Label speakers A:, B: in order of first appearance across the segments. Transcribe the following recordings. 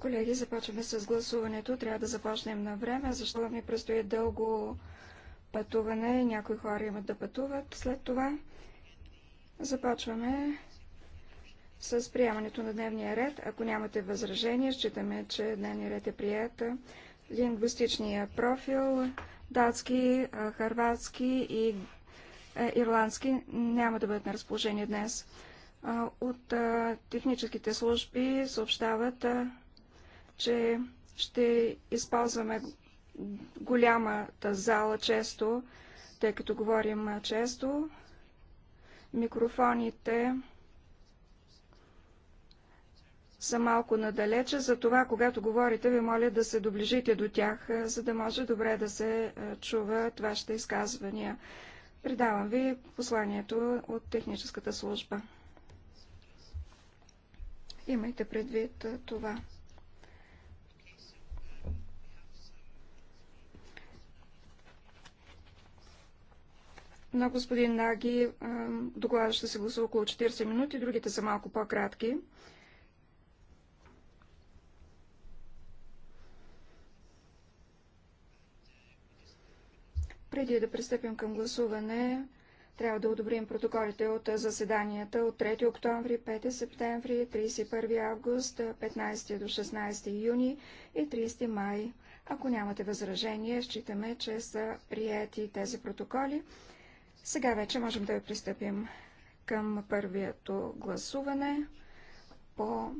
A: Колеги, започваме с гласуването. Трябва да започнем на време, защото ми предстои дълго пътуване. Някои хора имат да пътуват след това. Започваме с приемането на дневния ред. Ако нямате възражение, считаме, че дневния ред е прият. Лингвистичния профил, датски, харватски и ирландски няма да бъдат на разположение днес от техническите служби съобщават, че ще използваме голямата зала често, тъй като говорим често. Микрофоните са малко надалече, затова когато говорите, ви моля да се доближите до тях, за да може добре да се чува това ще изказвания. Предавам ви посланието от техническата служба. Имайте предвид това. На господин Наги доклада ще се гласува около 40 минути, другите са малко по-кратки. Преди да пристъпим към гласуване, трябва да одобрим протоколите от заседанията от 3 октомври, 5 септември, 31 август, 15 до 16 юни и 30 май. Ако нямате възражение, считаме, че са прияти тези протоколи. Сега вече можем да пристъпим към първието гласуване по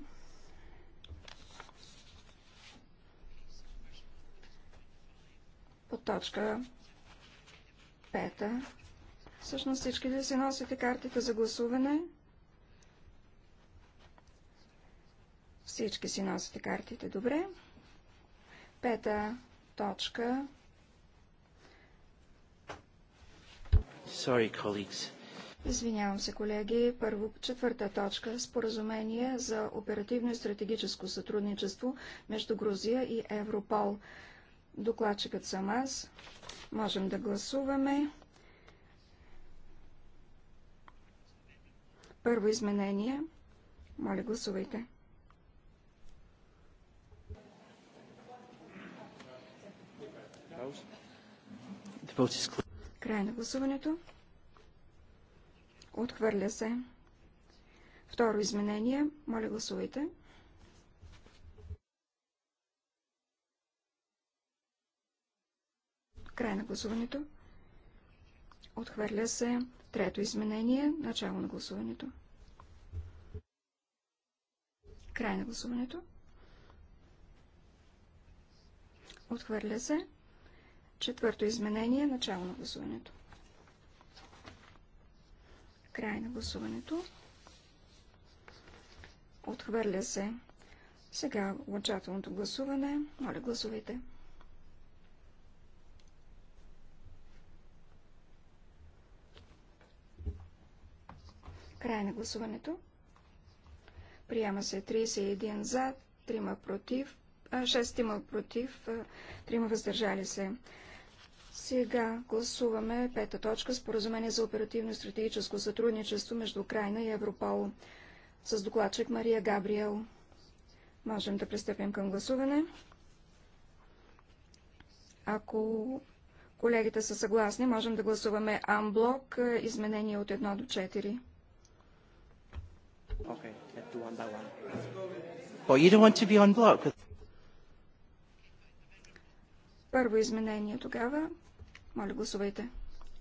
A: по точка 5 Всъщност всички да си носите картите за гласуване. Всички си носите картите. Добре. Пета точка.
B: Sorry, colleagues.
A: Извинявам се, колеги. Първо, четвърта точка – споразумение за оперативно и стратегическо сътрудничество между Грузия и Европол. Докладчикът съм аз. Можем да гласуваме. Първо изменение. Моля, гласувайте. Край на гласуването. Отхвърля се. Второ изменение. Моля, гласувайте. Край на гласуването. Отхвърля се. Трето изменение. Начало на гласуването. Край на гласуването. Отхвърля се. Четвърто изменение. Начало на гласуването. Край на гласуването. Отхвърля се. Сега окончателното гласуване. Моля, гласувайте. Край на гласуването. Приема се 31 за, 3 против, 6 има против, 3 въздържали се. Сега гласуваме пета точка споразумение за оперативно и стратегическо сътрудничество между Украина и Европол с докладчик Мария Габриел. Можем да пристъпим към гласуване. Ако колегите са съгласни, можем да гласуваме амблок изменение от 1 до 4.
B: Okay, let's do one by one. But you don't want to be on block.
A: Първо изменение тогава. Моля, гласувайте.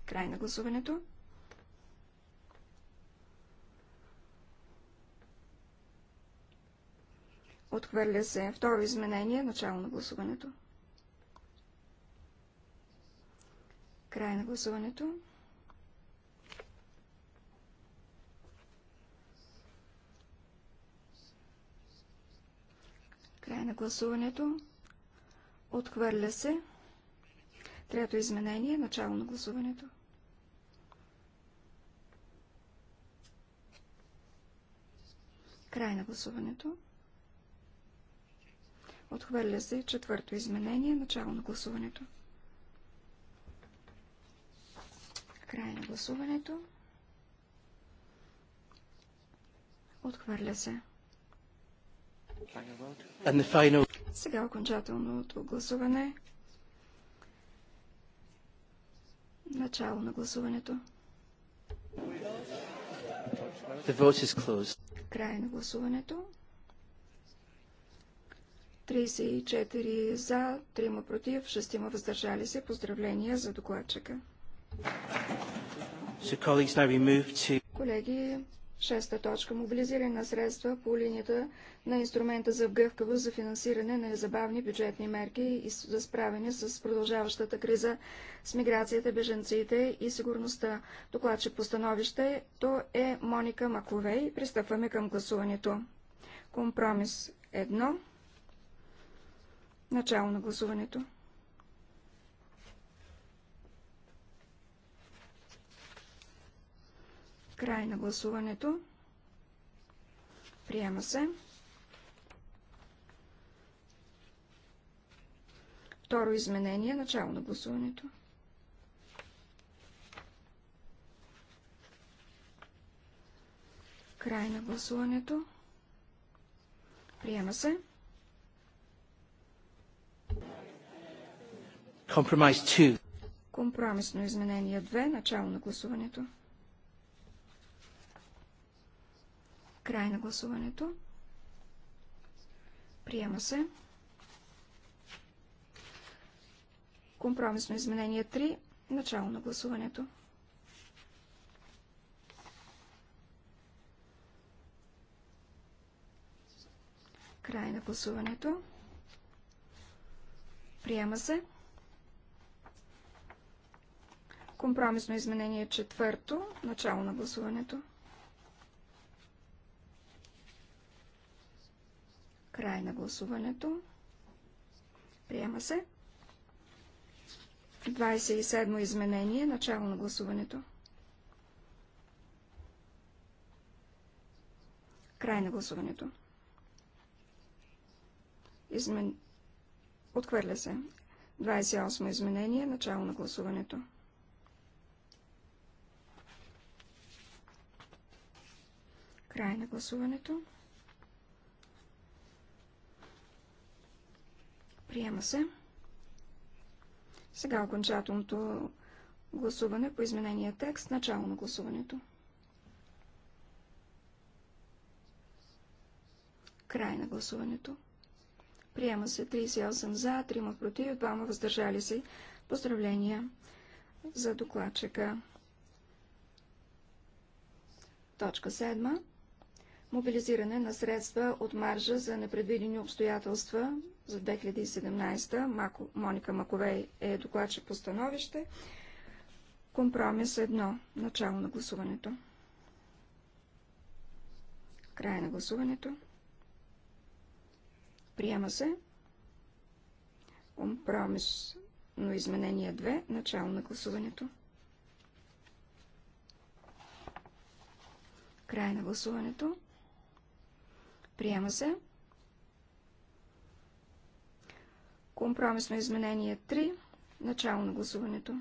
A: Край на гласуването. Отхвърля се второ изменение, начало на гласуването. Край на гласуването. Край на гласуването. Отхвърля се. Трето изменение. Начало на гласуването. Край на гласуването. Отхвърля се четвърто изменение. Начало на гласуването. Край на гласуването. Отхвърля се. Сега окончателното гласуване. Начало на гласуването. Край на гласуването. 34 за, 3 против, 6 въздържали се. Поздравления за докладчика.
B: So, to...
A: Колеги, Шеста точка. Мобилизиране на средства по линията на инструмента за гъвкавост за финансиране на незабавни бюджетни мерки и за справяне с продължаващата криза с миграцията, беженците и сигурността. Докладчик по становището е Моника Маковей. Пристъпваме към гласуването. Компромис 1. Начало на гласуването. Край на гласуването. Приема се. Второ изменение. Начало на гласуването. Край на гласуването. Приема се.
B: Компромис 2.
A: Компромисно изменение 2. Начало на гласуването. Край на гласуването. Приема се. Компромисно изменение 3. Начало на гласуването. Край на гласуването. Приема се. Компромисно изменение четвърто. Начало на гласуването. Край на гласуването. Приема се. 27 изменение. Начало на гласуването. Край на гласуването. Измен... Отхвърля се. 28 изменение. Начало на гласуването. Край на гласуването. Приема се. Сега окончателното гласуване по изменения текст. Начало на гласуването. Край на гласуването. Приема се 38 за, 3 против, 2 въздържали се. Поздравления за докладчика. Точка 7. Мобилизиране на средства от маржа за непредвидени обстоятелства за 2017. Мако, Моника Маковей е докладчик по становище. Компромис 1. Начало на гласуването. Край на гласуването. Приема се. Компромис, но изменение 2. Начало на гласуването. Край на гласуването. Приема се. Компромисно изменение 3. Начало на гласуването.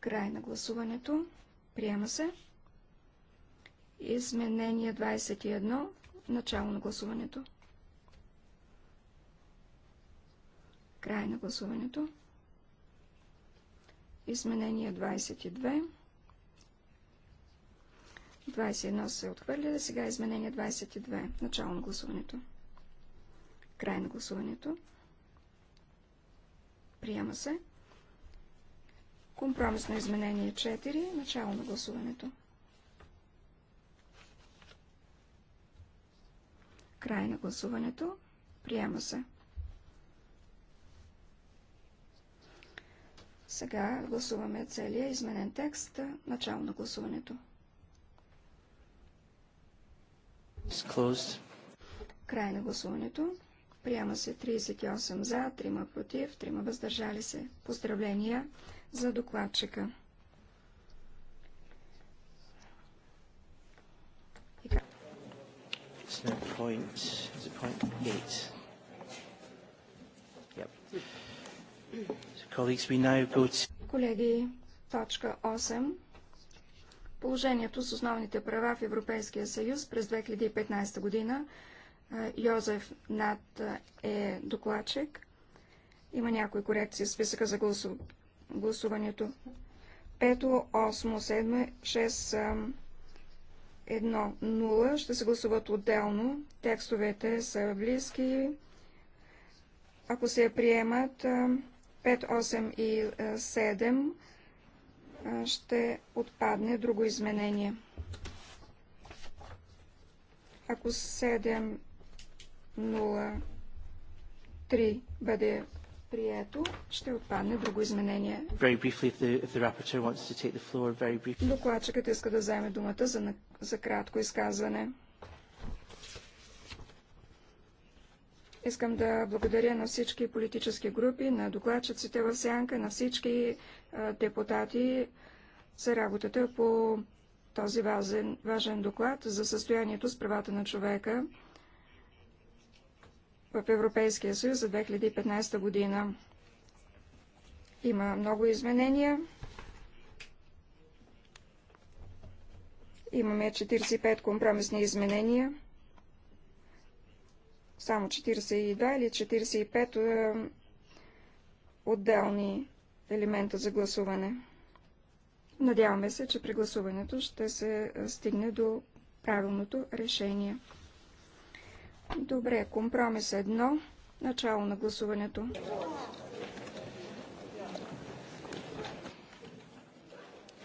A: Край на гласуването. Приема се. Изменение 21. Начало на гласуването. Край на гласуването. Изменение 22. 21 се отхвърля, сега изменение 22. Начало на гласуването. Край на гласуването. Приема се. Компромисно изменение 4. Начало на гласуването. Край на гласуването. Приема се. Сега гласуваме целият изменен текст. Начало на гласуването. Край на гласуването. Приема се 38 за, 3 против, 3 въздържали се. Поздравления за докладчика. Колеги, точка 8. Положението с основните права в Европейския съюз през 2015 година. Йозеф Над е докладчик. Има някои корекции в списъка за гласу... гласуването. 5, 8, 7, шест, едно, нула. ще се гласуват отделно. Текстовете са близки. Ако се приемат 5, 8 и 7 ще отпадне друго изменение. Ако 7.03 бъде прието, ще отпадне друго изменение. Докладчикът иска да вземе думата за, за кратко изказване. Искам да благодаря на всички политически групи, на докладчиците в сянка, на всички е, депутати за работата по този важен, важен доклад за състоянието с правата на човека в Европейския съюз за 2015 година. Има много изменения. Имаме 45 компромисни изменения само 42 или 45 е, отделни елемента за гласуване. Надяваме се, че при гласуването ще се е, стигне до правилното решение. Добре, компромис едно. Начало на гласуването.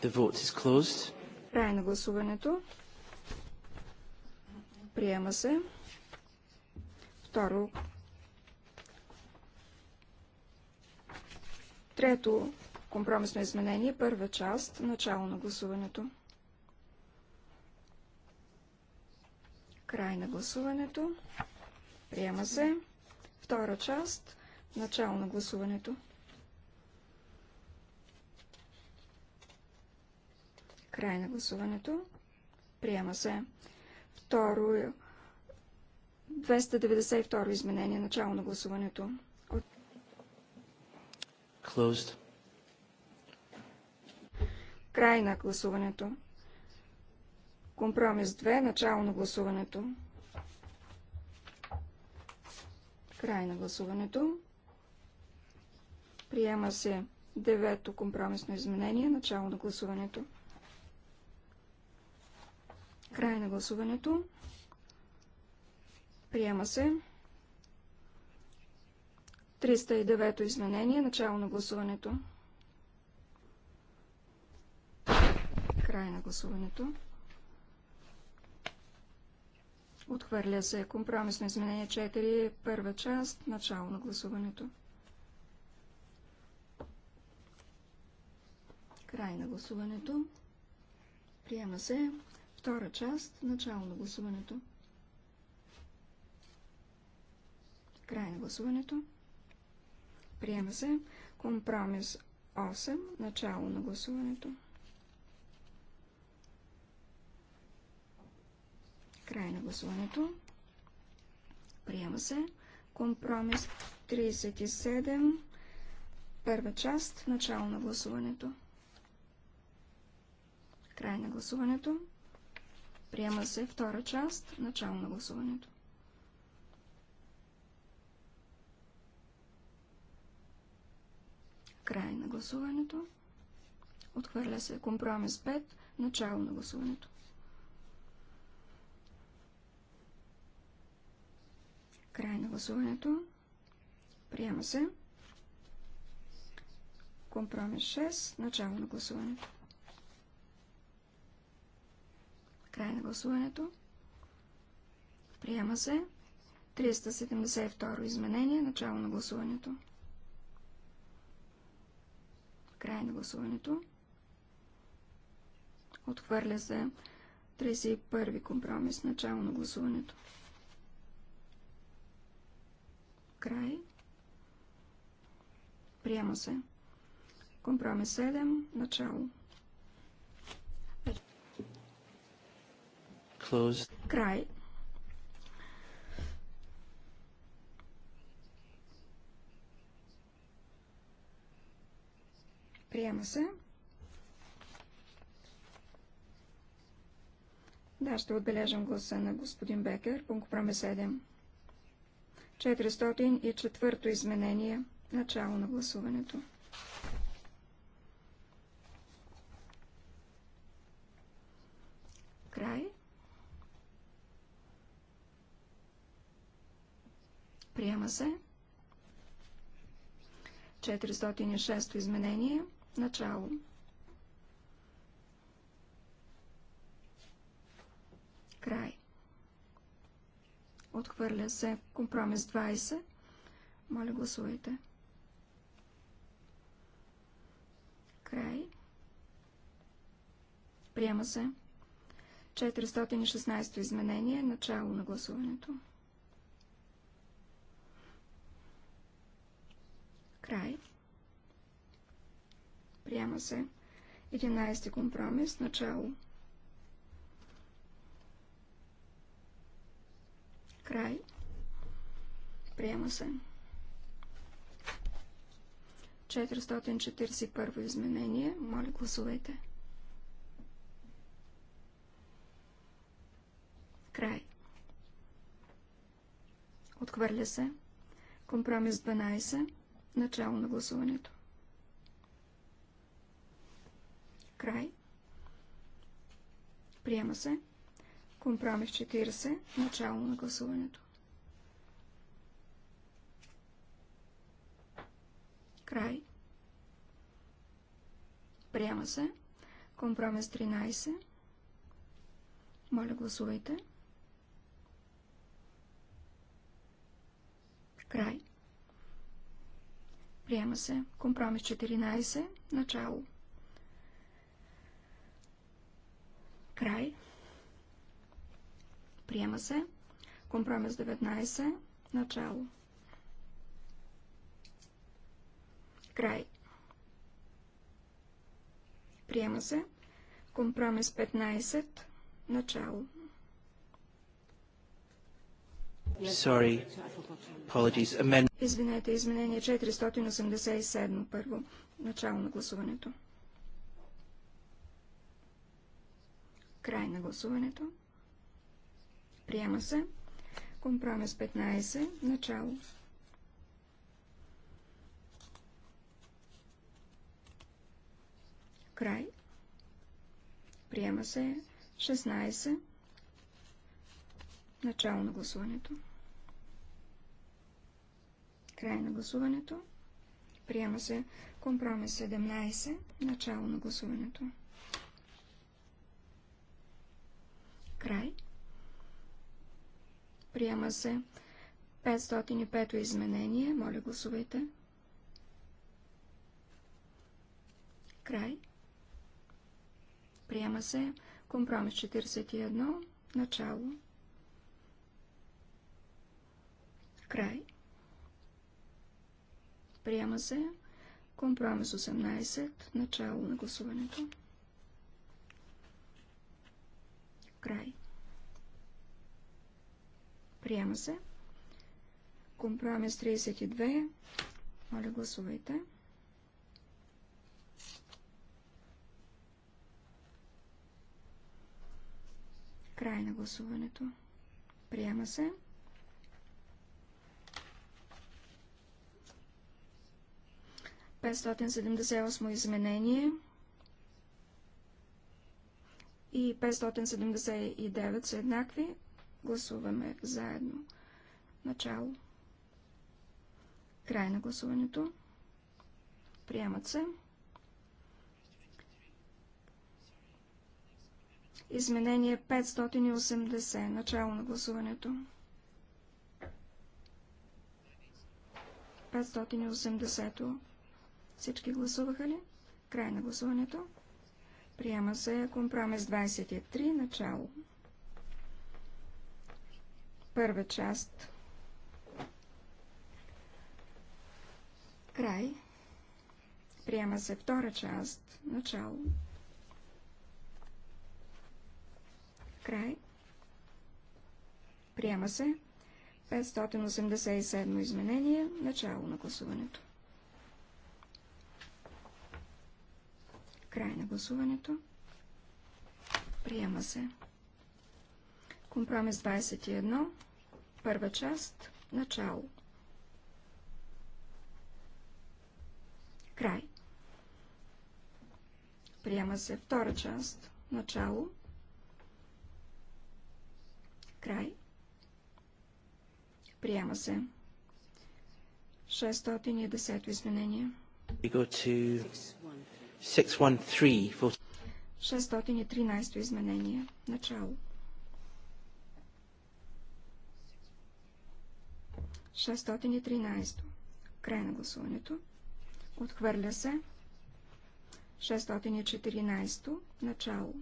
B: The vote is closed.
A: Край на гласуването. Приема се. Второ, Трето компромисно изменение, първа част, начало на гласуването. Край на гласуването. Приема се. Втора част, начало на гласуването. Край на гласуването. Приема се. Второ 292 изменение, начало на гласуването. От... Closed. Край на гласуването. Компромис 2, начало на гласуването. Край на гласуването. Приема се девето компромисно изменение, начало на гласуването. Край на гласуването. Приема се. 309-то изменение. Начало на гласуването. Край на гласуването. Отхвърля се компромисно изменение 4, първа част, начало на гласуването. Край на гласуването. Приема се втора част, начало на гласуването. Край на гласуването. Приема се. Компромис 8. Начало на гласуването. Край на гласуването. Приема се. Компромис 37. Първа част. Начало на гласуването. Край на гласуването. Приема се втора част. Начало на гласуването. Край на гласуването. Отхвърля се компромис 5. Начало на гласуването. Край на гласуването. Приема се. Компромис 6. Начало на гласуването. Край на гласуването. Приема се. 372 изменение. Начало на гласуването. Край на гласуването. Отхвърля се 31 компромис. Начало на гласуването. Край. Приема се. Компромис 7. Начало. Close. Край Приема се. Да, ще отбележам гласа на господин Бекер. Компромис 7. 404 изменение. Начало на гласуването. Край. Приема се. 406 изменение. 406 начало. Край. Отхвърля се компромис 20. Моля, гласувайте. Край. Приема се. 416 изменение. Начало на гласуването. Край. Приема се. 11 компромис. Начало. Край. Приема се. 441 изменение. Моля, гласувайте. Край. Отхвърля се. Компромис 12. Начало на гласуването. Край. Приема се. Компромис 40. Начало на гласуването. Край. Приема се. Компромис 13. Моля, гласувайте. Край. Приема се. Компромис 14. Начало. Край. Приема се. Компромис 19. Начало. Край. Приема се. Компромис 15. Начало.
B: Sorry. Apologies. Amen.
A: Извинете, изменение 487 първо. Начало на гласуването. Край на гласуването. Приема се. Компромис 15. Начало. Край. Приема се 16. Начало на гласуването. Край на гласуването. Приема се компромис 17. Начало на гласуването. Край. Приема се 505 изменение. Моля, гласувайте. Край. Приема се компромис 41. Начало. Край. Приема се компромис 18. Начало на гласуването. Край. Приема се. Компромис 32. Моля, гласувайте. Край на гласуването. Приема се. Петстотин изменение и 579 са еднакви. Гласуваме заедно. Начало. Край на гласуването. Приемат се. Изменение 580. Начало на гласуването. 580. Всички гласуваха ли? Край на гласуването. Приема се компромис 23, начало. Първа част. Край. Приема се втора част, начало. Край. Приема се 587 изменение, начало на гласуването. Край на гласуването. Приема се. Компромис 21. Първа част. Начало. Край. Приема се втора част. Начало. Край. Приема се. 610 Изменения.
B: We go to 613. то
A: изменение. Начало. 613. Край на гласуването. Отхвърля се. 614. Начало.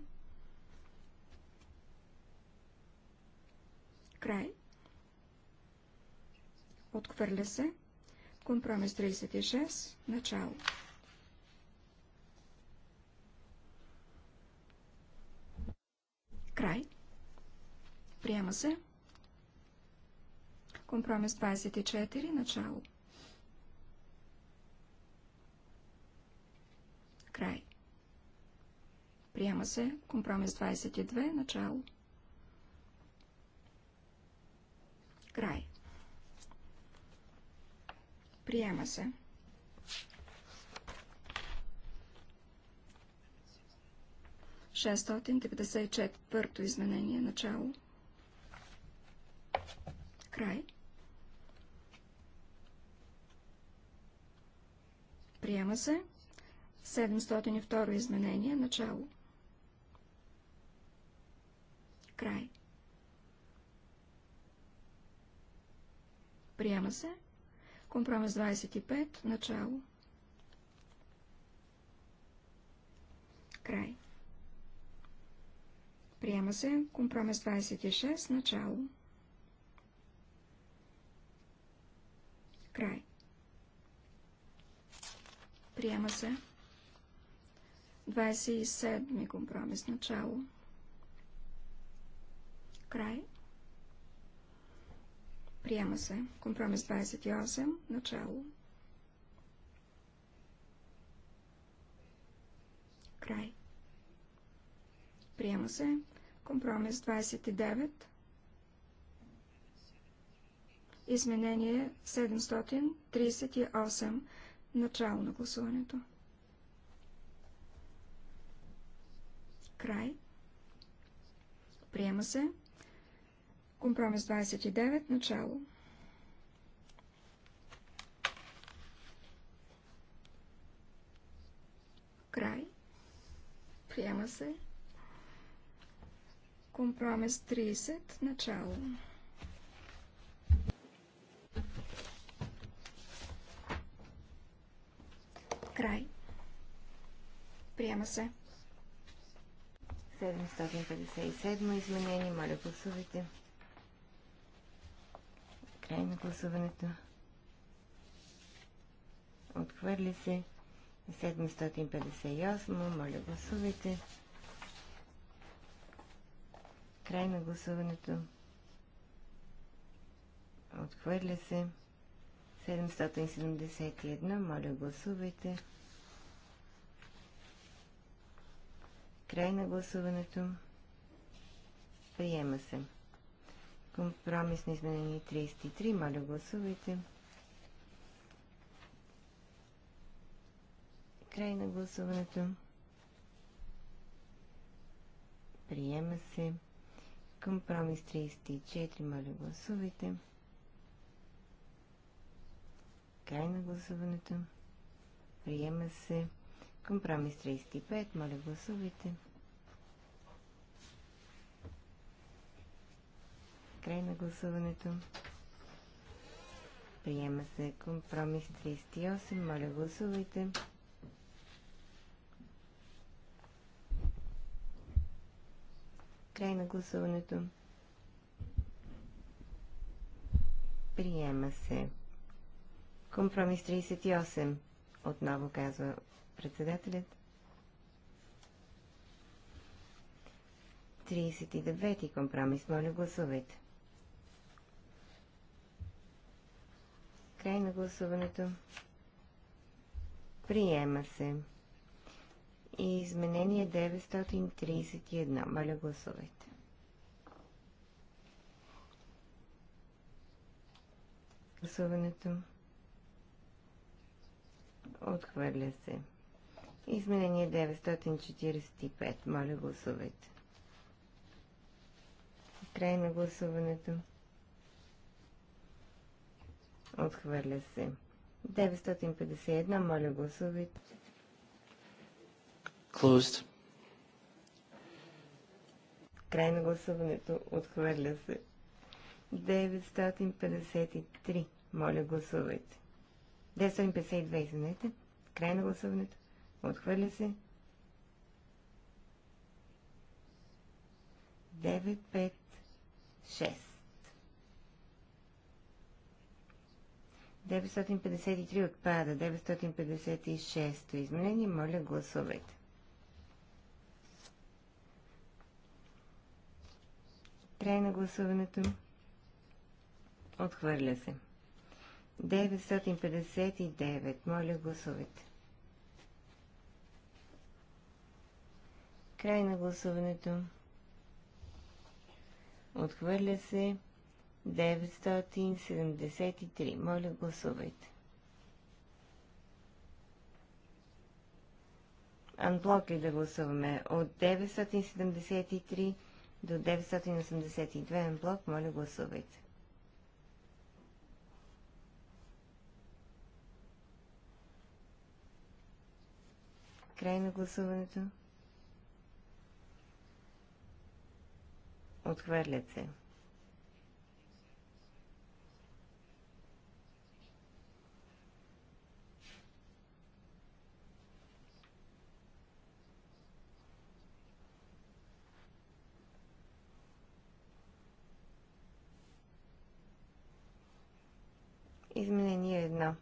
A: Край. Отхвърля се. Компромис 36. Начало. Край. Приема се. Компромис 24. Начало. Край. Приема се. Компромис 22. Начало. Край. Приема се. 694-то изменение начало. Край. Приема се. 702 изменение начало. Край. Приема се. Компромис 25. Начало. Край. Приема се компромис 26, начало. Край. Приема се 27 компромис, начало. Край. Приема се компромис 28, начало. Край. Приема се Компромис 29. Изменение 738. Начало на гласуването. Край. Приема се. Компромис 29. Начало. Край. Приема се. Компромис 30. Начало.
C: Край. Приема се. 757 изменение. Моля, гласувайте. Край на гласуването. Отхвърли се. 758. Моля, гласувайте. Край на гласуването. Отхвърля се. 771. Моля, гласувайте. Край на гласуването. Приема се. Компромис на изменение 33. Моля, гласувайте. Край на гласуването. Приема се. Компромис 34. Моля, гласувайте. Край на гласуването. Приема се. Компромис 35. Моля, гласувайте. Край на гласуването. Приема се компромис 38. Моля, гласувайте. Край на гласуването. Приема се. Компромис 38. Отново казва председателят. 39. Компромис. Моля, гласувайте. Край на гласуването. Приема се и изменение 931. Моля, гласувайте. Гласуването отхвърля се. Изменение 945. Моля, гласувайте. Край на гласуването. Отхвърля се. 951. Моля, гласувайте. Closed. Край на гласуването. Отхвърля се. 953. Моля, гласувайте. 952, извинете. Край на гласуването. Отхвърля се. 956. 953 отпада. 956 изменение. Моля, гласувайте. Край на гласуването. Отхвърля се. 959. Моля, гласувайте. Край на гласуването. Отхвърля се. 973. Моля, гласувайте. Анблок ли да гласуваме? От 973 до 982 блок. Моля, гласувайте. Край на гласуването. Отхвърлят се. Изменение едно.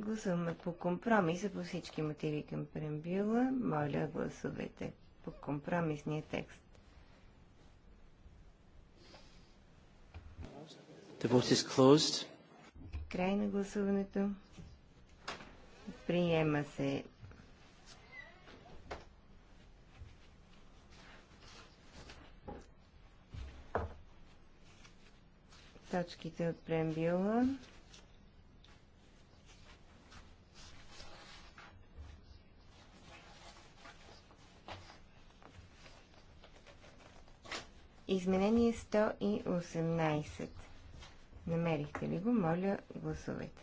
C: Гласуваме по компромиса по всички мотиви към преамбюла. Моля, гласувайте по компромисния текст.
B: The vote is closed.
C: Край на гласуването. Приема се точките от преамбюла. Изменение 118. Намерихте ли го? Моля, гласувайте.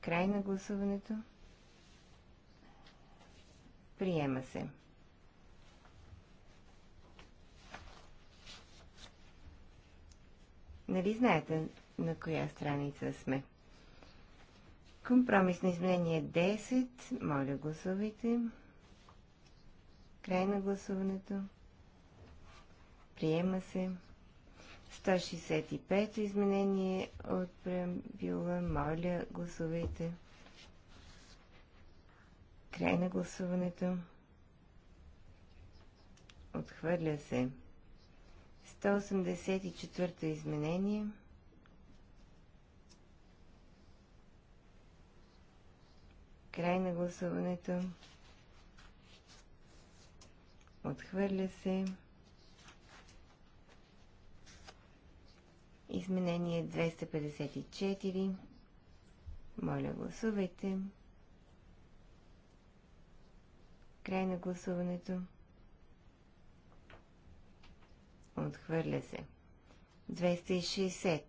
C: Край на гласуването. Приема се. Нали знаете на коя страница сме? Компромис на изменение 10. Моля, гласувайте. Край на гласуването. Приема се. 165 изменение от преамбюла. Моля, гласувайте. Край на гласуването. Отхвърля се. 184-то изменение. Край на гласуването. Отхвърля се. Изменение 254. Моля, гласувайте. Край на гласуването. Отхвърля се. 260.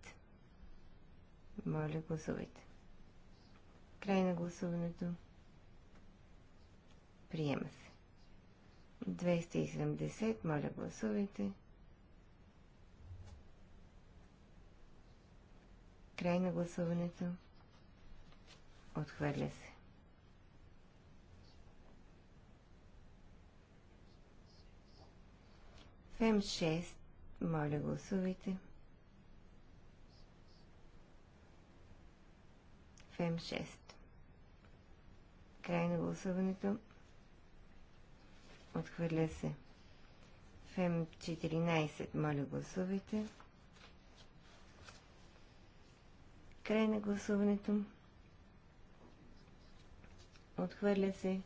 C: Моля, гласувайте. Край на гласуването. Приема се. 270. Моля, гласувайте. Край на гласуването. Отхвърля се. Фем 6. Моля, гласувайте. Фем 6. Край на гласуването. Отхвърля се. Фем 14. Моля, гласувайте. Край на гласуването. Отхвърля се.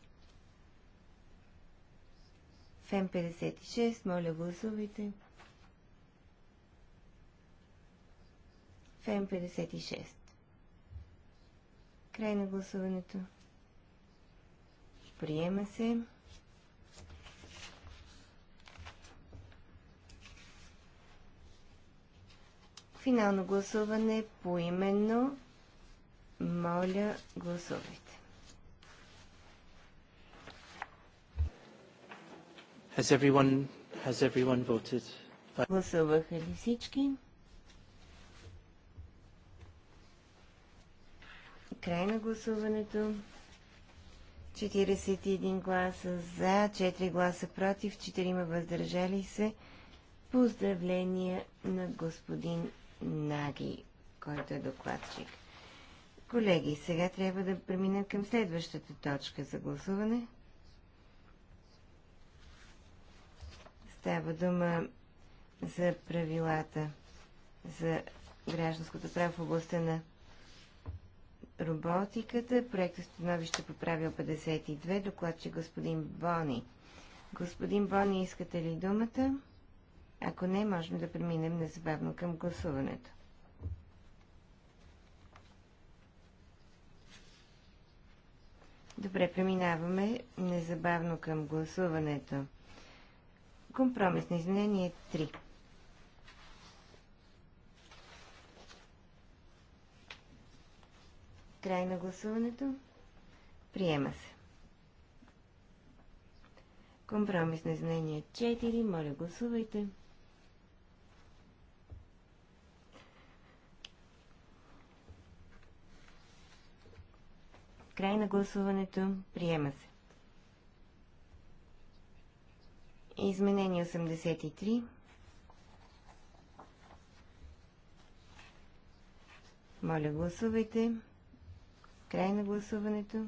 C: Фем 56. Моля, гласувайте. ФЕМ 56. Край на гласуването. Приема се. Финално гласуване поименно. Моля, гласувайте. Has everyone, has everyone voted? Гласуваха ли всички? Край на гласуването. 41 гласа за, 4 гласа против, 4 въздържали се. Поздравления на господин Наги, който е докладчик. Колеги, сега трябва да преминем към следващата точка за гласуване. Става дума за правилата за гражданското право в областта на роботиката. Проекта становище по правил 52. Докладче господин Бони. Господин Бони, искате ли думата? Ако не, можем да преминем незабавно към гласуването. Добре, преминаваме незабавно към гласуването. Компромисно изменение 3. Край на гласуването. Приема се. Компромисно изменение 4. Моля, гласувайте. Край на гласуването. Приема се. Изменение 83. Моля, гласувайте. Край на гласуването.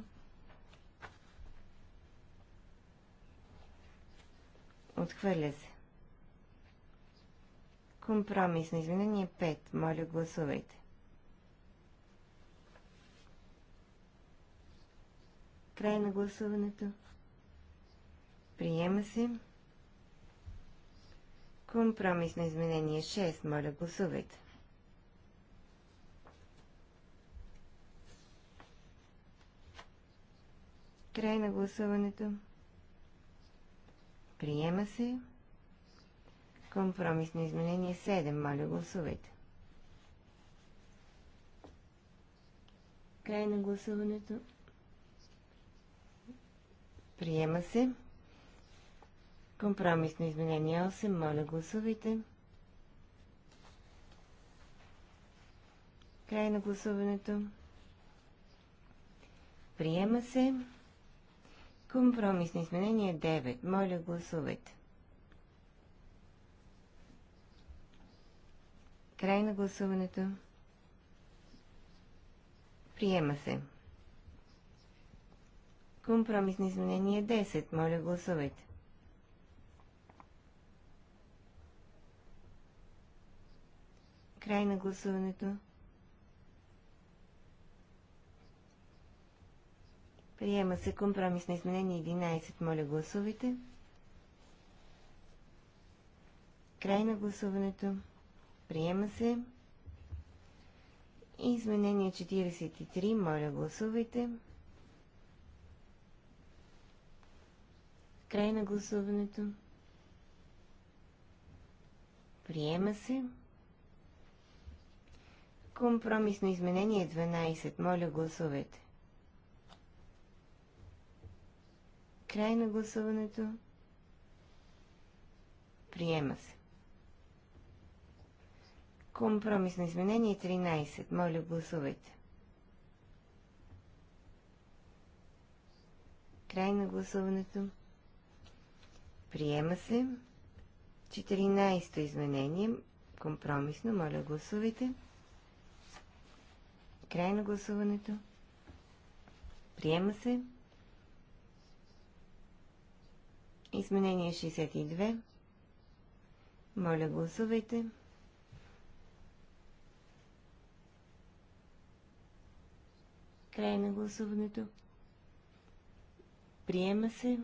C: Отхвърля се. Компромис на изменение 5. Моля, гласувайте. Край на гласуването. Приема се. Компромис на изменение 6. Моля, гласувайте. Край на гласуването. Приема се. Компромисно изменение 7. Моля, гласувайте. Край на гласуването. Приема се. Компромисно изменение 8. Моля, гласувайте. Край на гласуването. Приема се. Компромисно изменение 9. Моля, гласувайте. Край на гласуването. Приема се. Компромисно изменение 10. Моля, гласувайте. Край на гласуването. Приема се компромис на изменение 11. Моля, гласувайте. Край на гласуването. Приема се. Изменение 43. Моля, гласувайте. Край на гласуването. Приема се. Компромисно изменение 12. Моля, гласувайте. Край на гласуването. Приема се. Компромисно изменение 13. Моля, гласувайте. Край на гласуването. Приема се. 14-то изменение. Компромисно. Моля, гласувайте. Край на гласуването. Приема се. Изменение 62. Моля, гласувайте. Край на гласуването. Приема се.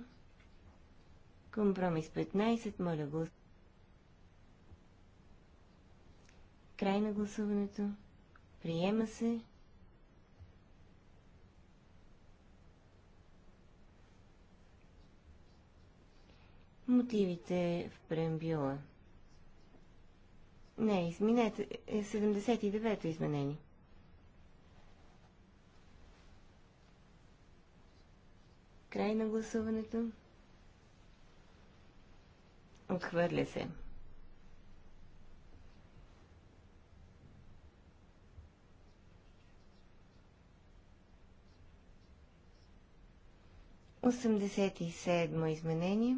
C: Компромис 15. Моля, гласувайте. Край на гласуването. Приема се. мотивите в преамбюла. Не, изминете, 79-то е изменение. Край на гласуването. Отхвърля се. Осемдесет и седмо изменение.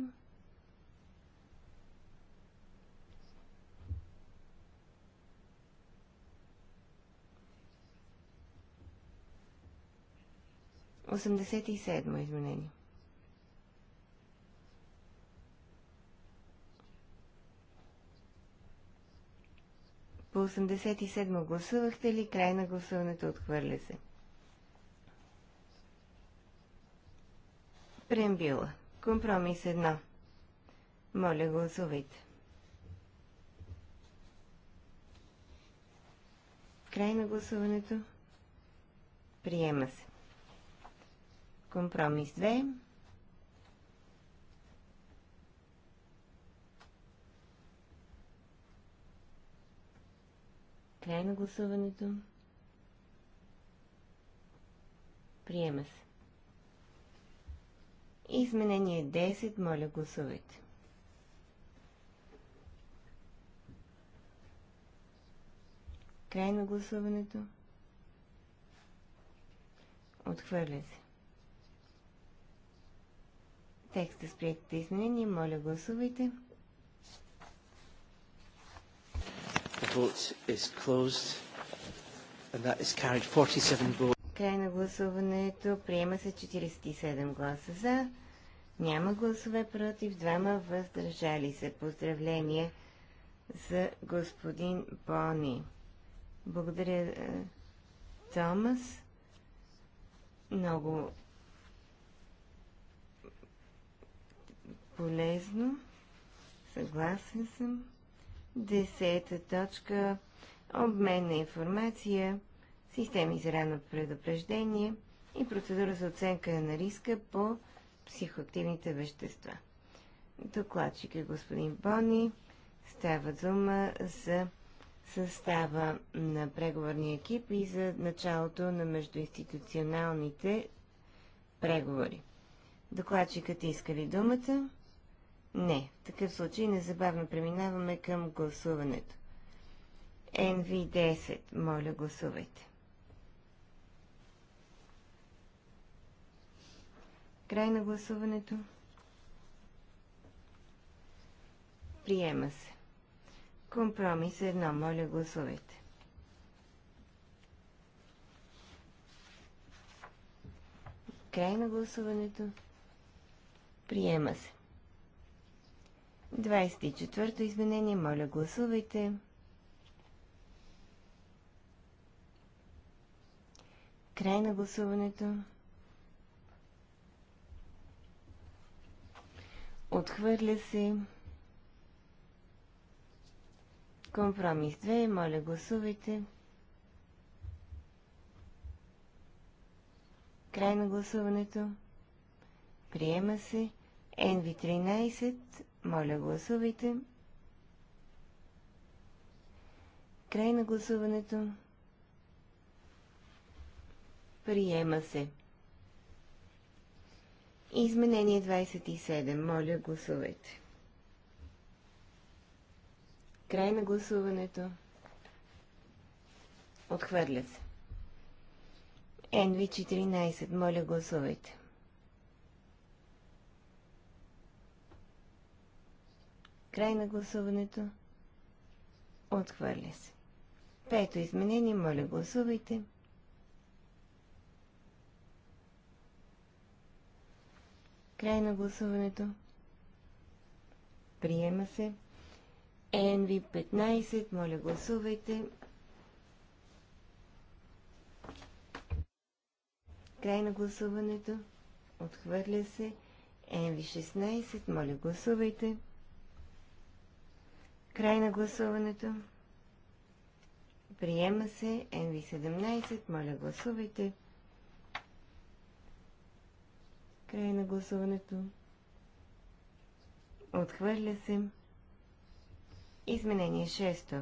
C: 87 изменение. По 87 гласувахте ли? Край на гласуването отхвърля се. Прембила. Компромис 1. Моля, гласувайте. Край на гласуването. Приема се. Компромис 2. Край на гласуването. Приема се. Изменение 10. Моля, гласувайте. Край на гласуването. Отхвърля се текста с приятите изменения. Моля, гласувайте. Край на гласуването. Приема се 47 гласа за. Няма гласове против. Двама въздържали се. Поздравления за господин Бони. Благодаря, е, Томас. Много полезно. Съгласен съм. Десета точка. Обмен на информация, системи за рано предупреждение и процедура за оценка на риска по психоактивните вещества. Докладчик е господин Бони. Става дума за състава на преговорния екип и за началото на междуинституционалните преговори. Докладчикът иска ли думата? Не. В такъв случай незабавно преминаваме към гласуването. NV10. Моля, гласувайте. Край на гласуването. Приема се. Компромис едно. Моля, гласувайте. Край на гласуването. Приема се. 24-то изменение. Моля, гласувайте. Край на гласуването. Отхвърля се. Компромис 2. Моля, гласувайте. Край на гласуването. Приема се. NV13. Моля, гласувайте. Край на гласуването. Приема се. Изменение 27. Моля, гласувайте. Край на гласуването. Отхвърля се. NV14. Моля, гласувайте. Край на гласуването. Отхвърля се. Пето изменение, моля гласувайте. Край на гласуването. Приема се. NV15, моля гласувайте. Край на гласуването. Отхвърля се. NV16, моля гласувайте. Край на гласуването. Приема се NV17. Моля, гласувайте. Край на гласуването. Отхвърля се. Изменение 6.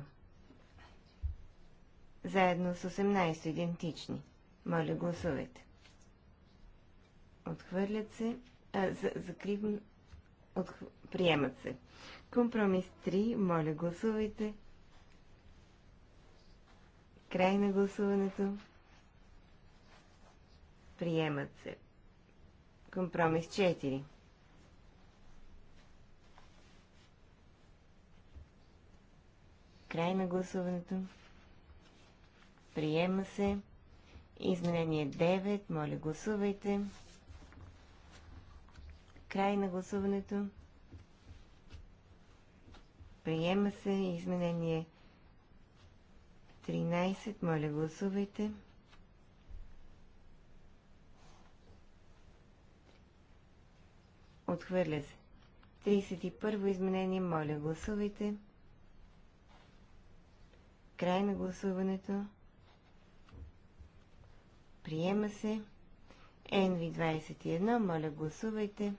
C: Заедно с 18 идентични. Моля, гласувайте. Отхвърлят се. А, за, закрив... Отх... Приемат се. Компромис 3. Моля, гласувайте. Край на гласуването. Приемат се. Компромис 4. Край на гласуването. Приема се. Изменение 9. Моля, гласувайте. Край на гласуването. Приема се изменение 13. Моля, гласувайте. Отхвърля се. 31 изменение. Моля, гласувайте. Край на гласуването. Приема се. NV21. Моля, гласувайте.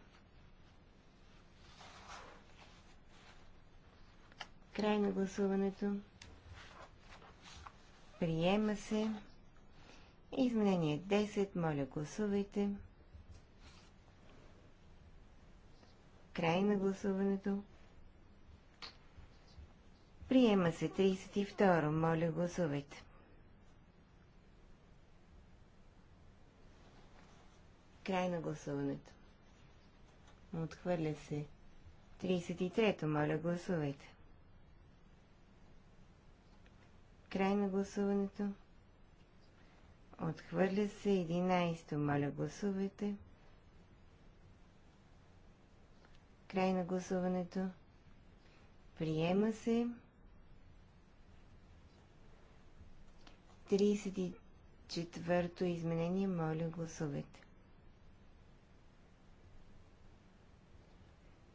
C: Край на гласуването. Приема се. Изменение 10. Моля, гласувайте. Край на гласуването. Приема се 32. Моля, гласувайте. Край на гласуването. Отхвърля се. 33. Моля, гласувайте. Край на гласуването. Отхвърля се 11. Моля, гласувайте. Край на гласуването. Приема се. 34-то изменение. Моля, гласувайте.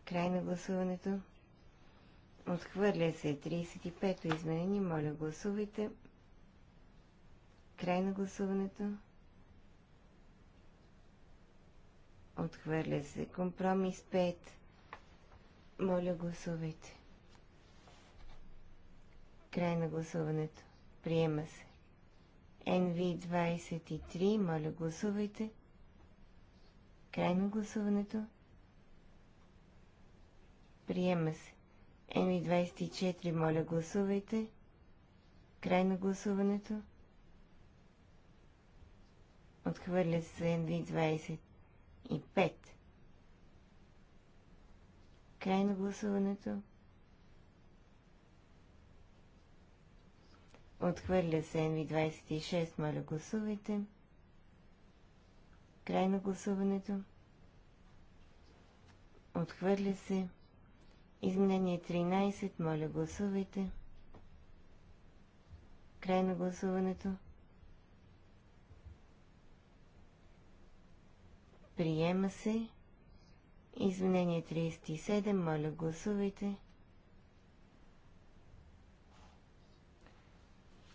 C: Край на гласуването. Отхвърля се 35-то изменение. Моля, гласувайте. Край на гласуването. Отхвърля се компромис 5. Моля, гласувайте. Край на гласуването. Приема се. NV23. Моля, гласувайте. Край на гласуването. Приема се. Еми 24, моля гласувайте. Край на гласуването. Отхвърля се NV 25. Край на гласуването. Отхвърля се NV 26, моля гласувайте. Край на гласуването. Отхвърля се Изменение 13. Моля, гласувайте. Край на гласуването. Приема се. Изменение 37. Моля, гласувайте.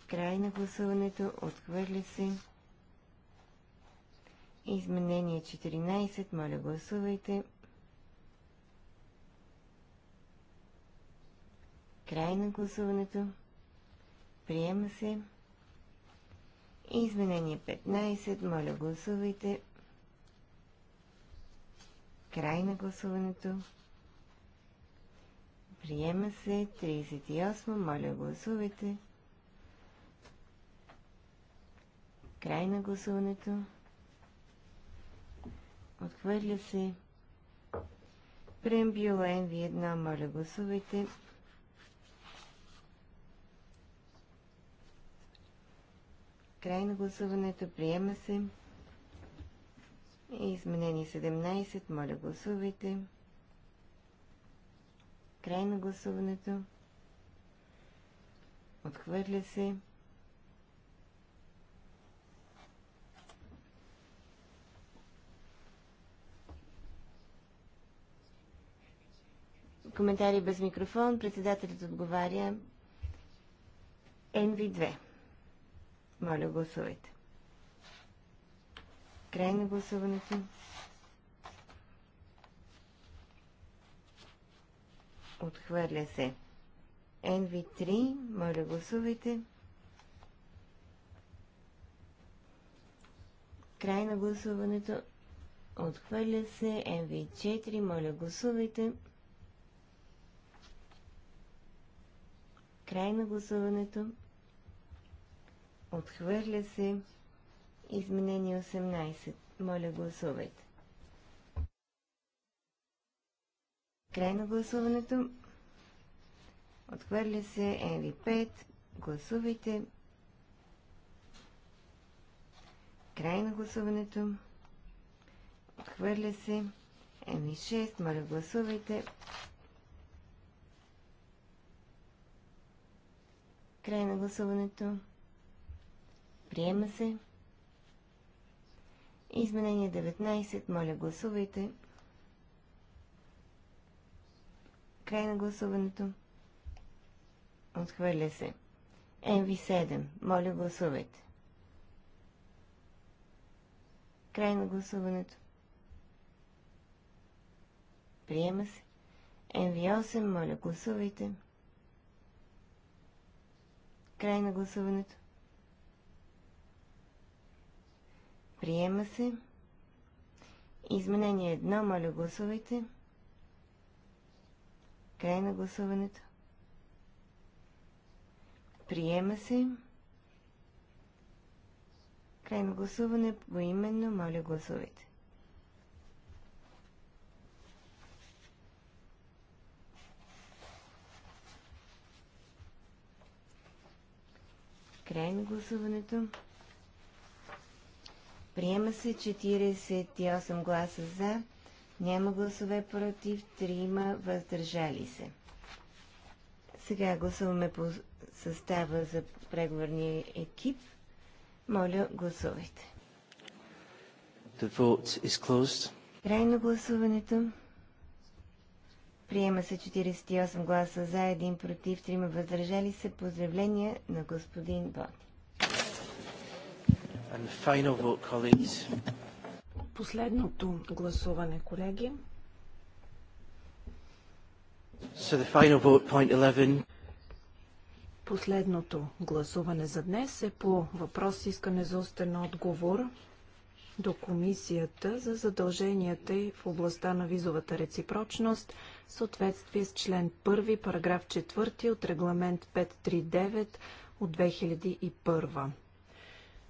C: Край на гласуването. Отхвърля се. Изменение 14. Моля, гласувайте. Край на гласуването. Приема се. Изменение 15. Моля, гласувайте. Край на гласуването. Приема се 38. Моля, гласувайте. Край на гласуването. Отхвърля се. Преамбюла NV1. Моля, гласувайте. Край на гласуването. Приема се. Изменение 17. Моля, гласувайте. Край на гласуването. Отхвърля се. Коментари без микрофон. Председателят отговаря. NV2. Моля, гласувайте. Край на гласуването. Отхвърля се. NV3, моля гласувайте. Край на гласуването. Отхвърля се. NV4, моля гласувайте. Край на гласуването. Отхвърля се. Изменение 18. Моля, гласувайте. Край на гласуването. Отхвърля се. NV5. Гласувайте. Край на гласуването. Отхвърля се. NV6. Моля, гласувайте. Край на гласуването. Приема се. Изменение 19. Моля, гласувайте. Край на гласуването. Отхвърля се. МВ7. Моля, гласувайте. Край на гласуването. Приема се. МВ8. Моля, гласувайте. Край на гласуването. Приема се. Изменение едно Моля, гласувайте. Край на гласуването. Приема се. Край на гласуване поименно. Моля, гласувайте. Край на гласуването. Приема се 48 гласа за, няма гласове против, 3 въздържали се. Сега гласуваме по състава за преговорния екип. Моля, гласувайте.
B: The vote is
C: closed. Край на гласуването. Приема се 48 гласа за, 1 против, 3 въздържали се. Поздравления на господин Боти.
B: And final vote, colleagues.
D: Последното гласуване, колеги.
B: So the final vote, point 11.
D: Последното гласуване за днес е по въпрос искане за устен отговор до Комисията за задълженията и в областта на визовата реципрочност в съответствие с член 1, параграф 4 от регламент 539 от 2001.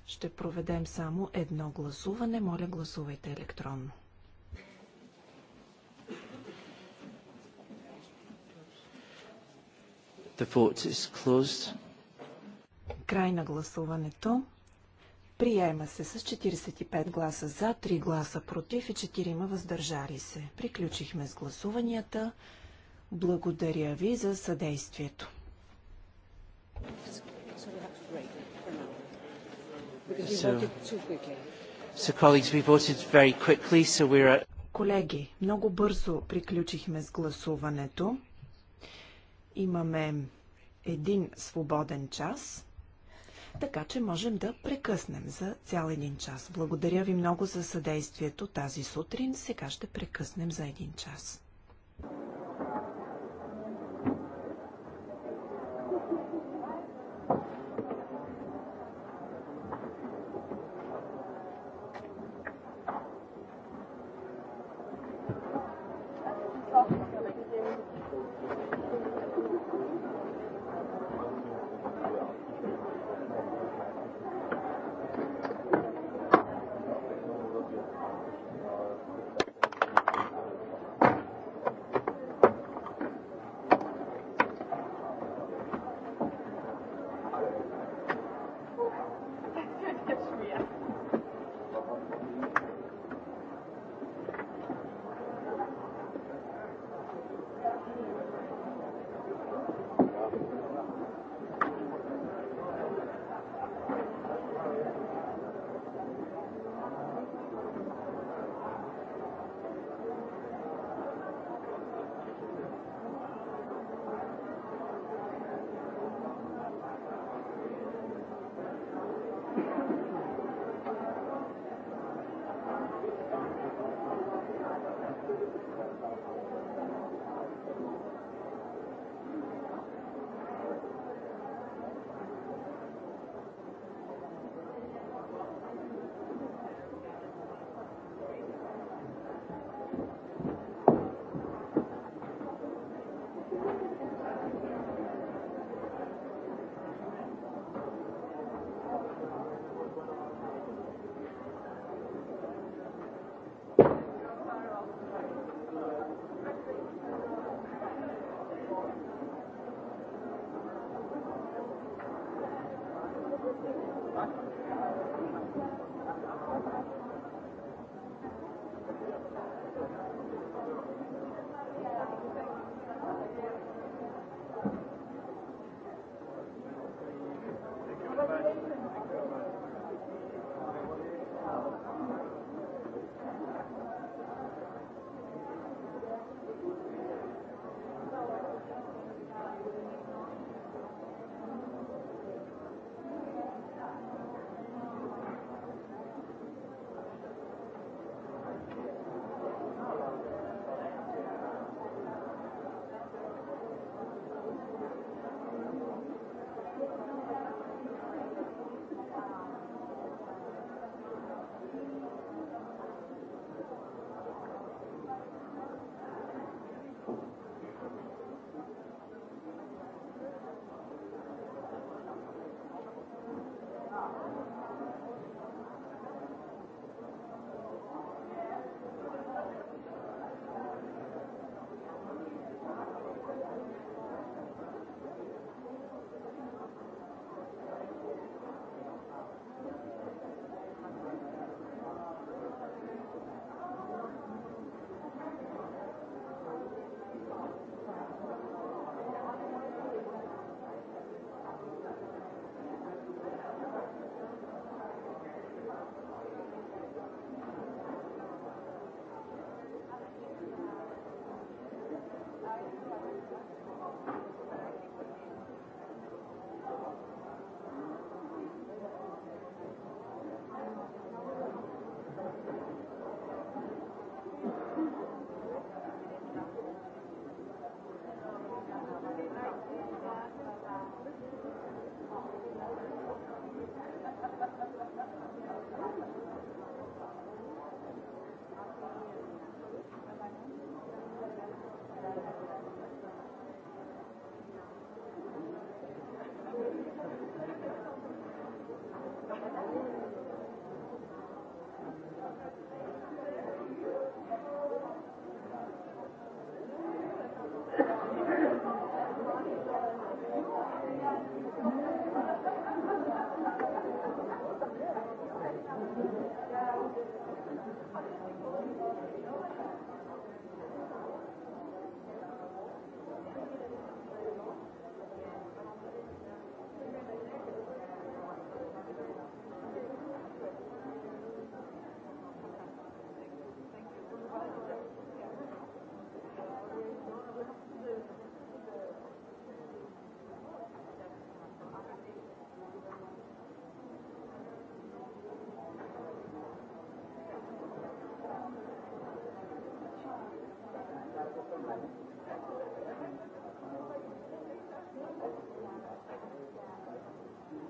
D: Ще проведем само едно гласуване. Моля, гласувайте електронно.
B: The vote is closed.
D: Край на гласуването. Приема се с 45 гласа за, 3 гласа против и 4 въздържали се. Приключихме с гласуванията. Благодаря ви за съдействието. Колеги, много бързо приключихме с гласуването. Имаме един свободен час, така че можем да прекъснем за цял един час. Благодаря ви много за съдействието тази сутрин. Сега ще прекъснем за един час.
E: Thank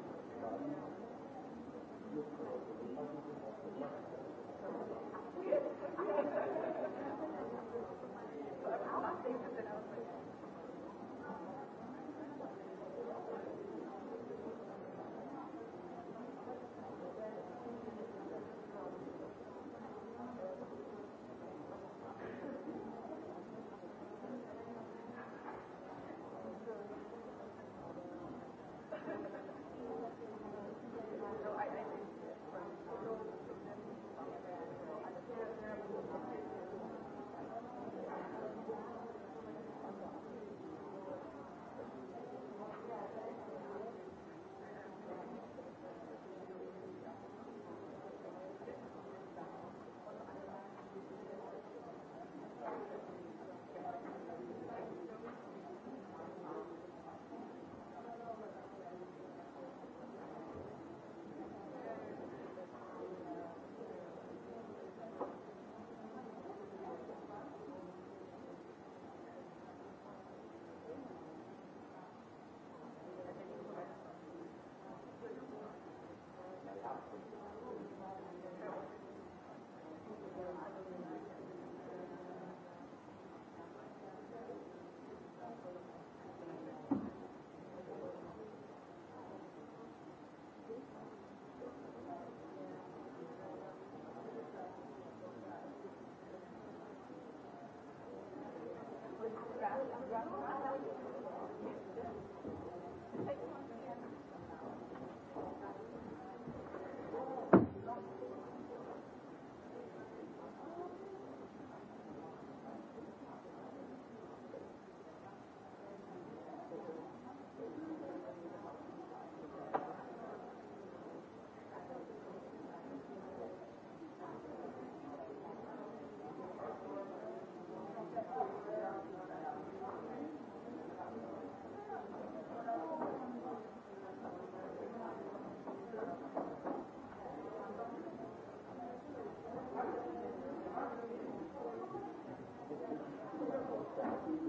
E: you. Thank you.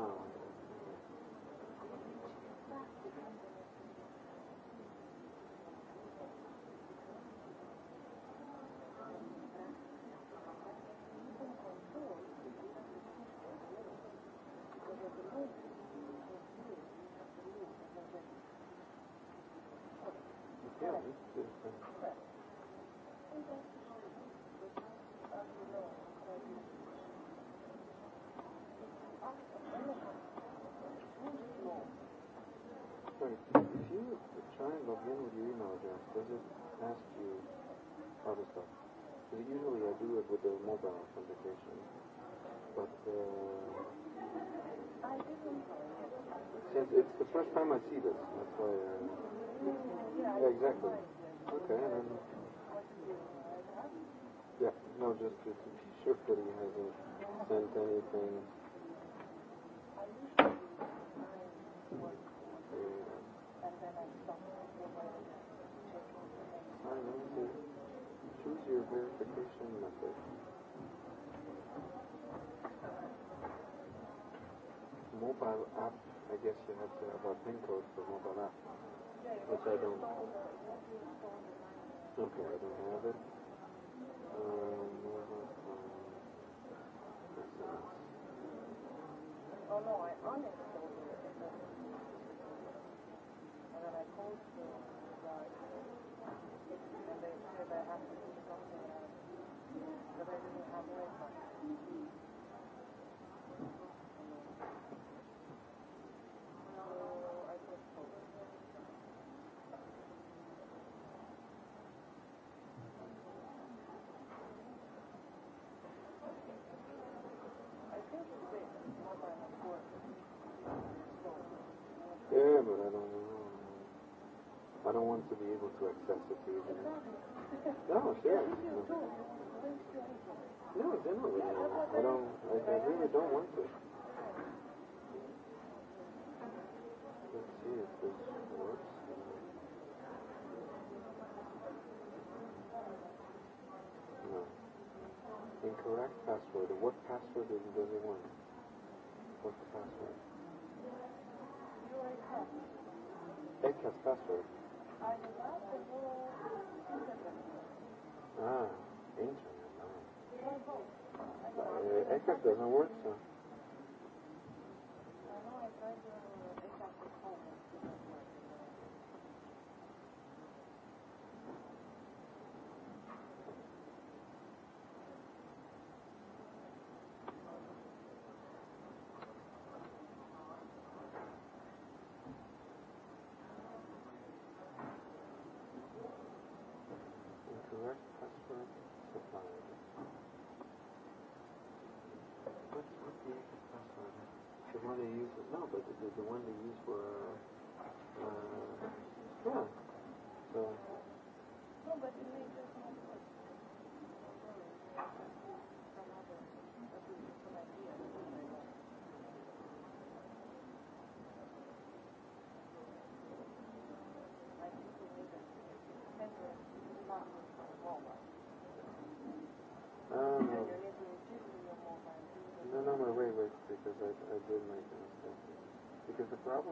F: Oh. begin with your email address. Does it ask you other stuff? Because usually I do it with the mobile application. But uh, since it's the first time I see this, that's why. Uh, yeah, exactly.
E: Okay. Then,
F: yeah, no, just to, to be sure that he hasn't sent anything. Choose your verification method. Mobile app, I guess you have to have a PIN code for mobile app, which I don't. Okay, I don't have it. Um,
E: oh no, I uninstalled that I called
F: I don't want to. Let's see if this works. No. Incorrect password. What password does he want? What's the password? Edcast password. Ah, internet. Ah. Exact doesn't work, so.
E: I know, I tried to...
F: the, the one they use for, uh, uh, yeah. So.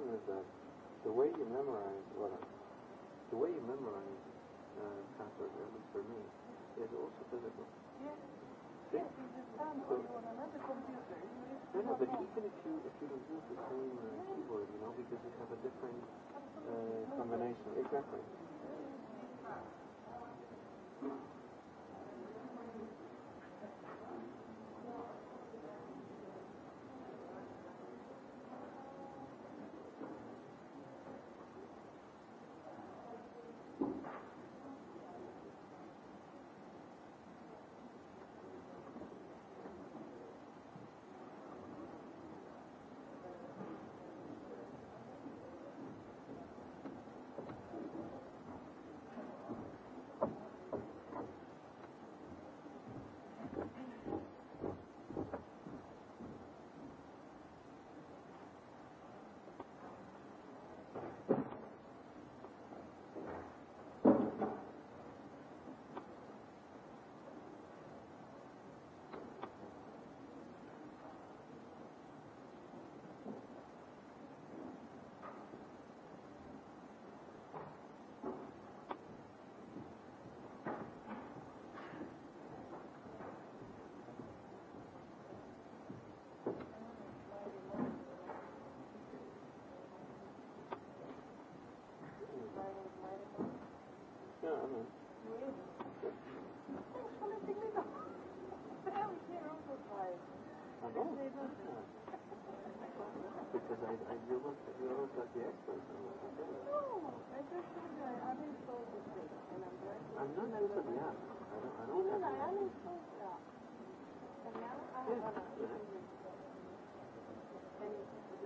F: problem is that the way you memorize, well, the way you memorize uh, transfer, at least for me, is also physical. Yes. Yes,
E: you just stand so, on another computer. No, no, but
F: even if you, if you don't use the same uh, keyboard, you know, because you have a different uh, combination. Exactly. Mm. Because I, I you look you look like the expert. No, and I'm
E: very. I don't I don't. No, no, I am in soul And now I have an And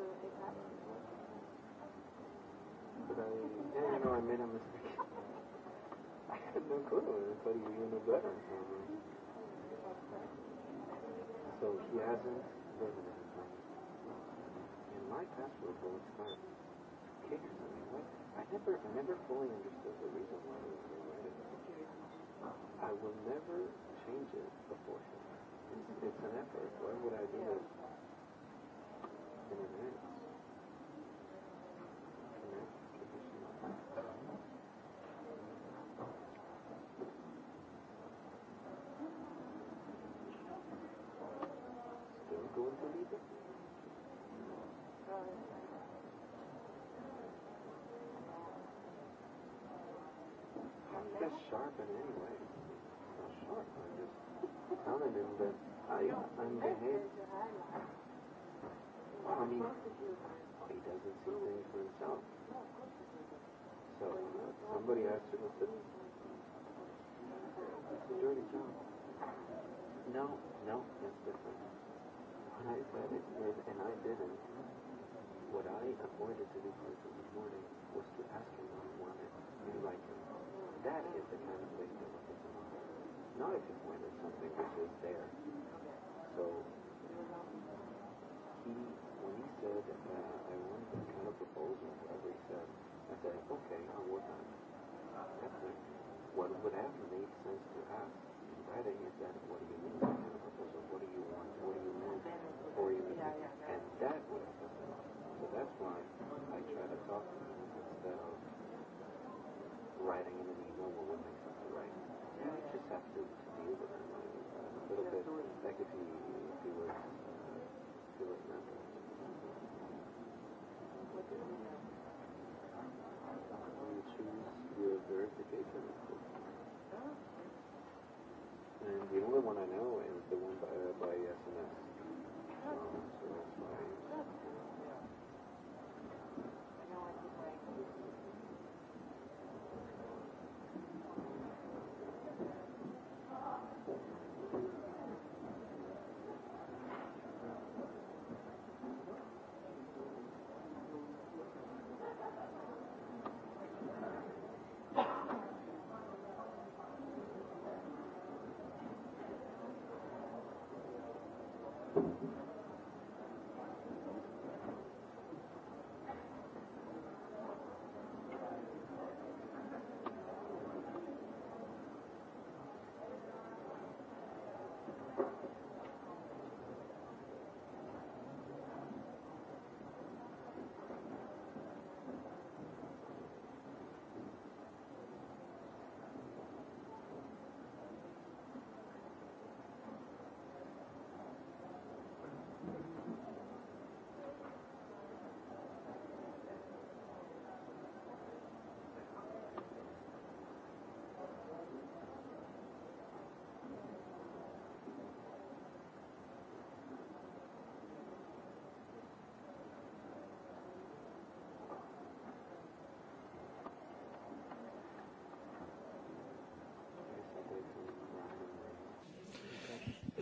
E: it happened.
F: But I, yeah, you know, I made a mistake. I had no clue everybody was in a veterans movement. So he hasn't been in And my password will expire. Kickers, I mean, what? I never, I never fully understood the reason why they write it. I will never change it before him. It's, it's an effort. Why would I do this in advance? wanted to be here this morning was to ask him what he wanted and like him. That is the kind of thing that is Not if you wanted something which is there. So he, when he said uh, I wanted that kind of proposal, whatever he said, I said, okay, I'll work on it. That's it. What would have made sense to ask in writing is that thoughts about writing in an email what would make sense to write. You just have to, to deal with it like, uh, a little bit. Like if you if you were uh, if you were mental. You choose your verification. And the only one I know is the one by, uh, by uh,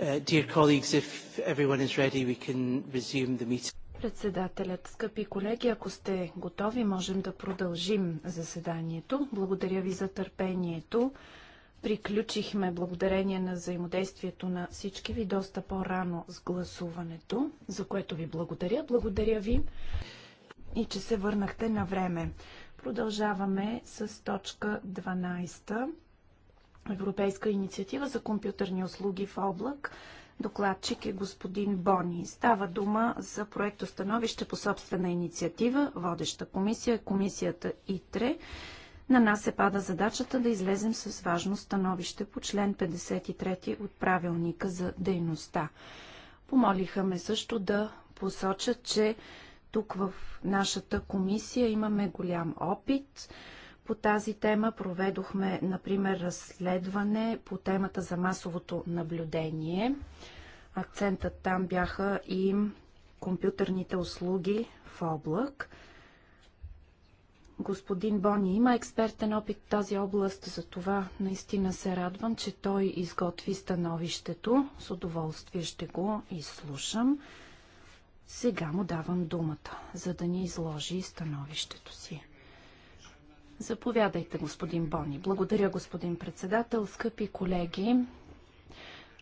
B: Uh, dear colleagues, if everyone is ready, we can resume the meeting.
D: Председателят, скъпи колеги, ако сте готови, можем да продължим заседанието. Благодаря ви за търпението. Приключихме благодарение на взаимодействието на всички ви доста по-рано с гласуването, за което ви благодаря. Благодаря ви и че се върнахте на време. Продължаваме с точка 12 Европейска инициатива за компютърни услуги в облак. Докладчик е господин Бони. Става дума за проекто становище по собствена инициатива. Водеща комисия е комисията ИТРЕ. На нас се пада задачата да излезем с важно становище по член 53 от правилника за дейността. Помолиха ме също да посоча, че тук в нашата комисия имаме голям опит по тази тема. Проведохме, например, разследване по темата за масовото наблюдение. Акцентът там бяха и компютърните услуги в облак. Господин Бони има експертен опит в тази област, затова наистина се радвам, че той изготви становището. С удоволствие ще го изслушам. Сега му давам думата, за да ни изложи становището си. Заповядайте, господин Бони. Благодаря, господин председател. Скъпи колеги,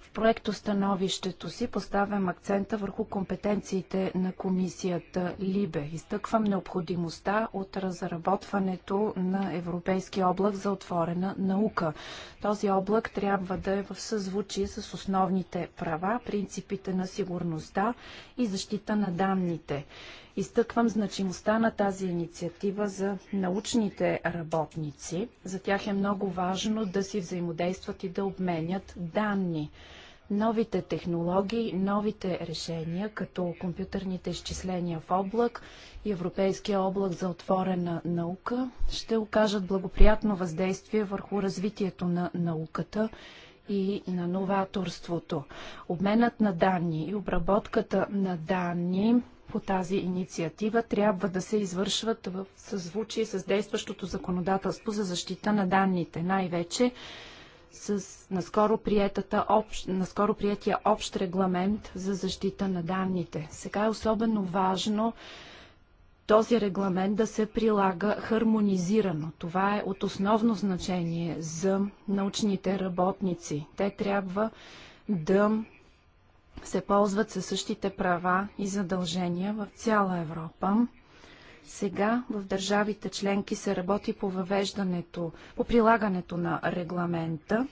D: в проекто становището си поставям акцента върху компетенциите на комисията Либе. Изтъквам необходимостта от разработването на Европейски облак за отворена наука. Този облак трябва да е в съзвучие с основните права, принципите на сигурността и защита на данните. Изтъквам значимостта на тази инициатива за научните работници. За тях е много важно да си взаимодействат и да обменят данни. Новите технологии, новите решения, като компютърните изчисления в облак и Европейския облак за отворена наука, ще окажат благоприятно въздействие върху развитието на науката и на новаторството. Обменът на данни и обработката на данни по тази инициатива трябва да се извършват в съзвучие с действащото законодателство за защита на данните, най-вече с наскоро, общ, наскоро приятия общ регламент за защита на данните. Сега е особено важно този регламент да се прилага хармонизирано. Това е от основно значение за научните работници. Те трябва да се ползват със същите права и задължения в цяла Европа. Сега в държавите членки се работи по въвеждането, по прилагането на регламента.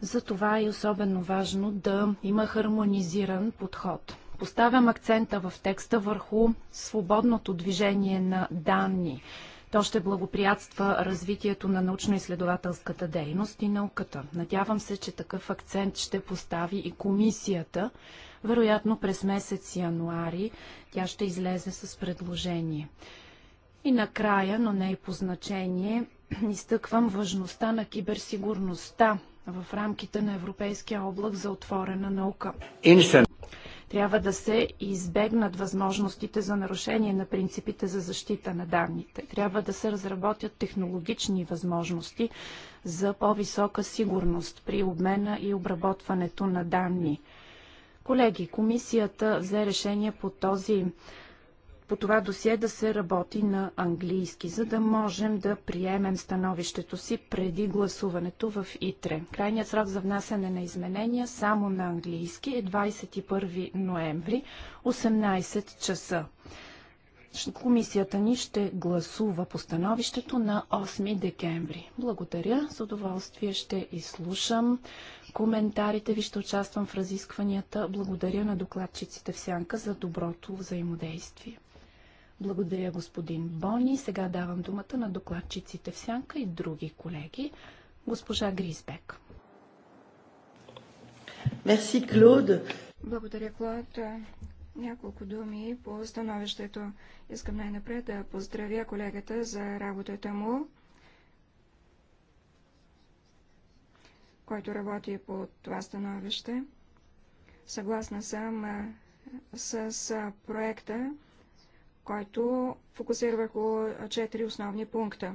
D: Затова е особено важно да има хармонизиран подход. Поставям акцента в текста върху свободното движение на данни. То ще благоприятства развитието на научно-изследователската дейност и науката. Надявам се, че такъв акцент ще постави и комисията. Вероятно през месец януари тя ще излезе с предложение. И накрая, но не и е по значение, изтъквам важността на киберсигурността в рамките на Европейския облак за отворена наука. Instant. Трябва да се избегнат възможностите за нарушение на принципите за защита на данните. Трябва да се разработят технологични възможности за по-висока сигурност при обмена и обработването на данни. Колеги, комисията взе решение по този по това досие да се работи на английски, за да можем да приемем становището си преди гласуването в ИТРЕ. Крайният срок за внасяне на изменения само на английски е 21 ноември, 18 часа. Комисията ни ще гласува по становището на 8 декември. Благодаря. С удоволствие ще изслушам коментарите ви, ще участвам в разискванията. Благодаря на докладчиците в Сянка за доброто взаимодействие. Благодаря, господин Бони. Сега давам думата на докладчиците в сянка и други колеги. Госпожа Гризбек. Мерси, Клод.
A: Благодаря, Клод. Няколко думи по становището. Искам най-напред да поздравя колегата за работата му, който работи по това становище. Съгласна съм с проекта, който фокусира върху четири основни пункта.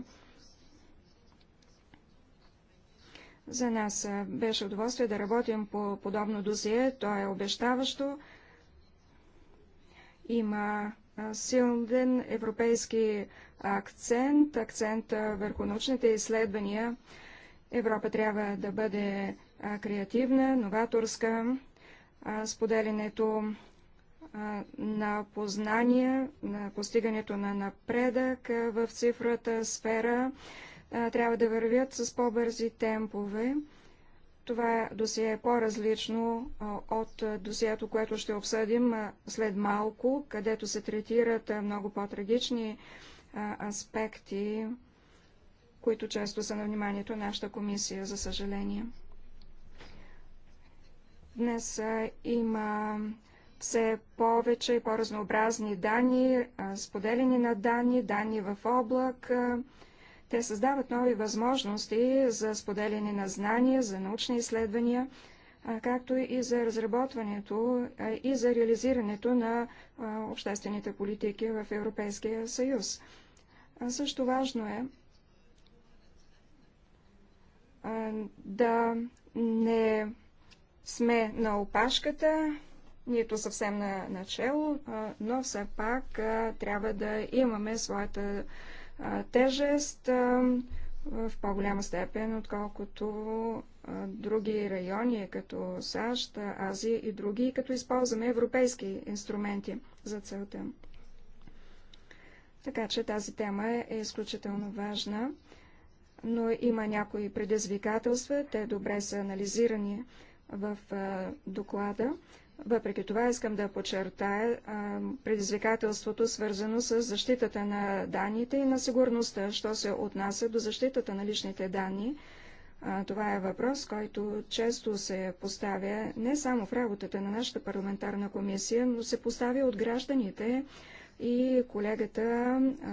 A: За нас беше удоволствие да работим по подобно досие. То е обещаващо. Има силен европейски акцент, акцент върху научните изследвания. Европа трябва да бъде креативна, новаторска. Споделянето на познания, на постигането на напредък в цифрата сфера трябва да вървят с по-бързи темпове. Това досие е по-различно от досието, което ще обсъдим след малко, където се третират много по-трагични аспекти, които често са на вниманието на нашата комисия, за съжаление. Днес има все повече и по-разнообразни данни, споделени на данни, данни в облак. Те създават нови възможности за споделяне на знания, за научни изследвания, както и за разработването и за реализирането на обществените политики в Европейския съюз. Също важно е да не сме на опашката, нито съвсем на начало, но все пак трябва да имаме своята тежест в по-голяма степен, отколкото други райони, като САЩ, Азия и други, като използваме европейски инструменти за целта. Така че тази тема е изключително важна, но има някои предизвикателства, те добре са анализирани в доклада. Въпреки това искам да подчертая предизвикателството, свързано с защитата на данните и на сигурността, що се отнася до защитата на личните данни. това е въпрос, който често се поставя не само в работата на нашата парламентарна комисия, но се поставя от гражданите и колегата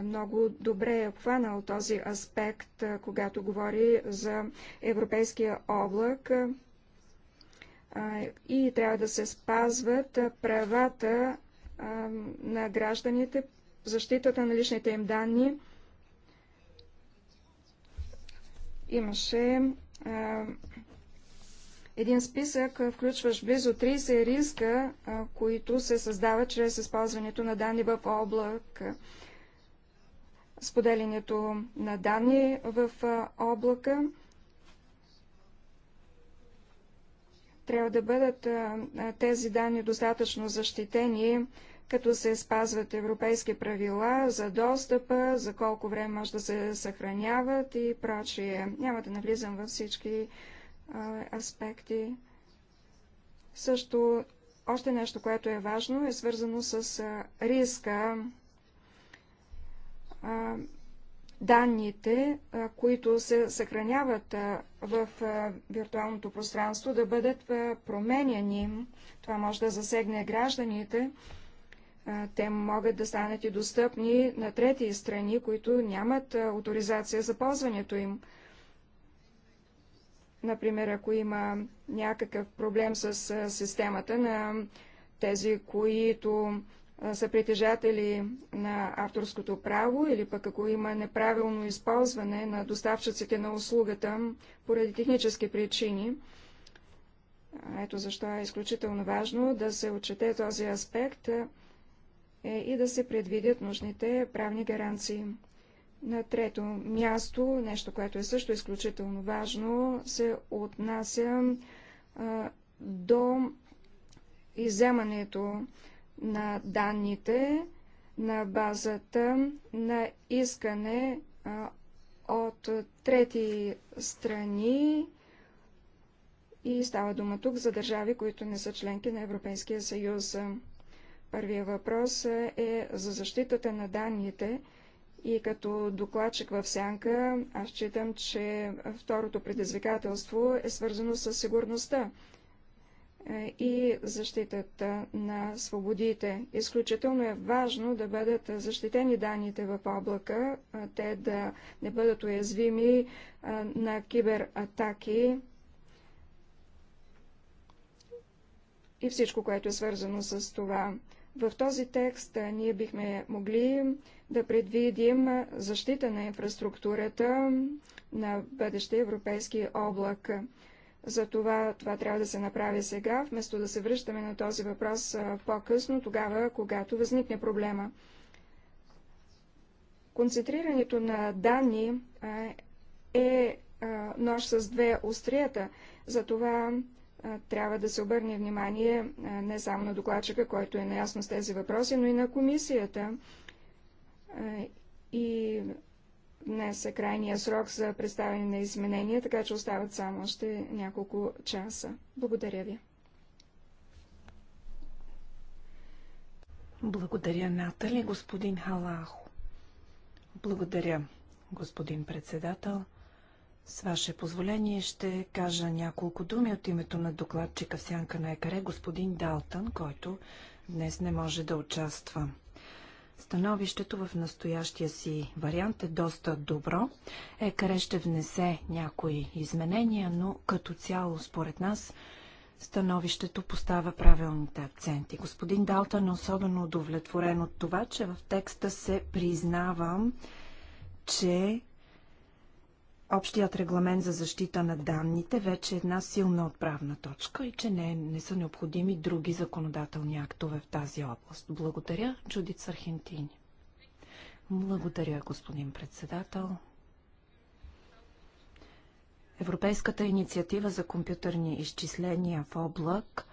A: много добре е обхванал този аспект, когато говори за европейския облак, и трябва да се спазват правата на гражданите, защитата на личните им данни. Имаше един списък, включващ близо 30 риска, които се създават чрез използването на данни в облак. Споделянето на данни в облака трябва да бъдат тези данни достатъчно защитени, като се спазват европейски правила за достъпа, за колко време може да се съхраняват и прочие. Няма да навлизам във всички аспекти. Също още нещо, което е важно, е свързано с риска данните, които се съхраняват в виртуалното пространство, да бъдат променяни. Това може да засегне гражданите. Те могат да станат и достъпни на трети страни, които нямат авторизация за ползването им. Например, ако има някакъв проблем с системата на тези, които са притежатели на авторското право или пък ако има неправилно използване на доставчиците на услугата поради технически причини. Ето защо е изключително важно да се отчете този аспект е и да се предвидят нужните правни гаранции. На трето място, нещо, което е също изключително важно, се отнася а, до изземането на данните на базата на искане от трети страни и става дума тук за държави, които не са членки на Европейския съюз. Първият въпрос е за защитата на данните и като докладчик в сянка аз считам, че второто предизвикателство е свързано с сигурността е, и защитата на свободите. Изключително е важно да бъдат защитени данните в облака, те да не бъдат уязвими на кибератаки и всичко, което е свързано с това. В този текст ние бихме могли да предвидим защита на инфраструктурата на бъдещия европейски облак. Затова това трябва да се направи сега, вместо да се връщаме на този въпрос по-късно, тогава, когато възникне проблема. Концентрирането на данни е нож с две острията, затова трябва да се обърне внимание не само на докладчика, който е наясно с тези въпроси, но и на комисията. И Днес е крайния срок за представяне на изменения, така че остават само още няколко часа. Благодаря ви.
D: Благодаря, Натали, господин Халахо. Благодаря, господин председател. С ваше позволение ще кажа няколко думи от името на докладчика в сянка на Екаре, господин Далтън, който днес не може да участва. Становището в настоящия си вариант е доста добро. Екаре ще внесе някои изменения, но като цяло, според нас, становището поставя правилните акценти. Господин Далтън е особено удовлетворен от това, че в текста се признавам, че общият регламент за защита на данните вече е една силна отправна точка и че не, не са необходими други законодателни актове в тази област. Благодаря, Джудит Сархентини. Благодаря, господин председател. Европейската инициатива за компютърни изчисления в облак,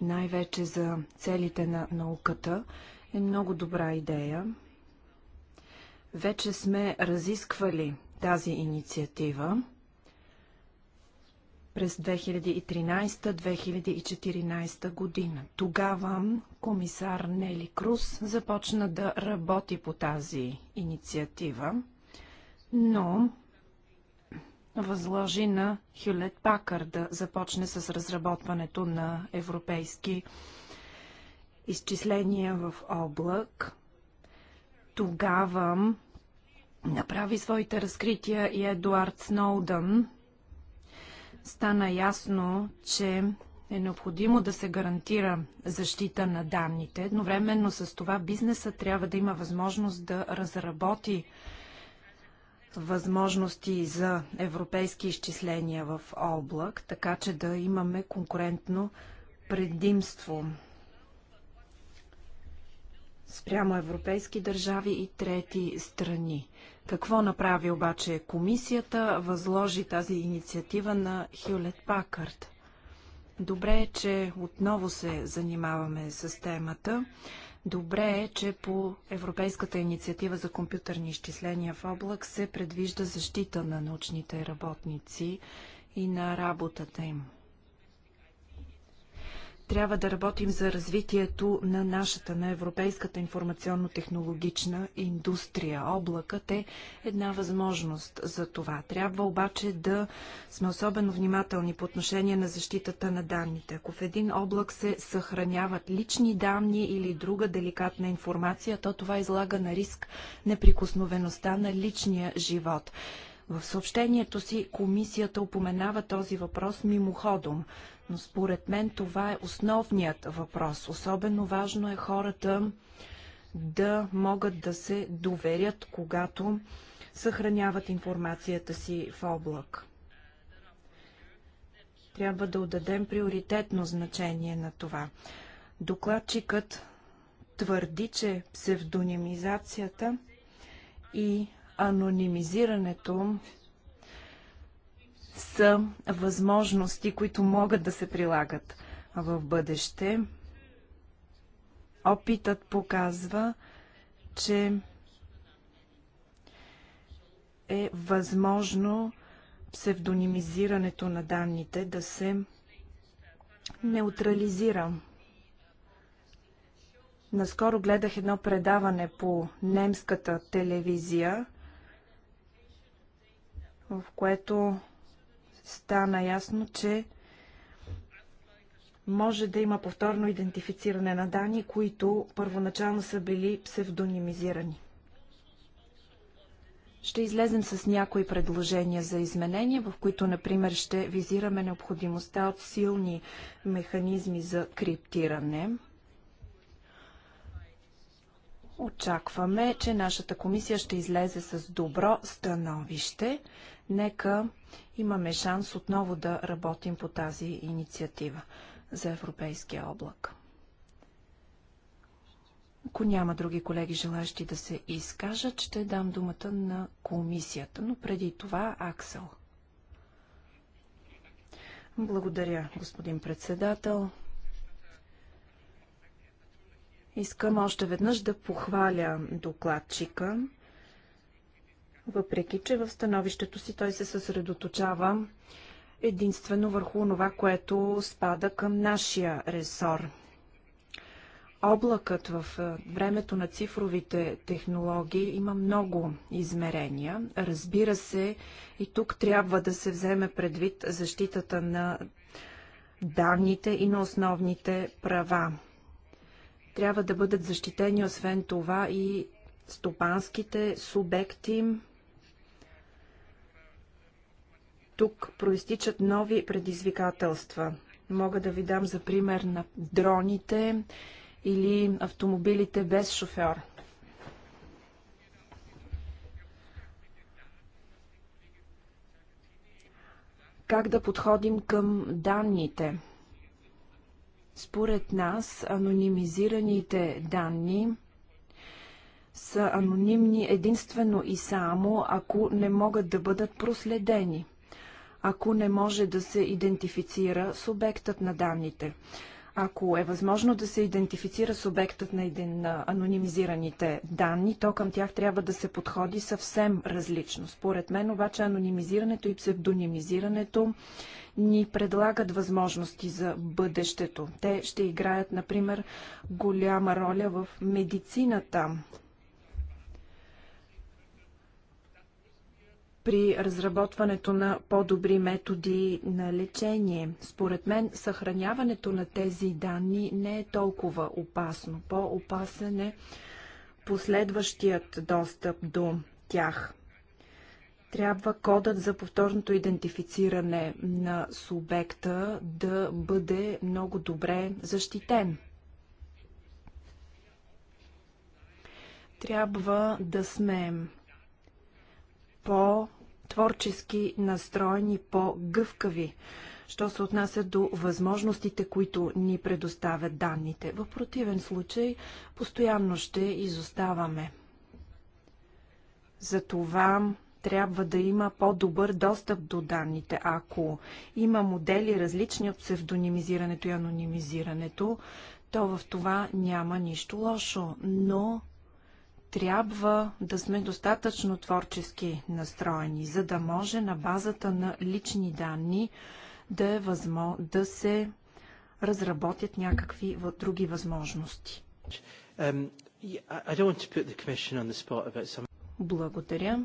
D: най-вече за целите на науката, е много добра идея. Вече сме разисквали тази инициатива през 2013-2014 година. Тогава комисар Нели Крус започна да работи по тази инициатива, но възложи на Хюлет Пакър да започне с разработването на европейски изчисления в облак. Тогава направи своите разкрития и Едуард Сноудън, стана ясно, че е необходимо да се гарантира защита на данните. Едновременно с това бизнеса трябва да има възможност да разработи възможности за европейски изчисления в облак, така че да имаме конкурентно предимство спрямо европейски държави и трети страни. Какво направи обаче комисията? Възложи тази инициатива на Хюлет Пакърт. Добре е, че отново се занимаваме с темата. Добре е, че по Европейската инициатива за компютърни изчисления в облак се предвижда защита на научните работници и на работата им. Трябва да работим за развитието на нашата, на европейската информационно-технологична индустрия. Облакът е една възможност за това. Трябва обаче да сме особено внимателни по отношение на защитата на данните. Ако в един облак се съхраняват лични данни или друга деликатна информация, то това излага на риск неприкосновеността на личния живот. В съобщението си комисията упоменава този въпрос мимоходом, но според мен това е основният въпрос. Особено важно е хората да могат да се доверят, когато съхраняват информацията си в облак. Трябва да отдадем приоритетно значение на това. Докладчикът твърди, че псевдонимизацията и анонимизирането са възможности, които могат да се прилагат в бъдеще. Опитът показва, че е възможно псевдонимизирането на данните да се неутрализира. Наскоро гледах едно предаване по немската телевизия – в което стана ясно, че може да има повторно идентифициране на данни, които първоначално са били псевдонимизирани. Ще излезем с някои предложения за изменения, в които, например, ще визираме необходимостта от силни механизми за криптиране. Очакваме, че нашата комисия ще излезе с добро становище. Нека имаме шанс отново да работим по тази инициатива за европейския облак. Ако няма други колеги желащи да се изкажат, ще дам думата на комисията, но преди това Аксел. Благодаря, господин председател. Искам още веднъж да похваля докладчика въпреки че в становището си той се съсредоточава единствено върху това, което спада към нашия ресор. Облакът в е, времето на цифровите технологии има много измерения. Разбира се, и тук трябва да се вземе предвид защитата на данните и на основните права. Трябва да бъдат защитени освен това и стопанските субекти, Тук проистичат нови предизвикателства. Мога да ви дам за пример на дроните или автомобилите без шофьор. Как да подходим към данните? Според нас, анонимизираните данни са анонимни единствено и само, ако не могат да бъдат проследени – ако не може да се идентифицира субектът на данните. Ако е възможно да се идентифицира субектът на, един, на анонимизираните данни, то към тях трябва да се подходи съвсем различно. Според мен обаче анонимизирането и псевдонимизирането ни предлагат възможности за бъдещето. Те ще играят, например, голяма роля в медицината. при разработването на по-добри методи на лечение. Според мен, съхраняването на тези данни не е толкова опасно. По-опасен е последващият достъп до тях. Трябва кодът за повторното идентифициране на субекта да бъде много добре защитен. Трябва да сме по-творчески настроени, по-гъвкави, що се отнася до възможностите, които ни предоставят данните. В противен случай, постоянно ще изоставаме. Затова трябва да има по-добър достъп до данните. Ако има модели различни от псевдонимизирането и анонимизирането, то в това няма нищо лошо. Но трябва да сме достатъчно творчески настроени, за да може на базата на лични данни да, е възмо... да се разработят някакви други възможности. Благодаря.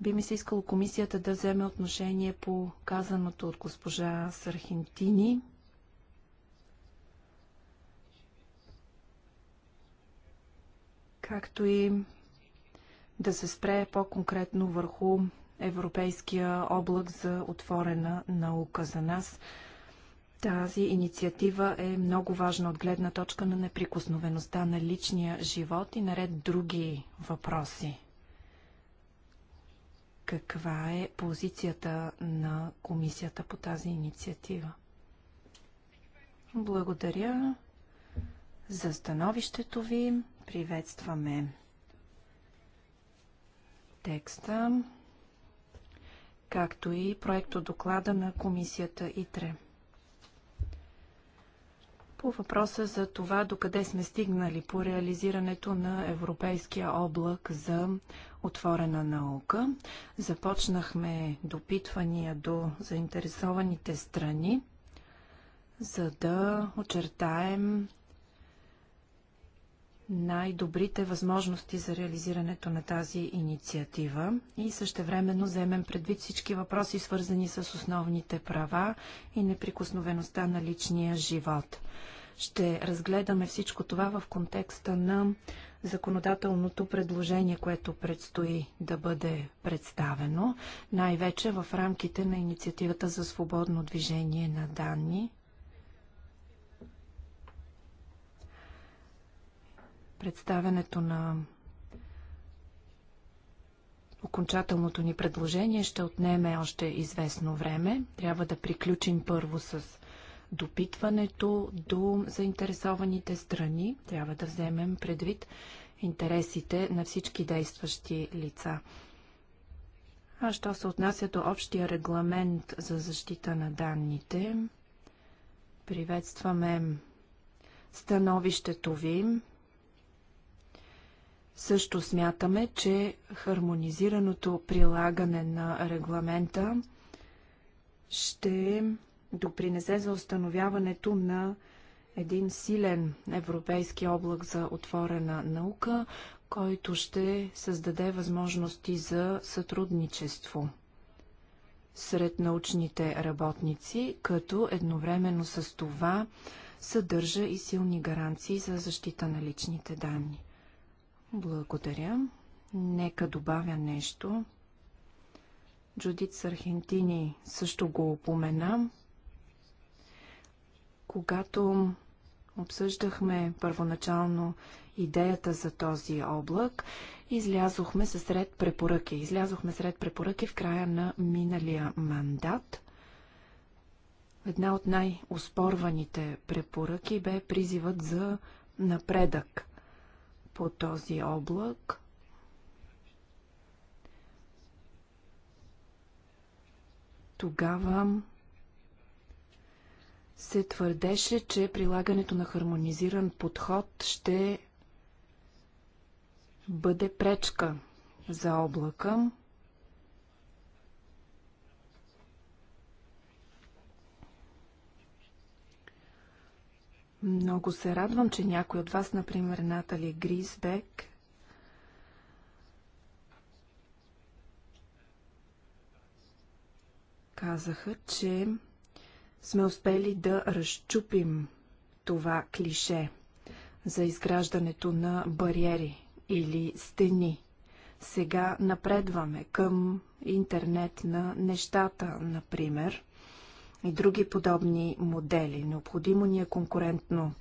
D: Би ми се искало комисията да вземе отношение по казаното от госпожа Сархентини. както и да се спре по-конкретно върху Европейския облак за отворена наука. За нас тази инициатива е много важна от гледна точка на неприкосновеността на личния живот и наред други въпроси. Каква е позицията на комисията по тази инициатива? Благодаря за становището ви. Приветстваме текста, както и проекто доклада на комисията ИТРЕ. По въпроса за това, докъде сме стигнали по реализирането на Европейския облак за отворена наука, започнахме допитвания до заинтересованите страни, за да очертаем най-добрите възможности за реализирането на тази инициатива и същевременно вземем предвид всички въпроси, свързани с основните права и неприкосновеността на личния живот. Ще разгледаме всичко това в контекста на законодателното предложение, което предстои да бъде представено, най-вече в рамките на инициативата за свободно движение на данни, Представянето на окончателното ни предложение ще отнеме още известно време. Трябва да приключим първо с допитването до заинтересованите страни. Трябва да вземем предвид интересите на всички действащи лица. А що се отнася до общия регламент за защита на данните, приветстваме становището ви също смятаме, че хармонизираното прилагане на регламента ще допринесе за установяването на един силен европейски облак за отворена наука, който ще създаде възможности за сътрудничество сред научните работници, като едновременно с това съдържа и силни гаранции за защита на личните данни. Благодаря. Нека добавя нещо. Джудит Сархентини също го упомена. Когато обсъждахме първоначално идеята за този облак, излязохме с ред препоръки. Излязохме с ред препоръки в края на миналия мандат. Една от най-оспорваните препоръки бе призивът за напредък по този облак. Тогава се твърдеше, че прилагането на хармонизиран подход ще бъде пречка за облака. Много се радвам, че някой от вас, например Натали Гризбек, казаха, че сме успели да разчупим това клише за изграждането на бариери или стени. Сега напредваме към интернет на нещата, например – и други подобни модели. Необходимо ни е конкурентно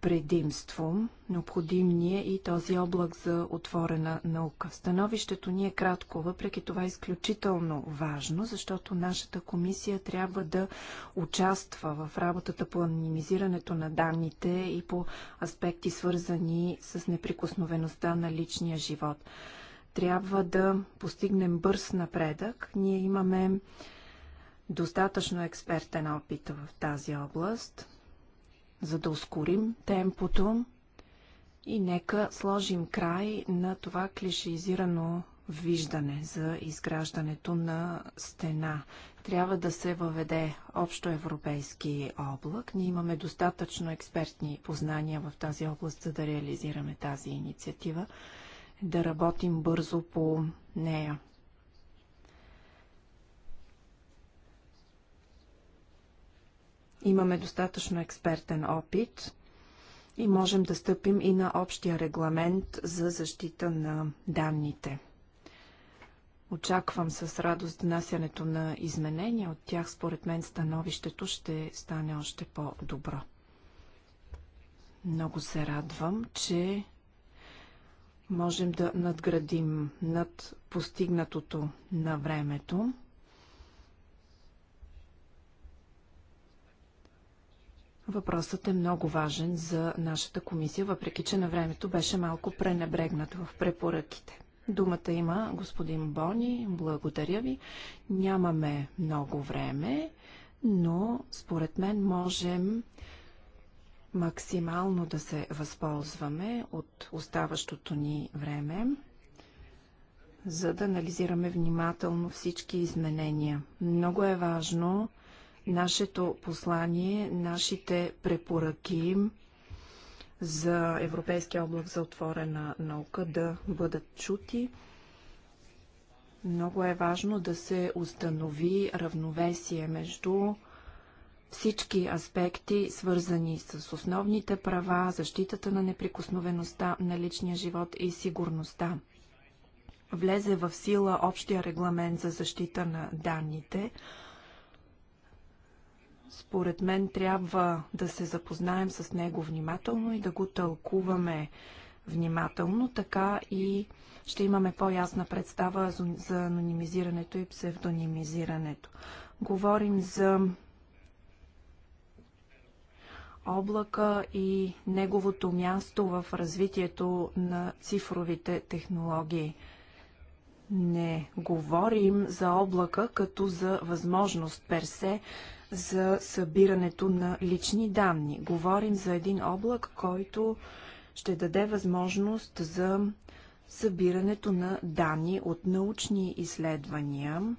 D: предимство. Необходим ни е и този облак за отворена наука. Становището ни е кратко, въпреки това е изключително важно, защото нашата комисия трябва да участва в работата по анонимизирането на данните и по аспекти свързани с неприкосновеността на личния живот. Трябва да постигнем бърз напредък. Ние имаме достатъчно експертен опит в тази област, за да ускорим темпото и нека сложим край на това клишеизирано виждане за изграждането на стена. Трябва да се въведе общо европейски облак. Ние имаме достатъчно експертни познания в тази област, за да реализираме тази инициатива, да работим бързо по нея. Имаме достатъчно експертен опит и можем да стъпим и на общия регламент за защита на данните. Очаквам с радост внасянето на изменения. От тях, според мен, становището ще стане още по-добро. Много се радвам, че можем да надградим над постигнатото на времето. Въпросът е много важен за нашата комисия, въпреки че на времето беше малко пренебрегнат в препоръките. Думата има господин Бони. Благодаря ви. Нямаме много време, но според мен можем максимално да се възползваме от оставащото ни време, за да анализираме внимателно всички изменения. Много е важно Нашето послание, нашите препоръки за Европейския облак за отворена наука да бъдат чути. Много е важно да се установи равновесие между всички аспекти, свързани с основните права, защитата на неприкосновеността на личния живот и сигурността. Влезе в сила общия регламент за защита на данните – според мен трябва да се запознаем с него внимателно и да го тълкуваме внимателно, така и ще имаме по-ясна представа за анонимизирането и псевдонимизирането. Говорим за облака и неговото място в развитието на цифровите технологии. Не говорим за облака като за възможност персе, за събирането на лични данни. Говорим за един облак, който ще даде възможност за събирането на данни от научни изследвания.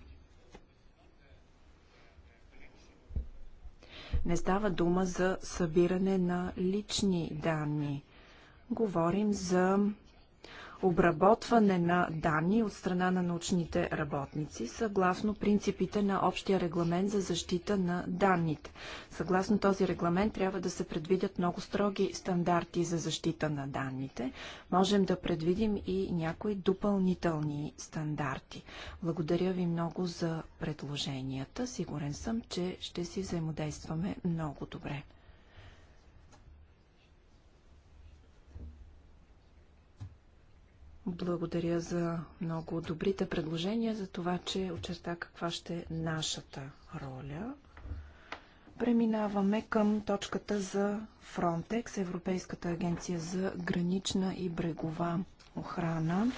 D: Не става дума за събиране на лични данни. Говорим за обработване на данни от страна на научните работници, съгласно принципите на Общия регламент за защита на данните. Съгласно този регламент трябва да се предвидят много строги стандарти за защита на данните. Можем да предвидим и някои допълнителни стандарти. Благодаря ви много за предложенията. Сигурен съм, че ще си взаимодействаме много добре. Благодаря за много добрите предложения, за това, че очерта каква ще е нашата роля. Преминаваме към точката за Frontex, Европейската агенция за гранична и брегова охрана.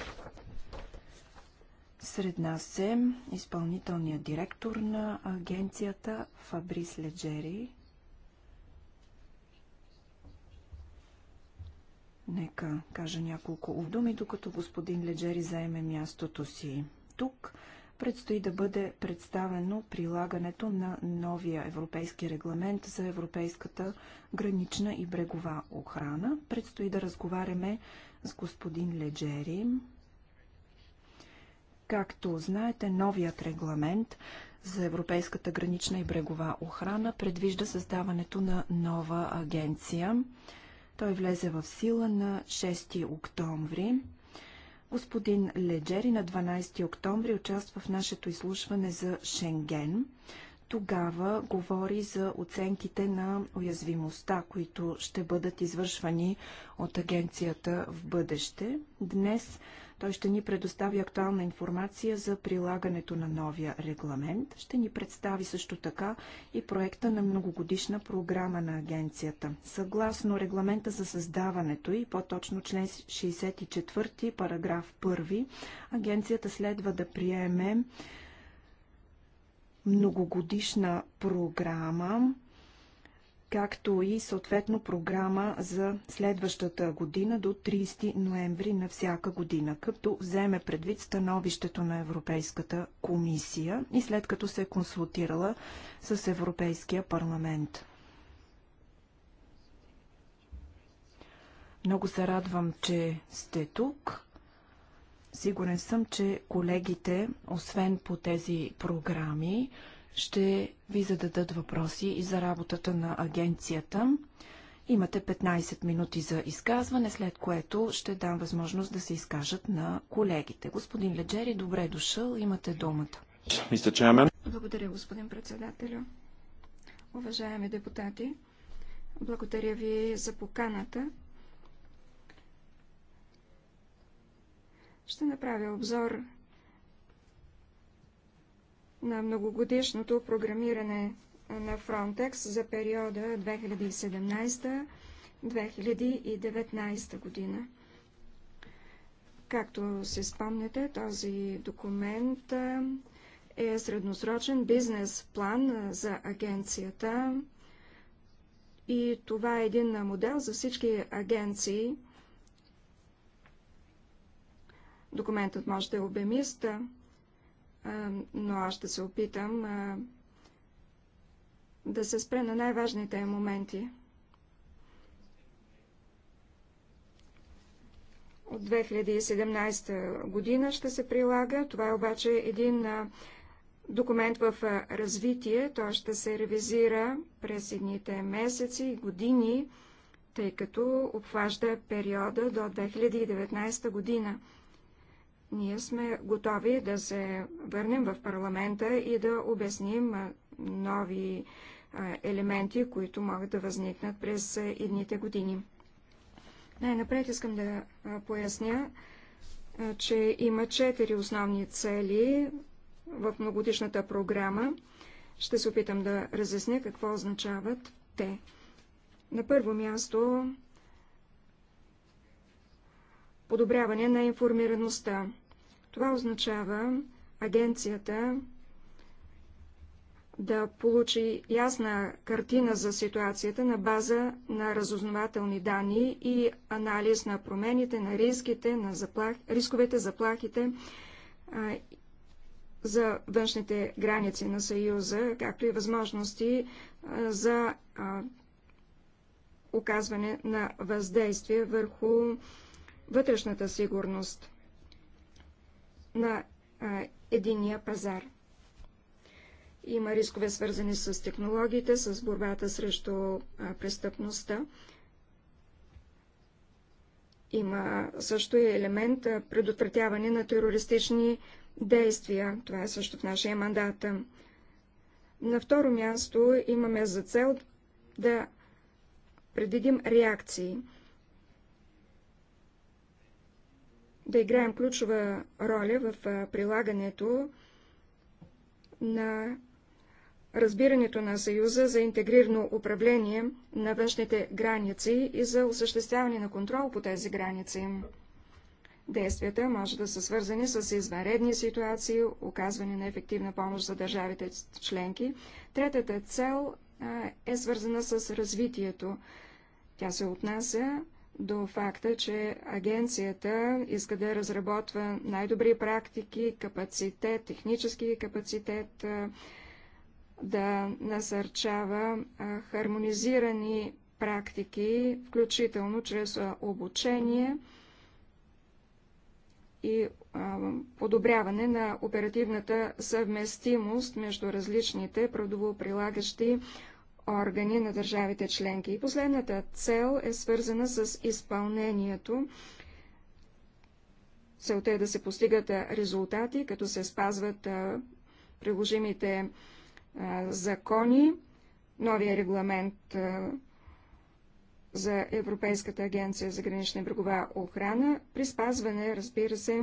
D: Сред нас е изпълнителният директор на агенцията Фабрис Леджери. Нека кажа няколко думи, докато господин Леджери заеме мястото си. Тук предстои да бъде представено прилагането на новия европейски регламент за европейската гранична и брегова охрана. Предстои да разговаряме с господин Леджери. Както знаете, новият регламент за европейската гранична и брегова охрана предвижда създаването на нова агенция – той влезе в сила на 6 октомври. Господин Леджери на 12 октомври участва в нашето изслушване за Шенген. Тогава говори за оценките на уязвимостта, които ще бъдат извършвани от агенцията в бъдеще. Днес той ще ни предостави актуална информация за прилагането на новия регламент. Ще ни представи също така и проекта на многогодишна програма на агенцията. Съгласно регламента за създаването и по-точно член 64, параграф 1, агенцията следва да приеме многогодишна програма както и съответно програма за следващата година до 30 ноември на всяка година, като вземе предвид становището на Европейската комисия и след като се е консултирала с Европейския парламент. Много се радвам, че сте тук. Сигурен съм, че колегите, освен по тези програми, ще ви зададат въпроси и за работата на агенцията. Имате 15 минути за изказване, след което ще дам възможност да се изкажат на колегите. Господин Леджери, добре дошъл, имате думата. Благодаря,
A: господин председателю. Уважаеми депутати, благодаря ви за поканата. Ще направя обзор на многогодишното програмиране на Frontex за периода 2017-2019 година. Както се спомняте, този документ е средносрочен бизнес план за агенцията и това е един модел за всички агенции. Документът може да е обемист, но аз ще се опитам да се спре на най-важните моменти. От 2017 година ще се прилага. Това е обаче един документ в развитие. Той ще се ревизира през едните месеци и години, тъй като обхважда периода до 2019 година ние сме готови да се върнем в парламента и да обясним нови елементи, които могат да възникнат през едните години. Най-напред искам да поясня, че има четири основни цели в многодишната програма. Ще се опитам да разясня какво означават те. На първо място подобряване на информираността. Това означава агенцията да получи ясна картина за ситуацията на база на разузнавателни данни и анализ на промените, на риските, на заплах, рисковете, заплахите а, за външните граници на Съюза, както и възможности а, за а, оказване на въздействие върху вътрешната сигурност на единия пазар. Има рискове свързани с технологиите, с борбата срещу престъпността. Има също и елемент предотвратяване на терористични действия. Това е също в нашия мандат. На второ място имаме за цел да предвидим реакции. да играем ключова роля в прилагането на разбирането на Съюза за интегрирано управление на външните граници и за осъществяване на контрол по тези граници. Действията може да са свързани с извънредни ситуации, оказване на ефективна помощ за държавите членки. Третата цел е свързана с развитието. Тя се отнася до факта, че агенцията иска да разработва най-добри практики, капацитет, технически капацитет, да насърчава хармонизирани практики, включително чрез обучение и подобряване на оперативната съвместимост между различните правдово прилагащи органи на държавите членки. И последната цел е свързана с изпълнението. Целта е да се постигат резултати, като се спазват приложимите закони, новия регламент за Европейската агенция за гранична и брегова охрана, при спазване, разбира се,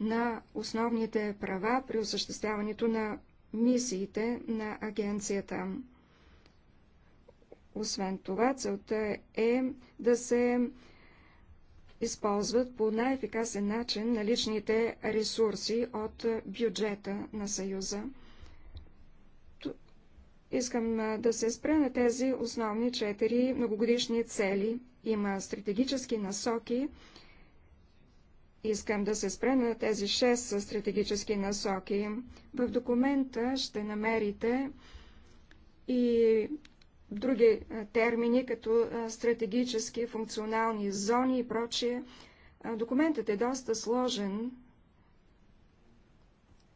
A: на основните права при осъществяването на мисиите на агенцията. Освен това, целта е да се използват по най-ефикасен начин наличните ресурси от бюджета на Съюза. Искам да се спра на тези основни четири многогодишни цели. Има стратегически насоки. Искам да се спра на тези шест стратегически насоки. В документа ще намерите и други е, термини, като е, стратегически, функционални зони и прочие. Е, документът е доста сложен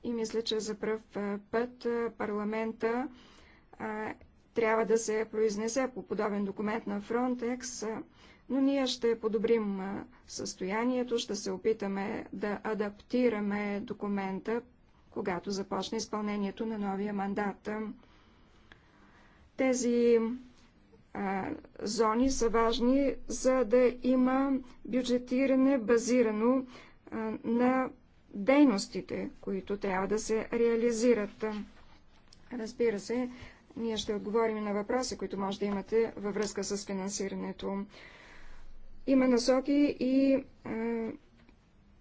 A: и мисля, че за пръв път парламента трябва да се произнесе по подобен документ на Frontex, но ние ще подобрим състоянието, ще се опитаме да адаптираме документа, когато започне изпълнението на новия мандат. Тези а, зони са важни, за да има бюджетиране базирано а, на дейностите, които трябва да се реализират. Разбира се, ние ще отговорим на въпроси, които може да имате във връзка с финансирането. Има насоки и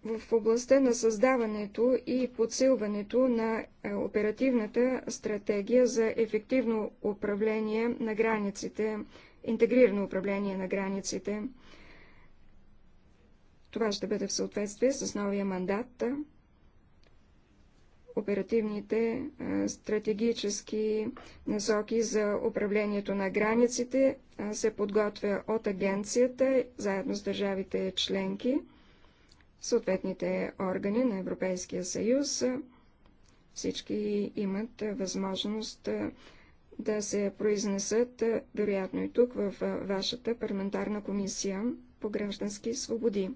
A: в областта на създаването и подсилването на е, оперативната стратегия за ефективно управление на границите, интегрирано управление на границите. Това ще бъде в съответствие с новия мандат. Оперативните е, стратегически насоки за управлението на границите е, се подготвя от агенцията заедно с държавите членки съответните органи на Европейския съюз. Всички имат възможност да се произнесат, вероятно и тук, в вашата парламентарна комисия по граждански свободи.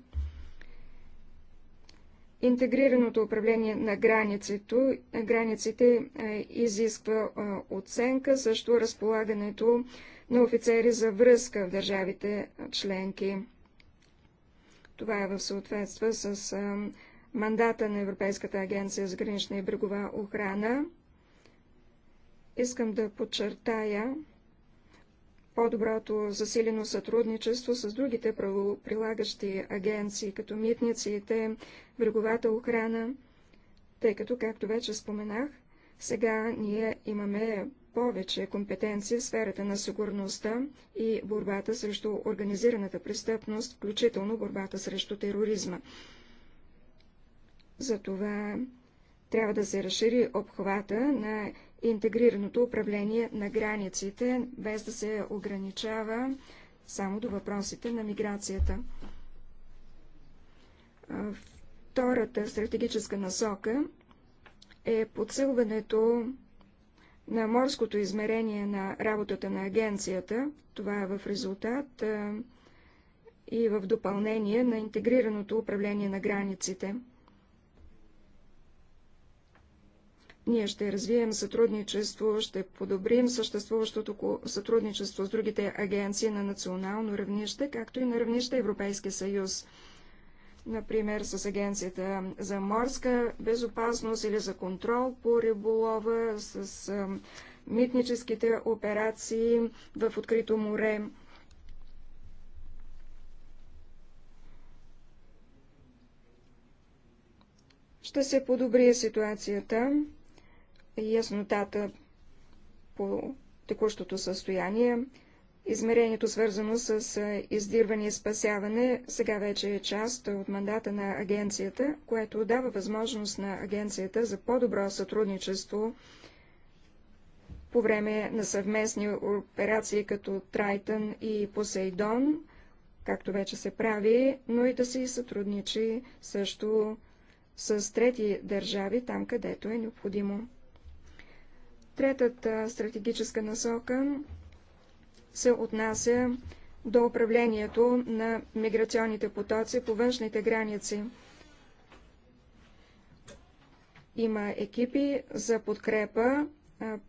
A: Интегрираното управление на границите, границите изисква оценка, също разполагането на офицери за връзка в държавите членки. Това е в съответства с мандата на Европейската агенция за гранична и брегова охрана. Искам да подчертая по-доброто засилено сътрудничество с другите правоприлагащи агенции, като митниците, бреговата охрана, тъй като, както вече споменах, сега ние имаме повече компетенции в сферата на сигурността и борбата срещу организираната престъпност, включително борбата срещу тероризма. Затова трябва да се разшири обхвата на интегрираното управление на границите, без да се ограничава само до въпросите на миграцията. Втората стратегическа насока е подсилването на морското измерение на работата на агенцията. Това е в резултат а, и в допълнение на интегрираното управление на границите. Ние ще развием сътрудничество, ще подобрим съществуващото сътрудничество с другите агенции на национално равнище, както и на равнище Европейския съюз например с Агенцията за морска безопасност или за контрол по риболова, с митническите операции в открито море. Ще се подобри ситуацията и яснотата по текущото състояние. Измерението, свързано с издирване и спасяване, сега вече е част от мандата на агенцията, което дава възможност на агенцията за по-добро сътрудничество по време на съвместни операции като Трайтън и Посейдон, както вече се прави, но и да се сътрудничи също с трети държави, там където е необходимо. Третата стратегическа насока се отнася до управлението на миграционните потоци по външните граници. Има екипи за подкрепа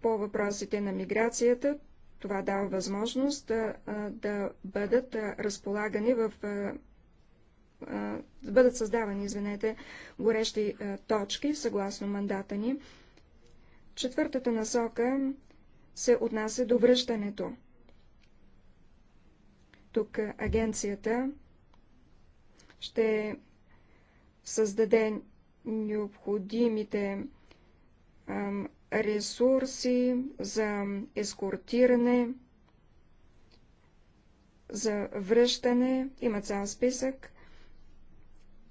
A: по въпросите на миграцията. Това дава възможност да, да бъдат разполагани в да бъдат създавани, извинете, горещи точки, съгласно мандата ни. Четвъртата насока се отнася до връщането. Тук агенцията ще създаде необходимите ресурси за ескортиране, за връщане. Има цял списък.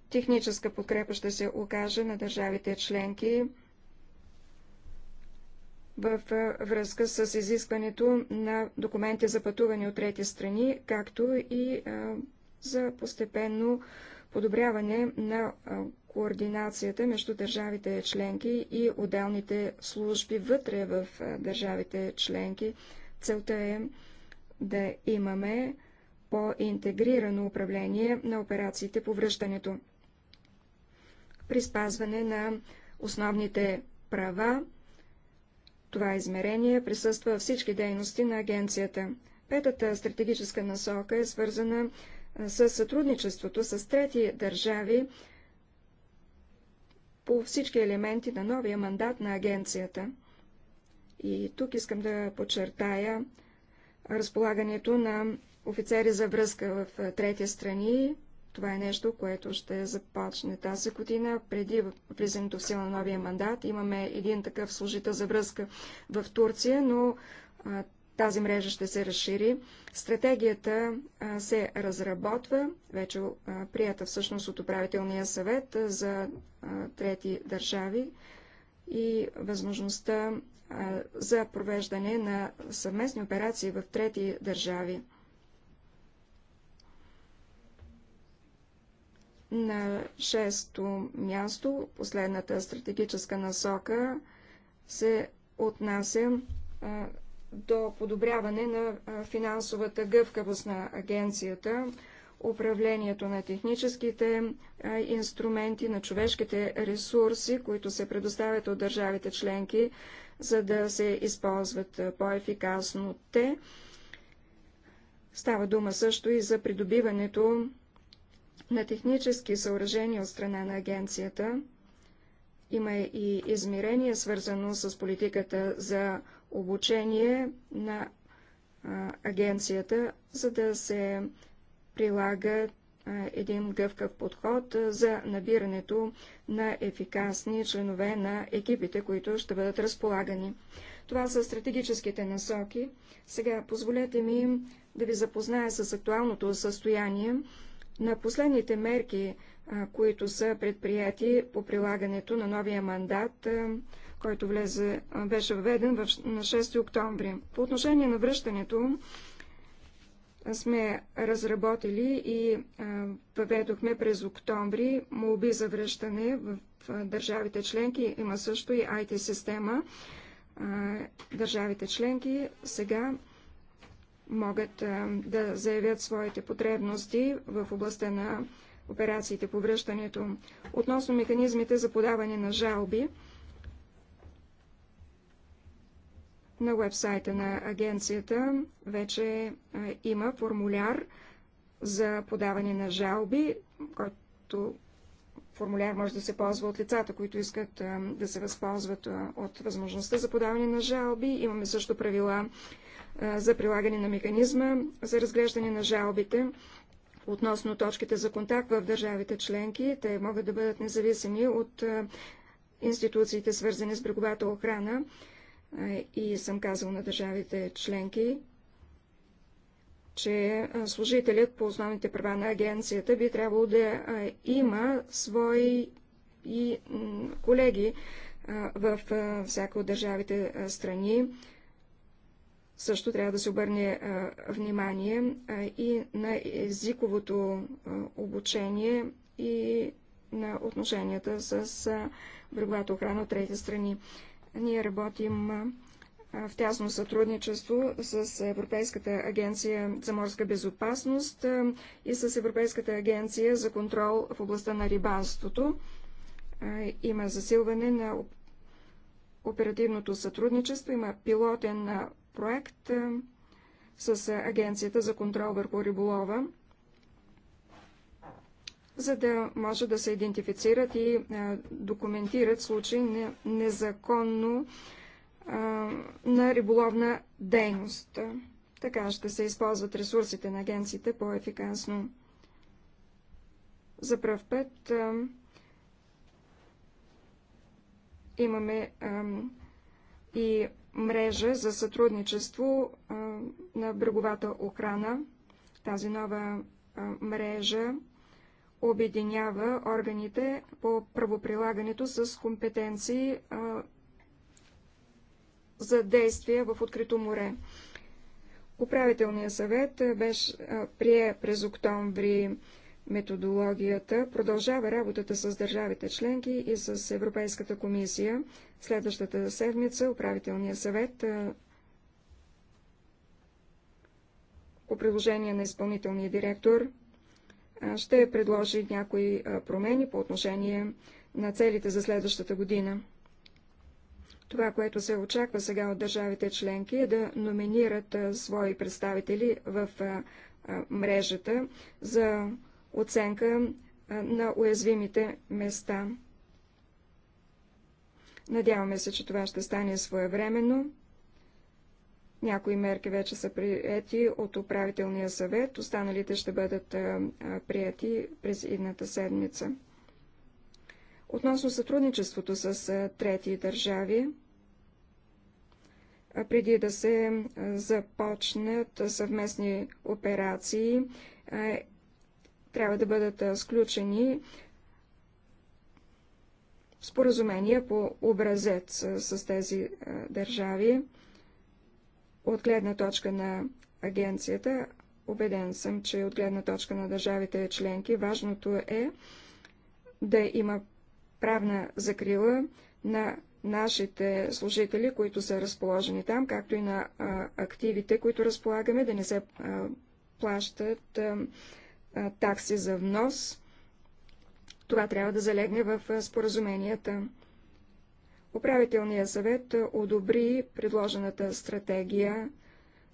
A: Техническа подкрепа ще се окаже на държавите членки в връзка с изискването на документи за пътуване от трети страни, както и за постепенно подобряване на координацията между държавите членки и отделните служби вътре в държавите членки. Целта е да имаме по-интегрирано управление на операциите по връщането при спазване на основните права това измерение присъства във всички дейности на агенцията. Петата стратегическа насока е свързана с сътрудничеството с трети държави по всички елементи на новия мандат на агенцията. И тук искам да подчертая разполагането на офицери за връзка в трети страни, това е нещо, което ще започне тази година, преди влизането в сила на новия мандат. Имаме един такъв служител за връзка в Турция, но а, тази мрежа ще се разшири. Стратегията а, се разработва, вече а, прията всъщност от управителния съвет а, за а, трети държави и възможността а, за провеждане на съвместни операции в трети държави. На шесто място, последната стратегическа насока се отнася до подобряване на финансовата гъвкавост на агенцията, управлението на техническите инструменти, на човешките ресурси, които се предоставят от държавите членки, за да се използват по-ефикасно те. Става дума също и за придобиването на технически съоръжения от страна на агенцията. Има и измерение, свързано с политиката за обучение на агенцията, за да се прилага един гъвкав подход за набирането на ефикасни членове на екипите, които ще бъдат разполагани. Това са стратегическите насоки. Сега позволете ми да ви запозная с актуалното състояние на последните мерки, които са предприяти по прилагането на новия мандат, който влезе, беше введен на 6 октомври. По отношение на връщането сме разработили и въведохме през октомври молби за връщане в държавите членки. Има също и IT-система. Държавите членки сега могат да заявят своите потребности в областта на операциите по връщането. Относно механизмите за подаване на жалби на вебсайта на агенцията вече има формуляр за подаване на жалби, който формуляр може да се ползва от лицата, които искат да се възползват от възможността за подаване на жалби. Имаме също правила за прилагане на механизма за разглеждане на жалбите относно точките за контакт в държавите членки. Те могат да бъдат независими от институциите, свързани с бреговата охрана. И съм казал на държавите членки, че служителят по основните права на агенцията би трябвало да има свои и колеги в всяка от държавите страни, също трябва да се обърне внимание и на езиковото обучение и на отношенията с бреговата охрана от трети страни. Ние работим в тясно сътрудничество с Европейската агенция за морска безопасност и с Европейската агенция за контрол в областта на рибанството. Има засилване на оперативното сътрудничество, има пилотен проект е, с Агенцията за контрол върху риболова, за да може да се идентифицират и е, документират случаи на незаконно е, на риболовна дейност. Така ще се използват ресурсите на агенциите по-ефикасно. За пръв път имаме и мрежа за сътрудничество на бреговата охрана. Тази нова мрежа обединява органите по правоприлагането с компетенции за действия в открито море. Управителният съвет беше прие през октомври методологията, продължава работата с държавите членки и с Европейската комисия Следващата седмица управителният съвет по предложение на изпълнителния директор ще предложи някои промени по отношение на целите за следващата година. Това, което се очаква сега от държавите членки е да номинират свои представители в мрежата за оценка на уязвимите места. Надяваме се, че това ще стане своевременно. Някои мерки вече са приети от управителния съвет, останалите ще бъдат прияти през едната седмица. Относно сътрудничеството с трети държави, преди да се започнат съвместни операции, трябва да бъдат сключени споразумения по образец с тези държави. От гледна точка на агенцията, убеден съм, че от гледна точка на държавите членки, важното е да има правна закрила на нашите служители, които са разположени там, както и на активите, които разполагаме, да не се плащат такси за внос. Това трябва да залегне в споразуменията. Управителният съвет одобри предложената стратегия,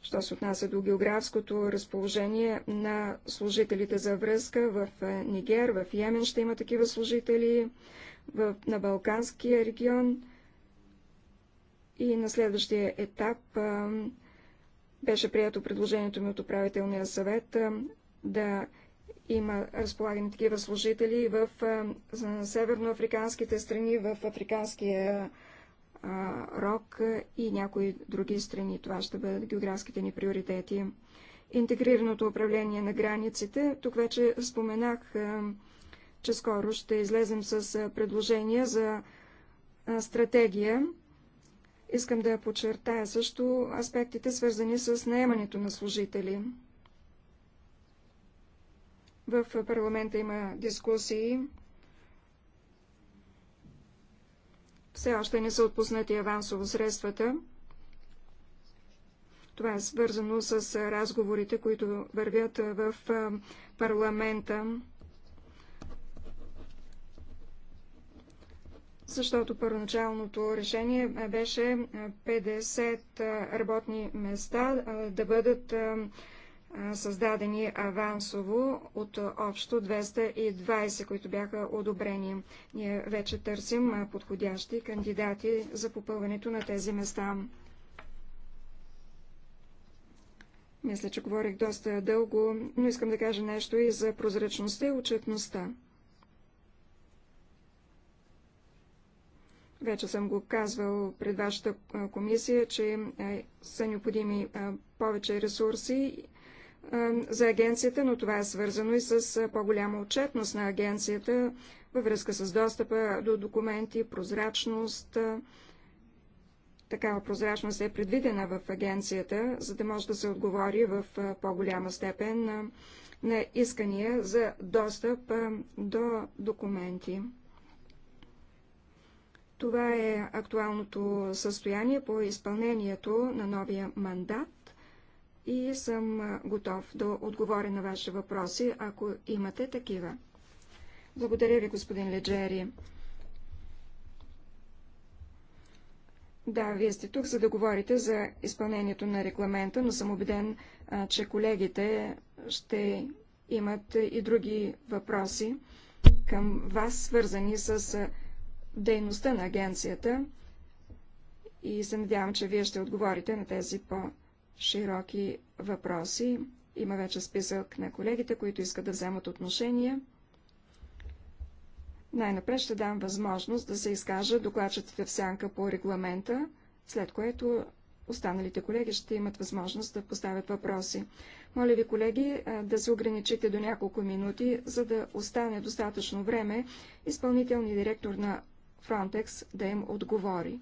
A: що се отнася до географското разположение на служителите за връзка в Нигер, в Йемен ще има такива служители, в, на Балканския регион. И на следващия етап а, беше прието предложението ми от управителния съвет а, да има разполагани такива служители в северноафриканските страни, в африканския рок и някои други страни. Това ще бъдат географските ни приоритети. Интегрираното управление на границите. Тук вече споменах, че скоро ще излезем с предложение за стратегия. Искам да подчертая също аспектите, свързани с наемането на служители. В парламента има дискусии. Все още не са отпуснати авансово средствата. Това е свързано с разговорите, които вървят в парламента. Защото първоначалното решение беше 50 работни места да бъдат създадени авансово от общо 220, които бяха одобрени. Ние вече търсим подходящи кандидати за попълването на тези места. Мисля, че говорих доста дълго, но искам да кажа нещо и за прозрачността и отчетността. Вече съм го казвал пред вашата комисия, че са необходими повече ресурси за агенцията, но това е свързано и с по-голяма отчетност на агенцията във връзка с достъпа до документи, прозрачност. Такава прозрачност е предвидена в агенцията, за да може да се отговори в по-голяма степен на, на искания за достъп до документи. Това е актуалното състояние по изпълнението на новия мандат и съм готов да отговоря на ваши въпроси, ако имате такива. Благодаря ви, господин Леджери. Да, вие сте тук, за да говорите за изпълнението на регламента, но съм убеден, че колегите ще имат и други въпроси към вас, свързани с дейността на агенцията и се надявам, че вие ще отговорите на тези по широки въпроси. Има вече списък на колегите, които искат да вземат отношение. Най-напред ще дам възможност да се изкажа докладчетите в сянка по регламента, след което останалите колеги ще имат възможност да поставят въпроси. Моля ви, колеги, да се ограничите до няколко минути, за да остане достатъчно време изпълнителният директор на Frontex да им отговори.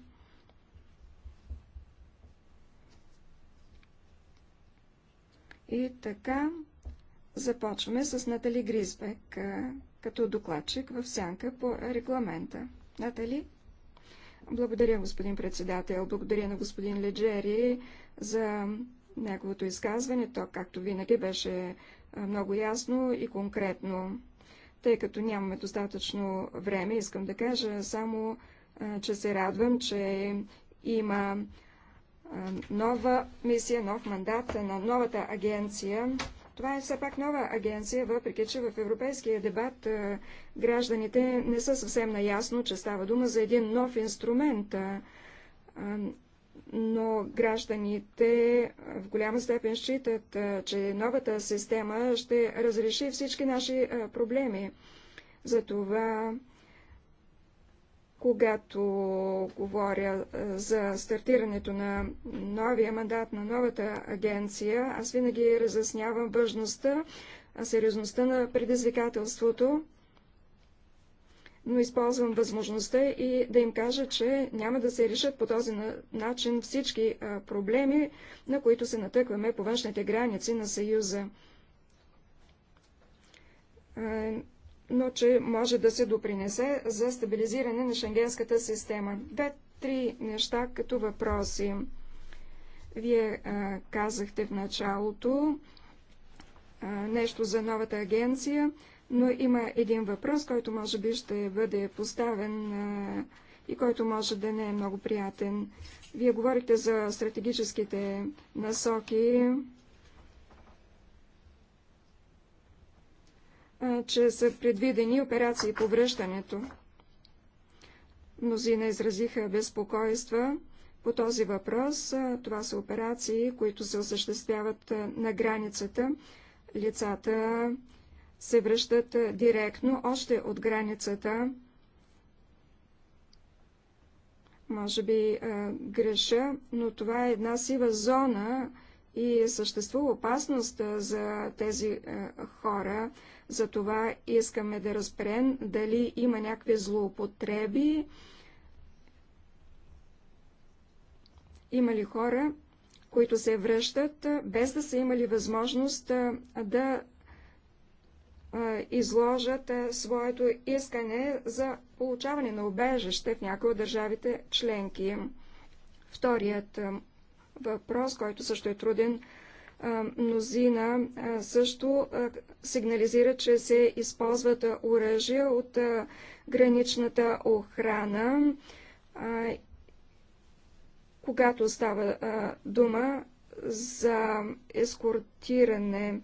A: И така започваме с Натали Гризбек като докладчик в сянка по регламента. Натали? Благодаря, господин председател. Благодаря на господин Леджери за неговото изказване. То, както винаги, беше много ясно и конкретно. Тъй като нямаме достатъчно време, искам да кажа само, че се радвам, че има нова мисия, нов мандат на новата агенция. Това е все пак нова агенция, въпреки че в европейския дебат гражданите не са съвсем наясно, че става дума за един нов инструмент. Но гражданите в голяма степен считат, че новата система ще разреши всички наши проблеми. Затова когато говоря е, за стартирането на новия мандат на новата агенция, аз винаги разяснявам важността, сериозността на предизвикателството, но използвам възможността и да им кажа, че няма да се решат по този начин всички е, проблеми, на които се натъкваме по външните граници на Съюза е, но че може да се допринесе за стабилизиране на шенгенската система. Две-три неща като въпроси. Вие а, казахте в началото а, нещо за новата агенция, но има един въпрос, който може би ще бъде поставен а, и който може да не е много приятен. Вие говорите за стратегическите насоки че са предвидени операции по връщането. Мнозина изразиха безпокойства по този въпрос. Това са операции, които се осъществяват на границата. Лицата се връщат директно, още от границата. Може би греша, но това е една сива зона и съществува опасност за тези хора затова искаме да разберем дали има някакви злоупотреби, има ли хора, които се връщат, без да са имали възможност да изложат своето искане за получаване на убежище в някои от държавите членки. Вторият въпрос, който също е труден мнозина също сигнализира, че се използват оръжия от граничната охрана, когато става дума за ескортиране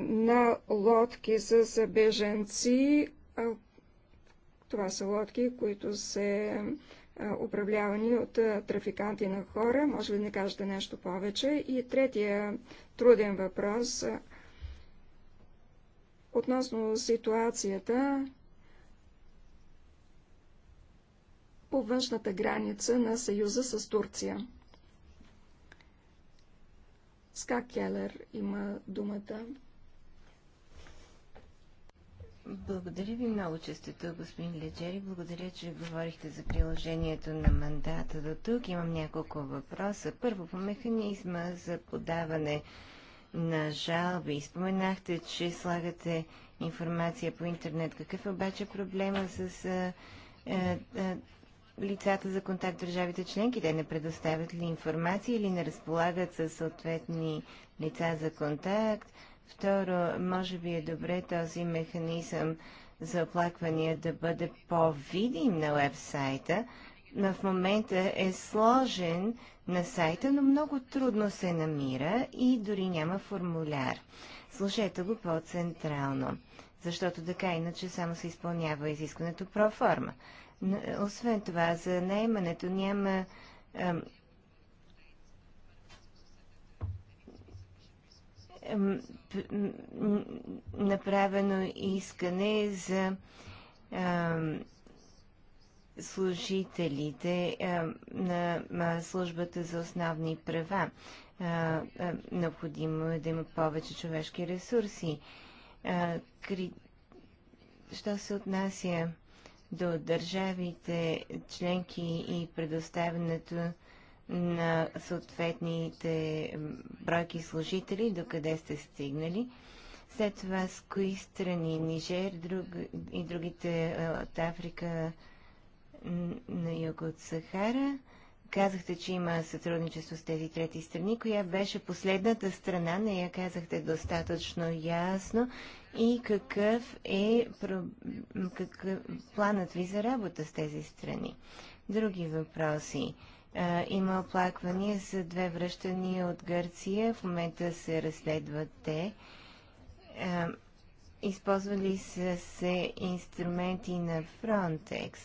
A: на лодки с беженци. Това са лодки, които се управлявани от трафиканти на хора. Може ли да не кажете нещо повече? И третия труден въпрос относно ситуацията по външната граница на Съюза с Турция. Скак Келер има думата.
C: Благодаря ви много, че сте тук, господин Леджери. Благодаря, че говорихте за приложението на мандата до тук. Имам няколко въпроса. Първо, по механизма за подаване на жалби. Споменахте, че слагате информация по интернет. Какъв е обаче проблема с а, а, лицата за контакт държавите членки? Те не предоставят ли информация или не разполагат със съответни лица за контакт? Второ, може би е добре този механизъм за оплаквания да бъде по-видим на вебсайта. Но в момента е сложен на сайта, но много трудно се намира и дори няма формуляр. Служете го по-централно, защото така иначе само се изпълнява изискването проформа. Освен това, за наемането няма направено искане за служителите на службата за основни права. Необходимо е да има повече човешки ресурси. Що се отнася до държавите членки и предоставянето на съответните бройки служители, до къде сте стигнали. След това с кои страни, Нижер друг, и другите от Африка на юг от Сахара. Казахте, че има сътрудничество с тези трети страни. Коя беше последната страна? Не я казахте достатъчно ясно. И какъв е какъв, планът ви за работа с тези страни? Други въпроси има оплаквания за две връщания от Гърция. В момента се разследват те. използвали са се инструменти на Frontex.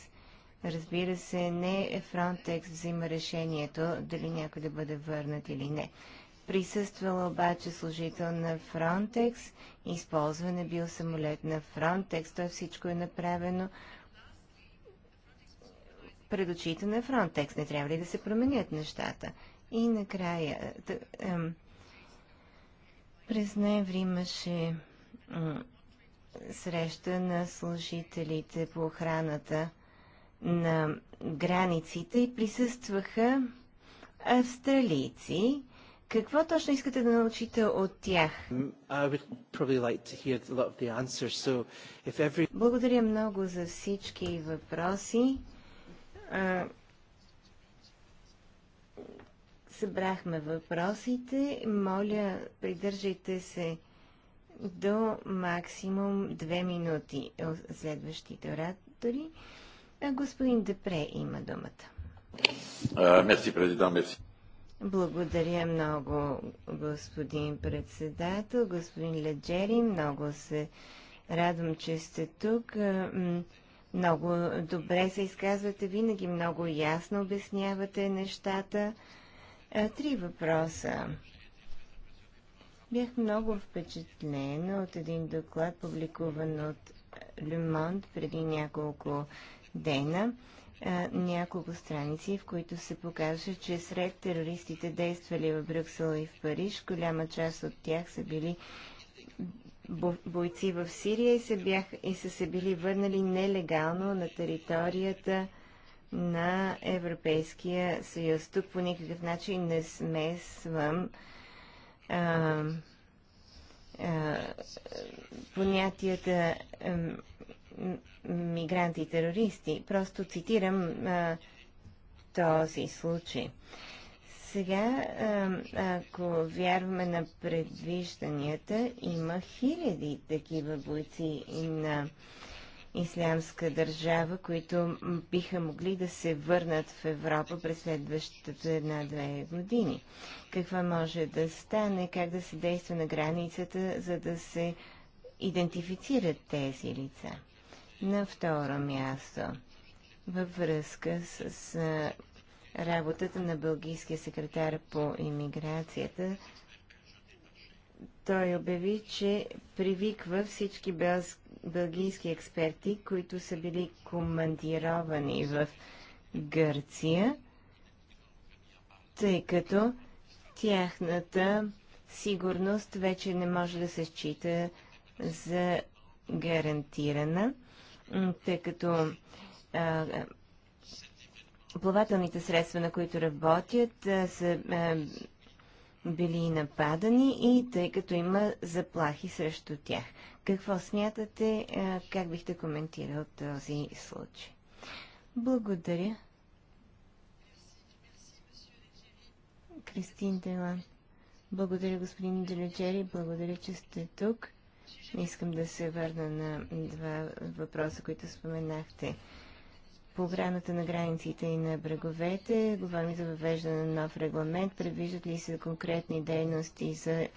C: Разбира се, не Frontex взима решението дали някой да бъде върнат или не. Присъствала обаче служител на Frontex, използван е бил самолет на Frontex, то всичко е направено пред очите на Фронтекс. Не трябва ли да се променят нещата? И накрая, да, ем, през ноември имаше ем, среща на служителите по охраната на границите и присъстваха австралийци. Какво точно искате да научите от тях? Благодаря много за всички въпроси събрахме въпросите. Моля, придържайте се до максимум две минути следващите оратори. Господин Депре има думата.
G: Мерси, президент, мерси.
C: Благодаря много, господин председател, господин Леджери. Много се радвам, че сте тук. Много добре се изказвате, винаги много ясно обяснявате нещата. Три въпроса. Бях много впечатлен от един доклад, публикуван от Люмонт преди няколко дена, няколко страници, в които се показва, че сред терористите, действали в Брюксел и в Париж, голяма част от тях са били бойци в Сирия и, се бях, и са се били върнали нелегално на територията на Европейския съюз. Тук по никакъв начин не смесвам а, а, понятията а, мигранти и терористи. Просто цитирам а, този случай. Сега, ако вярваме на предвижданията, има хиляди такива бойци на ислямска държава, които биха могли да се върнат в Европа през следващата една-две години. Какво може да стане, как да се действа на границата, за да се идентифицират тези лица. На второ място, във връзка с работата на бългийския секретар по иммиграцията. Той обяви, че привиква всички бългийски експерти, които са били командировани в Гърция, тъй като тяхната сигурност вече не може да се счита за гарантирана, тъй като а, плавателните средства, на които работят, е, са е, били нападани и тъй като има заплахи срещу тях. Какво смятате, е, как бихте коментирал този случай? Благодаря. Кристин Делан. Благодаря, господин Делечери. Благодаря, че сте тук. Искам да се върна на два въпроса, които споменахте по охраната на границите и на бреговете. Говорим за въвеждане на нов регламент. Предвиждат ли се конкретни дейности за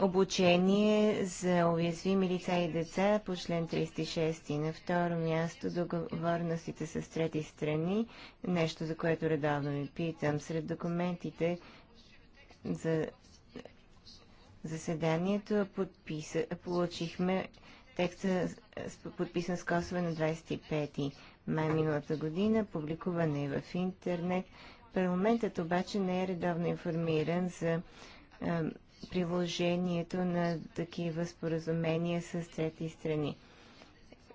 C: обучение за уязвими лица и деца по член 36. И на второ място договорностите с трети страни, нещо за което редовно ми питам. Сред документите за заседанието подписа, получихме Текста е, подписан с Косове на 25 май миналата година, публикуван е в интернет. Парламентът обаче не е редовно информиран за а, е, приложението на такива споразумения с трети страни.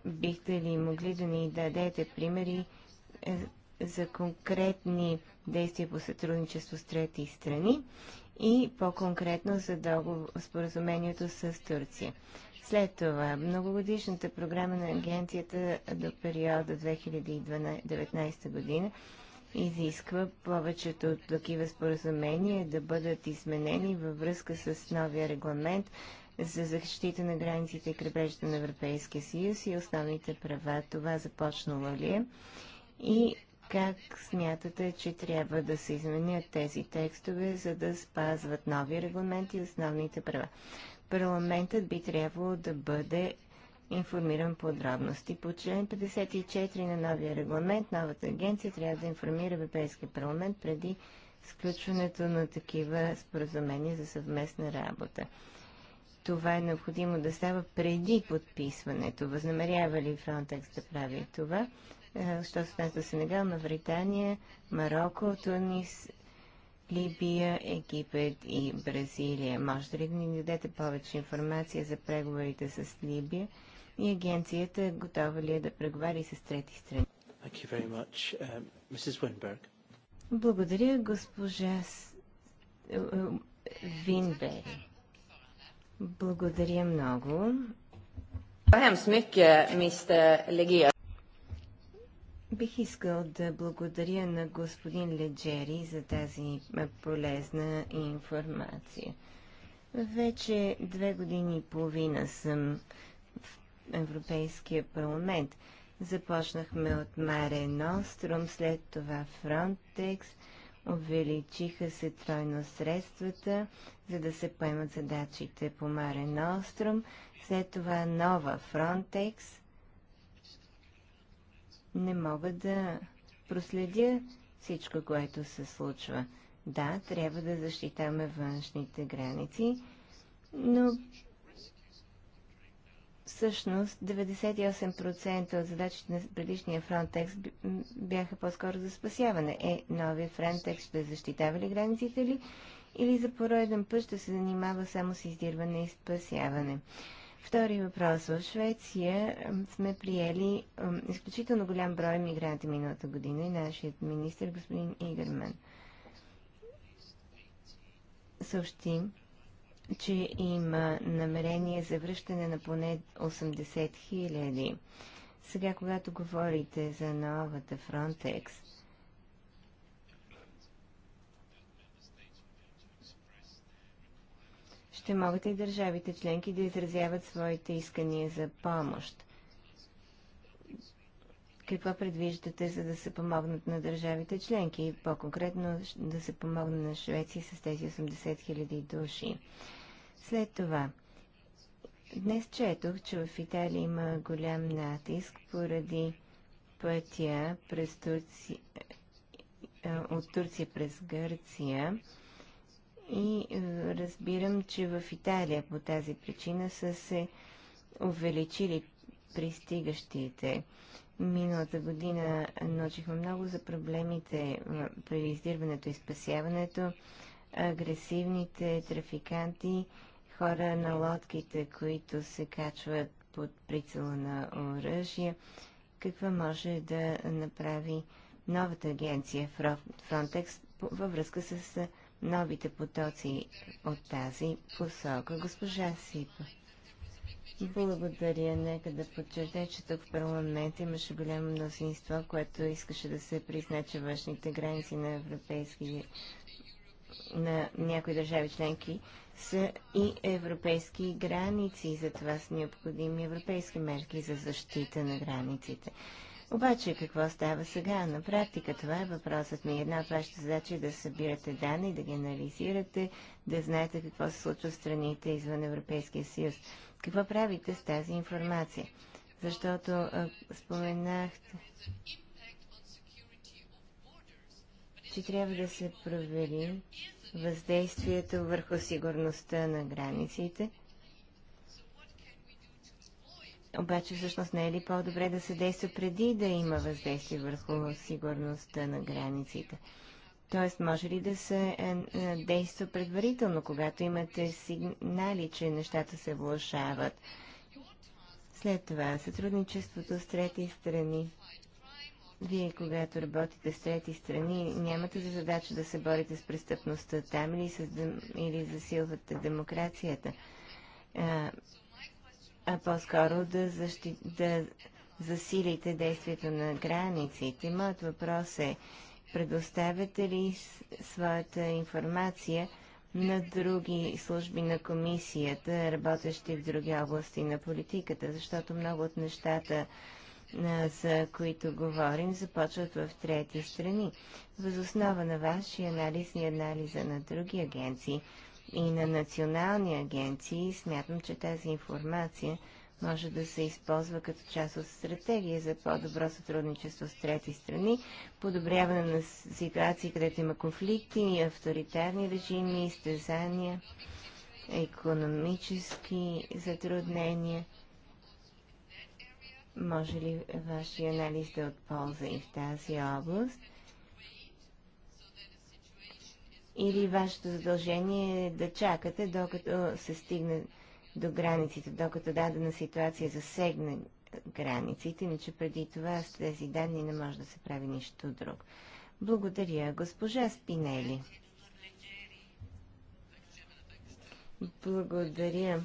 C: Бихте ли могли да ни дадете примери е, за конкретни действия по сътрудничество с трети страни и по-конкретно за договор, споразумението с Турция? След това, многогодишната програма на агенцията до периода 2019 година изисква повечето от такива споразумения да бъдат изменени във връзка с новия регламент за защита на границите и крепежите на Европейския съюз и основните права. Това започнало ли е? И как смятате, че трябва да се изменят тези текстове, за да спазват нови регламенти и основните права? парламентът би трябвало да бъде информиран подробности. По член 54 на новия регламент, новата агенция трябва да информира Европейския парламент преди сключването на такива споразумения за съвместна работа. Това е необходимо да става преди подписването. Възнамерява ли Фронтекс да прави това? Е, що се отнася до Сенегал, Мавритания, Марокко, Тунис Либия, Египет и Бразилия. Може ли да ни дадете повече информация за преговорите с Либия и агенцията готова ли е да преговари с трети страни?
B: Um,
C: Благодаря, госпожа е, е, Винбери. Благодаря много. Hemskt mycket,
D: Mr.
C: Бих искал да благодаря на господин Леджери за тази полезна информация. Вече две години и половина съм в Европейския парламент. Започнахме от Маре Ностром, след това Фронтекс, увеличиха се тройно средствата, за да се поемат задачите по Маре Ностром, след това нова Фронтекс – не мога да проследя всичко, което се случва. Да, трябва да защитаваме външните граници, но всъщност 98% от задачите на предишния фронтекс бяха по-скоро за спасяване. Е, новия фронтекс ще защитава ли границите ли или за пороеден път ще се занимава само с издирване и спасяване? Втори въпрос. В Швеция сме приели изключително голям брой мигранти миналата година и нашият министр господин Игърмен, съобщи, че има намерение за връщане на поне 80 хиляди. Сега, когато говорите за новата Фронтекс, ще могат и държавите членки да изразяват своите искания за помощ. Какво предвиждате, за да се помогнат на държавите членки и по-конкретно да се помогнат на Швеция с тези 80 000 души? След това, днес четох, че в Италия има голям натиск поради пътя през Турци... от Турция през Гърция и е, разбирам, че в Италия по тази причина са се увеличили пристигащите. Миналата година научихме много за проблемите е, при издирването и спасяването, агресивните трафиканти, хора на лодките, които се качват под прицела на оръжие. Каква може да направи новата агенция Frontex във връзка с е, новите потоци от тази посока. Госпожа Сипа. Благодаря. Нека да подчерте, че тук в парламент имаше голямо мнозинство, което искаше да се призна, че външните граници на европейски на някои държави членки са и европейски граници. Затова са необходими европейски мерки за защита на границите. Обаче какво става сега? На практика това е въпросът ми. Една от вашите задачи е да събирате данни, да ги анализирате, да знаете какво се случва в страните извън Европейския съюз. Какво правите с тази информация? Защото споменахте, че трябва да се провери въздействието върху сигурността на границите – обаче всъщност не е ли по-добре да се действа преди да има въздействие върху сигурността на границите? Тоест, може ли да се е, е, действа предварително, когато имате сигнали, че нещата се влушават? След това, сътрудничеството с трети страни. Вие, когато работите с трети страни, нямате за задача да се борите с престъпността там или, с, или засилвате демокрацията. Е, а по-скоро да, защи... да засилите действието на границите. Моят въпрос е, предоставяте ли своята информация на други служби на комисията, работещи в други области на политиката, защото много от нещата, за които говорим, започват в трети страни. Възоснова на вашия анализ и анализа на други агенции, и на национални агенции, смятам, че тази информация може да се използва като част от стратегия за по-добро сътрудничество с трети страни, подобряване на ситуации, където има конфликти, авторитарни режими, изтезания, економически затруднения. Може ли вашия анализ да е от полза и в тази област? или вашето задължение е да чакате, докато се стигне до границите, докато дадена ситуация засегне границите, иначе преди това с тези данни не може да се прави нищо друго. Благодаря. Госпожа Спинели. Благодаря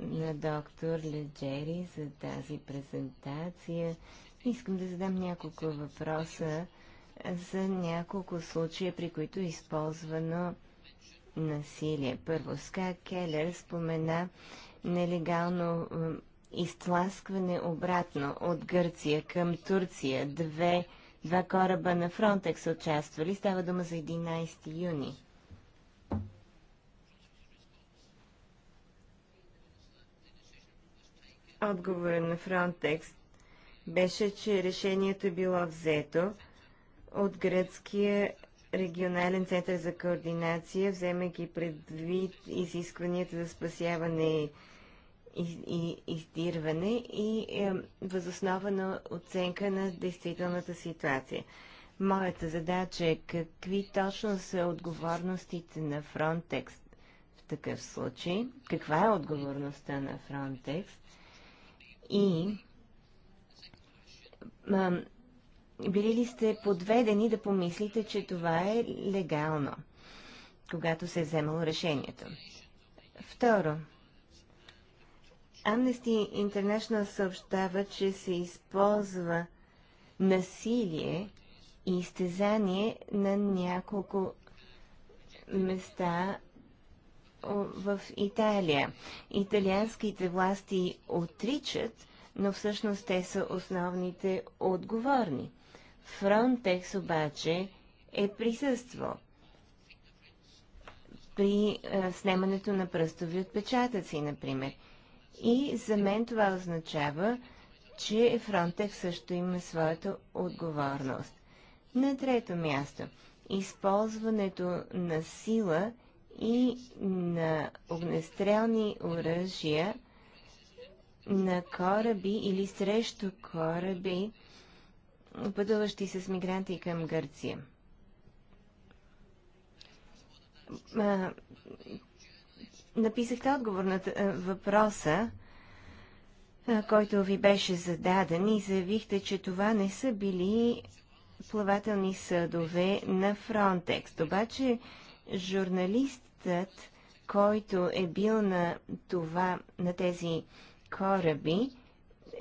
C: на доктор Леджери за тази презентация. Искам да задам няколко въпроса за няколко случая, при които е използвано насилие. Първо, Ска Келер спомена нелегално изтласкване обратно от Гърция към Турция. Две, два кораба на Фронтекс участвали. Става дума за 11 юни. Отговора на Фронтекс беше, че решението е било взето от гръцкия регионален център за координация, вземайки предвид изискванията за спасяване и, и издирване и е, възоснова на оценка на действителната ситуация. Моята задача е какви точно са отговорностите на Frontex в такъв случай, каква е отговорността на Frontex и били ли сте подведени да помислите, че това е легално, когато се е вземало решението? Второ, Amnesty International съобщава, че се използва насилие и изтезание на няколко места в Италия. Италианските власти отричат, но всъщност те са основните отговорни. Фронтекс обаче е присъство при а, снимането на пръстови отпечатъци, например. И за мен това означава, че Фронтекс също има своята отговорност. На трето място, използването на сила и на огнестрелни оръжия на кораби или срещу кораби пътуващи с мигранти към Гърция. Написахте отговор на въпроса, който ви беше зададен и заявихте, че това не са били плавателни съдове на Фронтекс. Обаче журналистът, който е бил на, това, на тези кораби,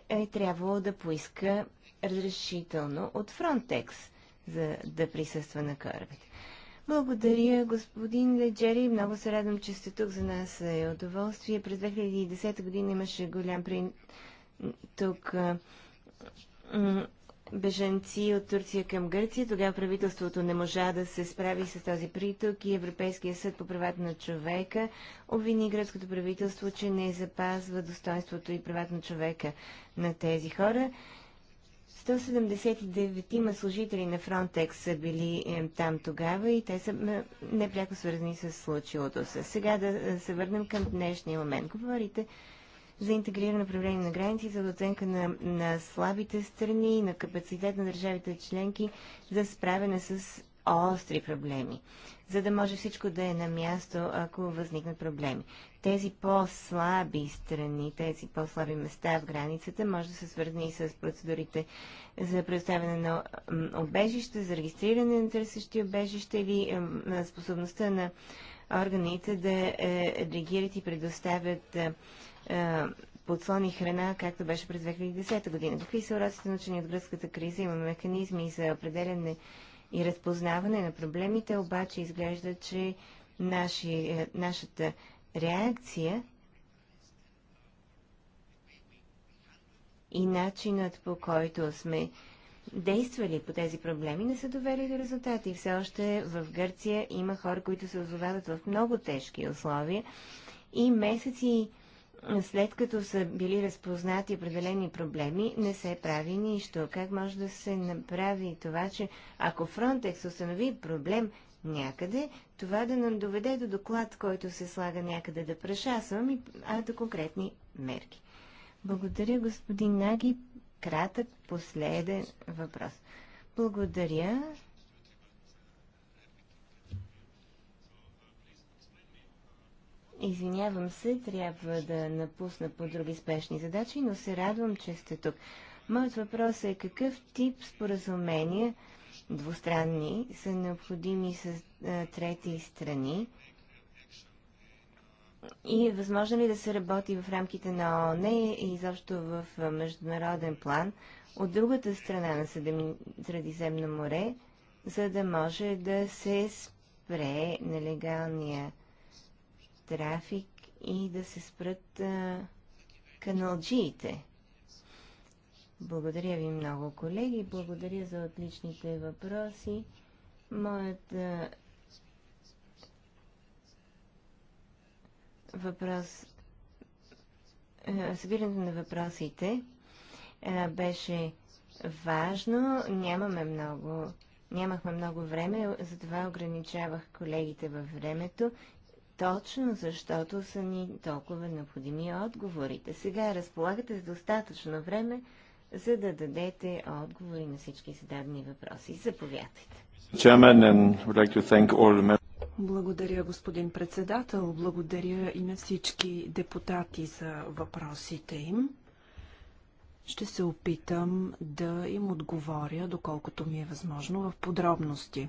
C: е трябвало да поиска разрешително от Фронтекс за да присъства на кърбите. Благодаря, господин Леджери. Много се радвам, че сте тук. За нас е удоволствие. През 2010 година имаше голям при... тук беженци от Турция към Гърция. Тогава правителството не можа да се справи с този приток и Европейския съд по правата на човека обвини гръцкото правителство, че не запазва достоинството и правата на човека на тези хора. 179 служители на Frontex са били е, там тогава и те са непряко свързани с случилото се. Сега да е, се върнем към днешния момент. Говорите за интегрирано управление на граници, за оценка на, на слабите страни, на капацитет на държавите членки за справяне с остри проблеми, за да може всичко да е на място, ако възникнат проблеми тези по-слаби страни, тези по-слаби места в границата, може да се свързани и с процедурите за предоставяне на обежище, за регистриране на търсещи обежище или способността на органите да е, реагират и предоставят е, е, подслони храна, както беше през 2010 година. Какви са уроците учени от гръцката криза? има механизми за определяне и разпознаване на проблемите, обаче изглежда, че наши, нашата реакция и начинът по който сме действали по тези проблеми не са довели до резултати. Все още в Гърция има хора, които се озовават в много тежки условия и месеци след като са били разпознати определени проблеми, не се прави нищо. Как може да се направи това, че ако Фронтекс установи проблем, някъде, това да нам доведе до доклад, който се слага някъде да прешасвам, а до конкретни мерки. Благодаря, господин Наги. Кратък, последен въпрос. Благодаря. Извинявам се, трябва да напусна по други спешни задачи, но се радвам, че сте тук. Моят въпрос е какъв тип споразумения двустранни са необходими с а, трети страни и е възможно ли да се работи в рамките на ООН и изобщо в международен план от другата страна на Средиземно море, за да може да се спре нелегалния трафик и да се спрат каналджиите. Благодаря ви много, колеги. Благодаря за отличните въпроси. Моят въпрос, събирането на въпросите беше важно. Нямаме много, нямахме много време, затова ограничавах колегите във времето, точно защото са ни толкова необходими отговорите. Сега разполагате с достатъчно време, за да дадете отговори на всички зададени въпроси. Заповядайте.
D: Благодаря, господин председател. Благодаря и на всички депутати за въпросите им. Ще се опитам да им отговоря, доколкото ми е възможно, в подробности.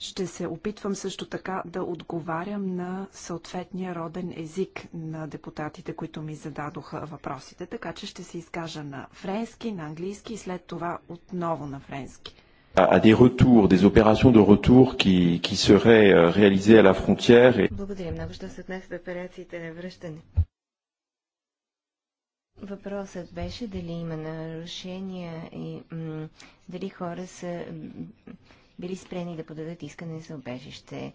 D: Ще се опитвам също така да отговарям на съответния роден език на депутатите, които ми зададоха въпросите, така че ще се изкажа на френски, на английски и след това отново на френски.
G: À des retours, des opérations de retour qui, qui seraient euh, réalisées à la frontière. Et... Благодаря
C: много, що се отнася до операциите на връщане. Въпросът беше дали има нарушения и дали хора са били спрени да подадат искане за убежище.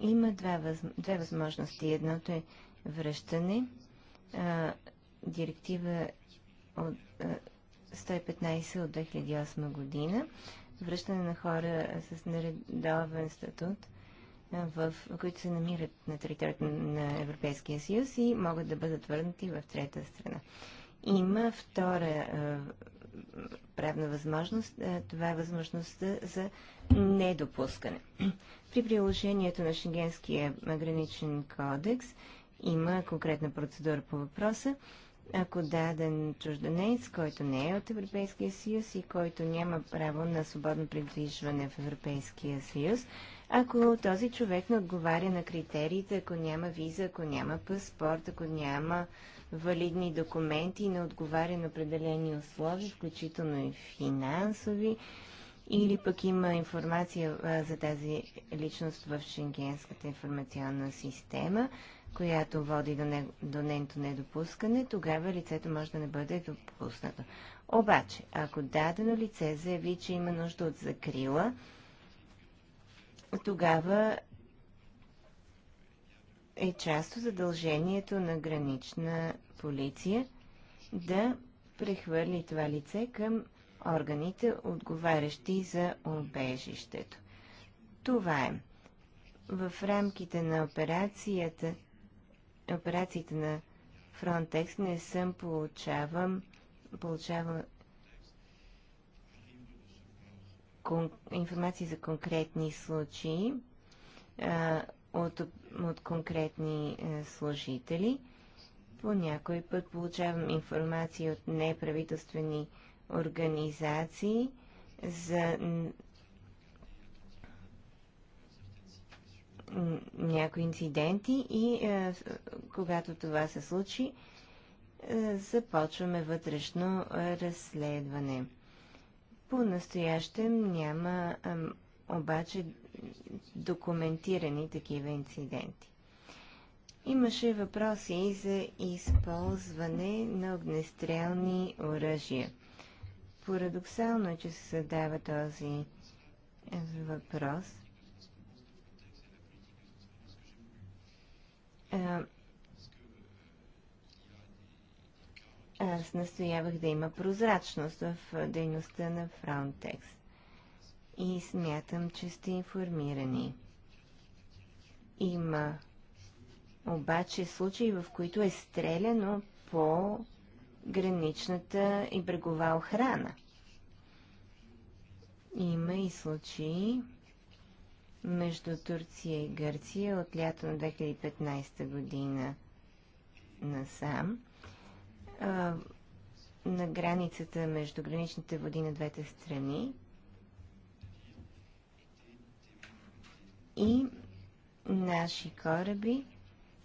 C: Има две, въз... две възможности. Едното е връщане. А, директива от а, 115 от 2008 година. Връщане на хора с нередовен статут, а, в, които се намират на територията на Европейския съюз и могат да бъдат върнати в трета страна. Има втора а, правна възможност, е, това е възможността за недопускане. При приложението на Шенгенския граничен кодекс има конкретна процедура по въпроса. Ако даден чужденец, който не е от Европейския съюз и който няма право на свободно придвижване в Европейския съюз, ако този човек не отговаря на критериите, ако няма виза, ако няма паспорт, ако няма валидни документи, не отговаря на определени условия, включително и финансови, или пък има информация а, за тази личност в Шенгенската информационна система, която води до, не, до нейното недопускане, тогава лицето може да не бъде допуснато. Обаче, ако дадено лице заяви, че има нужда от закрила, тогава е част от задължението на гранична полиция да прехвърли това лице към органите, отговарящи за обежището. Това е. В рамките на операцията, операциите на Frontex не съм получавам, получавам кон, информация за конкретни случаи от, от конкретни е, служители. По някой път получавам информация от неправителствени организации за някои инциденти и е, когато това се случи, е, започваме вътрешно е, разследване. По-настоящем няма е, обаче документирани такива инциденти. Имаше въпроси за използване на огнестрелни оръжия. Парадоксално е, че се задава този въпрос. аз настоявах да има прозрачност в дейността на Фронтекс и смятам, че сте информирани. Има обаче случаи, в които е стреляно по граничната и брегова охрана. Има и случаи между Турция и Гърция от лято на 2015 година насам. на границата между граничните води на двете страни и наши кораби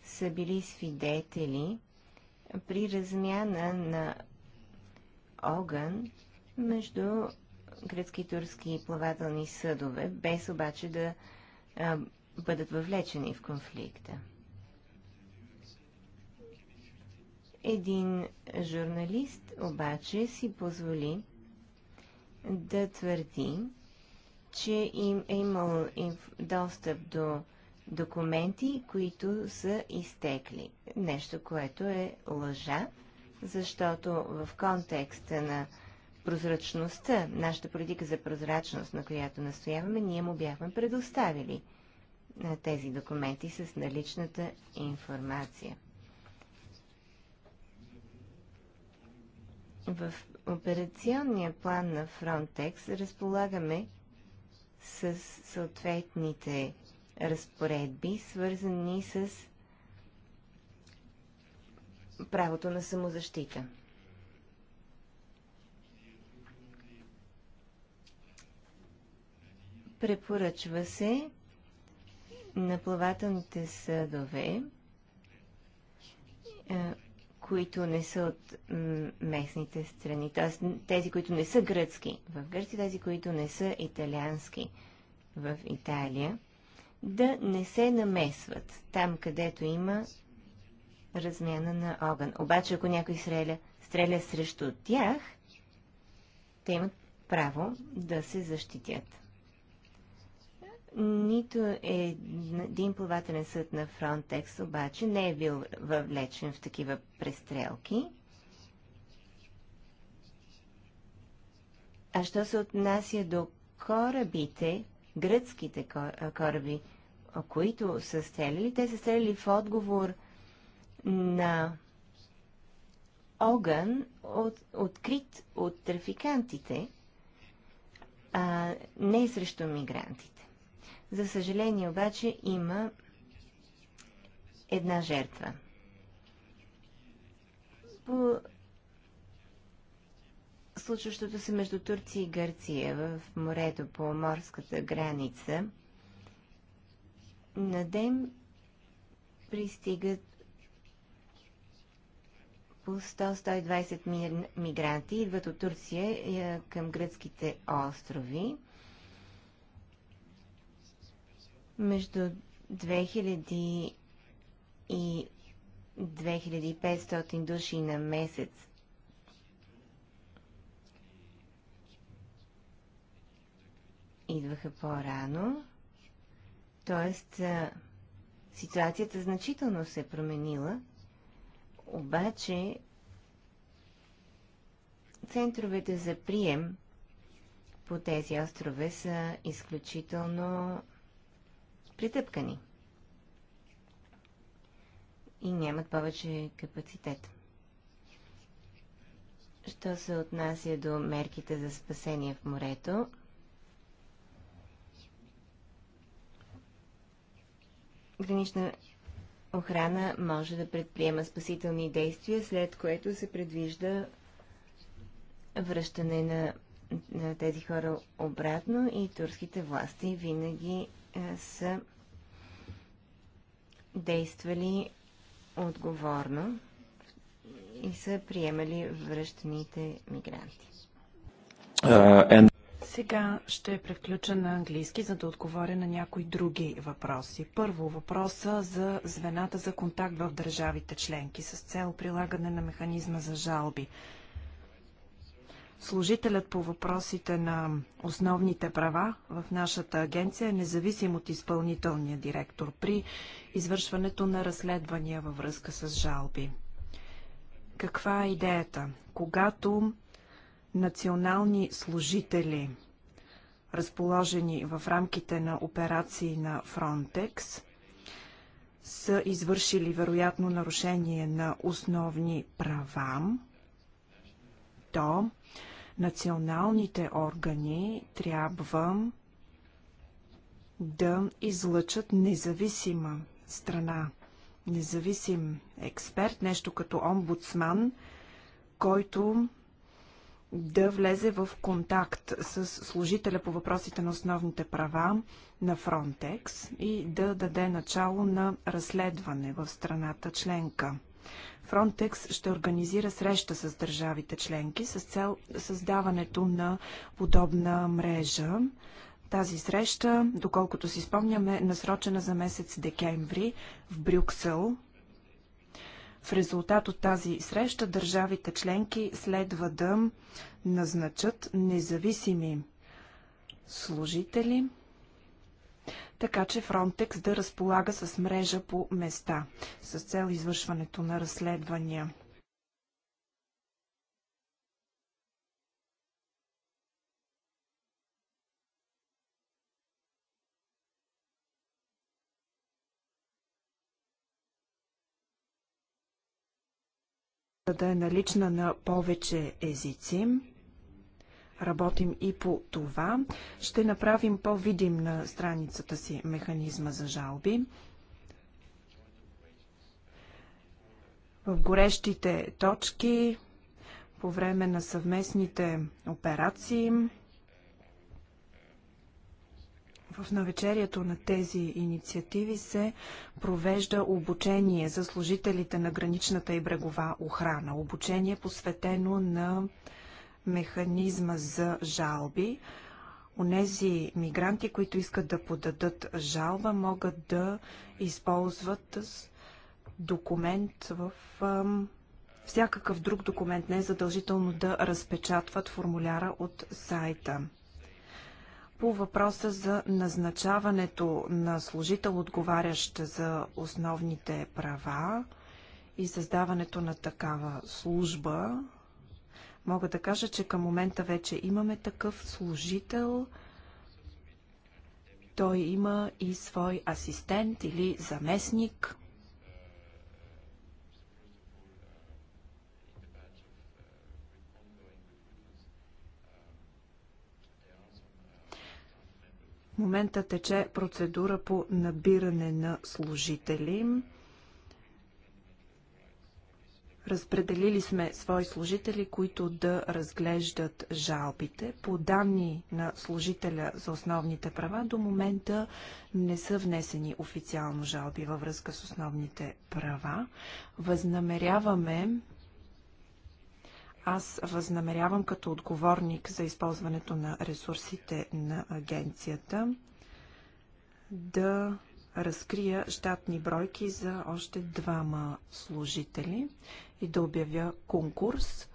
C: са били свидетели при размяна на огън между гръцки и турски плавателни съдове, без обаче да а, бъдат въвлечени в конфликта. Един журналист обаче си позволи да твърди, че им е имал достъп до документи, които са изтекли. Нещо, което е лъжа, защото в контекста на прозрачността, нашата политика за прозрачност, на която настояваме, ние му бяхме предоставили тези документи с наличната информация. В операционния план на Frontex разполагаме с съответните разпоредби, свързани с правото на самозащита. Препоръчва се на плавателните съдове е, които не са от местните страни, т.е. тези, които не са гръцки в Гърция, тези, които не са италиански в Италия, да не се намесват там, където има размяна на огън. Обаче, ако някой стреля, стреля срещу тях, те имат право да се защитят. Нито един плавателен съд на Фронтекс обаче не е бил въвлечен в такива престрелки. А що се отнася до корабите, гръцките кораби, които са стреляли, те са стреляли в отговор на огън, от, открит от трафикантите, а не срещу мигрантите. За съжаление обаче има една жертва. По случващото се между Турция и Гърция в морето по морската граница, на ден пристигат по 100-120 мигранти, идват от Турция е, към гръцките острови. между 2000 и 2500 души на месец. Идваха по-рано, т.е. ситуацията значително се е променила, обаче центровете за прием по тези острове са изключително притъпкани и нямат повече капацитет. Що се отнася до мерките за спасение в морето, гранична охрана може да предприема спасителни действия, след което се предвижда връщане на, на тези хора обратно и турските власти винаги е, са действали отговорно
E: и
D: са приемали връщаните мигранти.
G: Uh, and...
D: Сега ще превключа на английски, за да отговоря на някои други въпроси. Първо, въпроса за звената за контакт в държавите членки с цел прилагане на механизма за жалби. Служителят по въпросите на основните права в нашата агенция е независим от изпълнителния директор при извършването на разследвания във връзка с жалби. Каква е идеята? Когато национални служители, разположени в рамките на операции на Фронтекс, са извършили вероятно нарушение на основни права, то националните органи трябва да излъчат независима страна, независим експерт, нещо като омбудсман, който да влезе в контакт с служителя по въпросите на основните права на Фронтекс и да даде начало на разследване в страната членка. Фронтекс ще организира среща с държавите членки с цел създаването на подобна мрежа. Тази среща, доколкото си спомняме, е насрочена за месец декември в Брюксел. В резултат от тази среща държавите членки следва да назначат независими служители – така че Фронтекс да разполага с мрежа по места с цел извършването на разследвания. да е налична на повече езици. Работим и по това. Ще направим по-видим на страницата си механизма за жалби. В горещите точки, по време на съвместните операции, в навечерието на тези инициативи се провежда обучение за служителите на граничната и брегова охрана. Обучение посветено на механизма за жалби. Онези мигранти, които искат да подадат жалба, могат да използват документ в всякакъв друг документ. Не е задължително да разпечатват формуляра от сайта по въпроса за назначаването на служител, отговарящ за основните права и създаването на такава служба, Мога да кажа, че към момента вече имаме такъв служител. Той има и свой асистент или заместник. В момента тече процедура по набиране на служители. Разпределили сме свои служители, които да разглеждат жалбите. По данни на служителя за основните права до момента не са внесени официално жалби във връзка с основните права. Възнамеряваме аз възнамерявам като отговорник за използването на ресурсите на агенцията да разкрия щатни бройки за още двама служители и да обявя конкурс.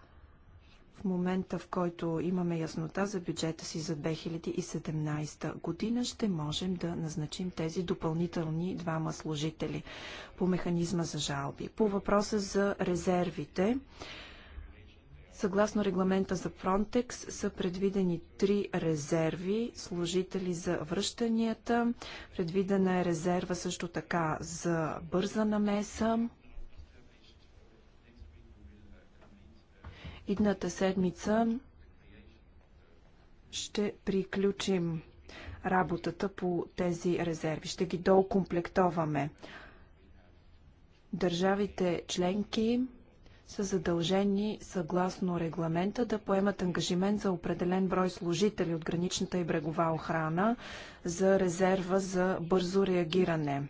D: В момента, в който имаме яснота за бюджета си за 2017 година, ще можем да назначим тези допълнителни двама служители по механизма за жалби. По въпроса за резервите, Съгласно регламента за Frontex са предвидени три резерви, служители за връщанията. Предвидена е резерва също така за бърза намеса. Идната седмица ще приключим работата по тези резерви. Ще ги доукомплектоваме. Държавите членки са задължени съгласно регламента да поемат ангажимент за определен брой служители от граничната и брегова охрана за резерва за бързо реагиране.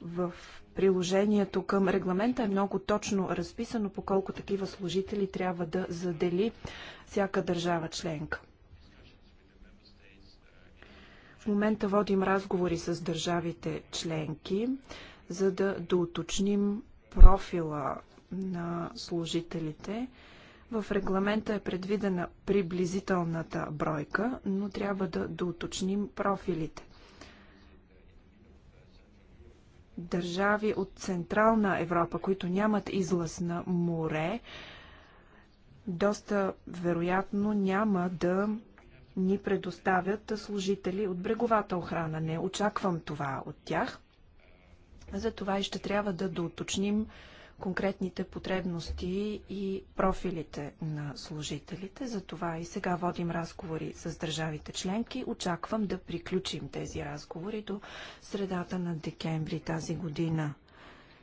D: В Приложението към регламента е много точно разписано по колко такива служители трябва да задели всяка държава членка. В момента водим разговори с държавите членки, за да доуточним профила на служителите. В регламента е предвидена приблизителната бройка, но трябва да доуточним профилите. държави от Централна Европа, които нямат излъз на море, доста вероятно няма да ни предоставят служители от бреговата охрана. Не очаквам това от тях. Затова и ще трябва да доуточним да конкретните потребности и профилите на служителите. Затова и сега водим разговори с държавите членки. Очаквам да приключим тези разговори до средата на декември тази година.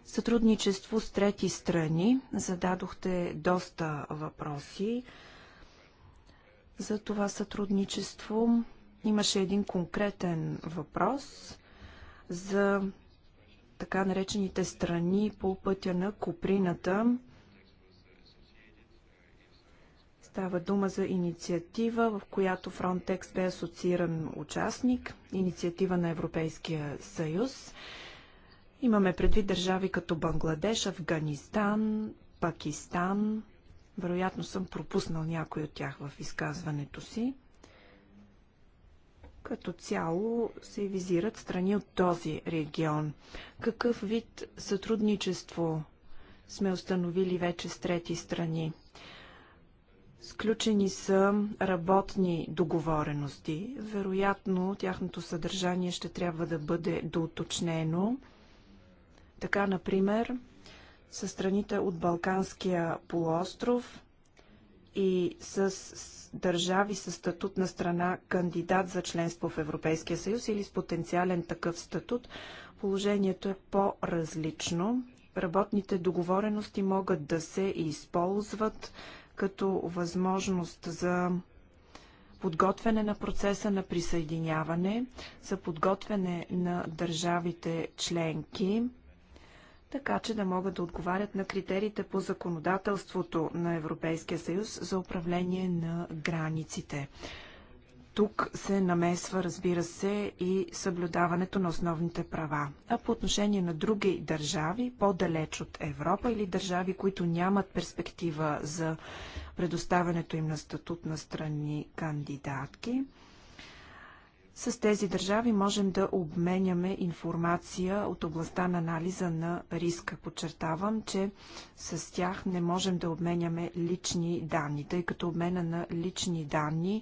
D: Сътрудничество с трети страни. Зададохте доста въпроси за това сътрудничество. Имаше един конкретен въпрос за така наречените страни по пътя на Куприната. Става дума за инициатива, в която Frontex бе асоцииран участник, инициатива на Европейския съюз. Имаме предвид държави като Бангладеш, Афганистан, Пакистан. Вероятно съм пропуснал някой от тях в изказването си. Като цяло се визират страни от този регион. Какъв вид сътрудничество сме установили вече с трети страни? Сключени са работни договорености. Вероятно, тяхното съдържание ще трябва да бъде доуточнено. Така, например, със страните от Балканския полуостров и с държави с статут на страна кандидат за членство в Европейския съюз или с потенциален такъв статут, положението е по-различно. Работните договорености могат да се използват като възможност за подготвяне на процеса на присъединяване, за подготвяне на държавите членки така че да могат да отговарят на критериите по законодателството на Европейския съюз за управление на границите. Тук се намесва, разбира се, и съблюдаването на основните права. А по отношение на други държави, по-далеч от Европа или държави, които нямат перспектива за предоставянето им на статут на страни кандидатки, с тези държави можем да обменяме информация от областта на анализа на риска. Подчертавам, че с тях не можем да обменяме лични данни, тъй като обмена на лични данни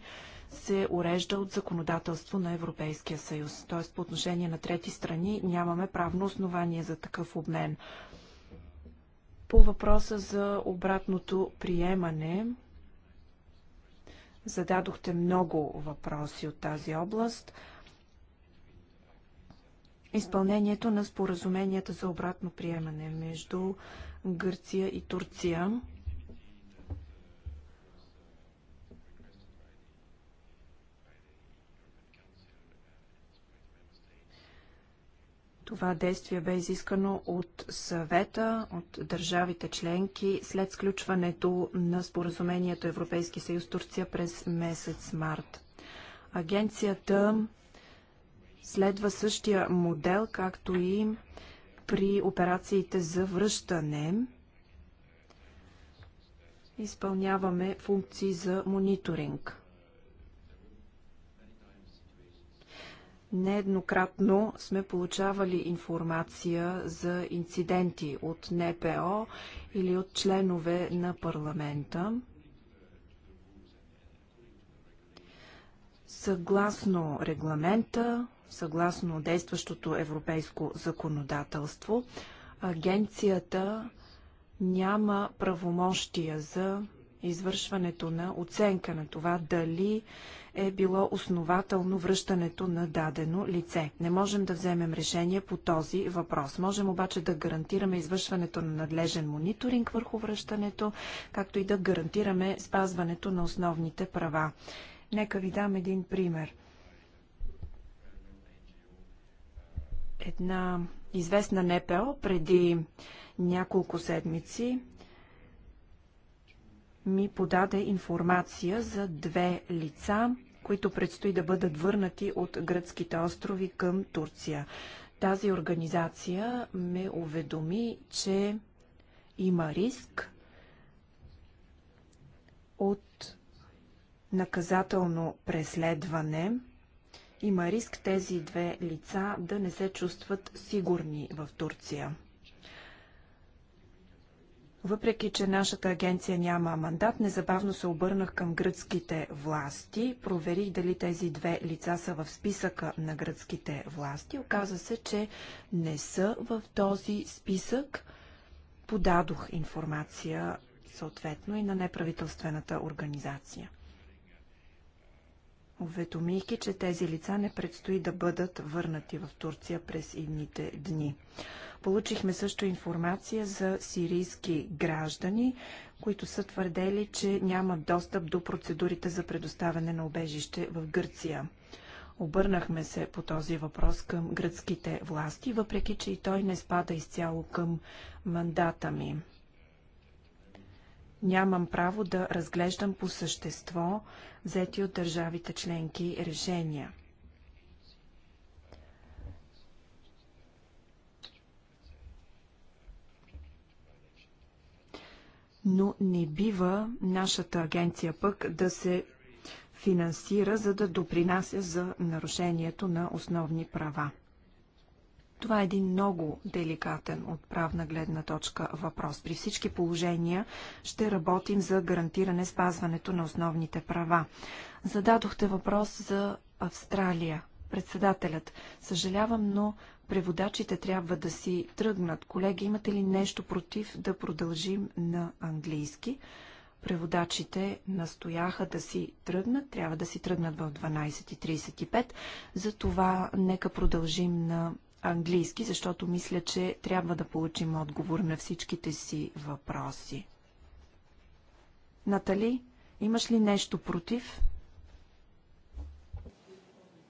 D: се урежда от законодателство на Европейския съюз. Т.е. по отношение на трети страни нямаме правно основание за такъв обмен. По въпроса за обратното приемане, Зададохте много въпроси от тази област. Изпълнението на споразуменията за обратно приемане между Гърция и Турция Това действие бе изискано от съвета, от държавите членки след сключването на споразумението Европейски съюз Турция през месец март. Агенцията следва същия модел, както и при операциите за връщане. Изпълняваме функции за мониторинг. Нееднократно сме получавали информация за инциденти от НПО или от членове на парламента. Съгласно регламента, съгласно действащото европейско законодателство, агенцията няма правомощия за извършването на оценка на това дали е било основателно връщането на дадено лице. Не можем да вземем решение по този въпрос. Можем обаче да гарантираме извършването на надлежен мониторинг върху връщането, както и да гарантираме спазването на основните права. Нека ви дам един пример. Една известна НПО преди няколко седмици ми подаде информация за две лица, които предстои да бъдат върнати от гръцките острови към Турция. Тази организация ме уведоми, че има риск от наказателно преследване. Има риск тези две лица да не се чувстват сигурни в Турция. Въпреки, че нашата агенция няма мандат, незабавно се обърнах към гръцките власти. Проверих дали тези две лица са в списъка на гръцките власти. Оказа се, че не са в този списък. Подадох информация съответно и на неправителствената организация уведомих че тези лица не предстои да бъдат върнати в Турция през идните дни. Получихме също информация за сирийски граждани, които са твърдели, че нямат достъп до процедурите за предоставяне на обежище в Гърция. Обърнахме се по този въпрос към гръцките власти, въпреки че и той не спада изцяло към мандата ми нямам право да разглеждам по същество взети от държавите членки решения. Но не бива нашата агенция пък да се финансира, за да допринася за нарушението на основни права. Това е един много деликатен от правна гледна точка въпрос. При всички положения ще работим за гарантиране спазването на основните права. Зададохте въпрос за Австралия. Председателят, съжалявам, но преводачите трябва да си тръгнат. Колеги, имате ли нещо против да продължим на английски? преводачите настояха да си тръгнат, трябва да си тръгнат в 12.35, затова нека продължим на английски, защото мисля, че трябва да получим отговор на всичките си въпроси. Натали, имаш ли нещо против?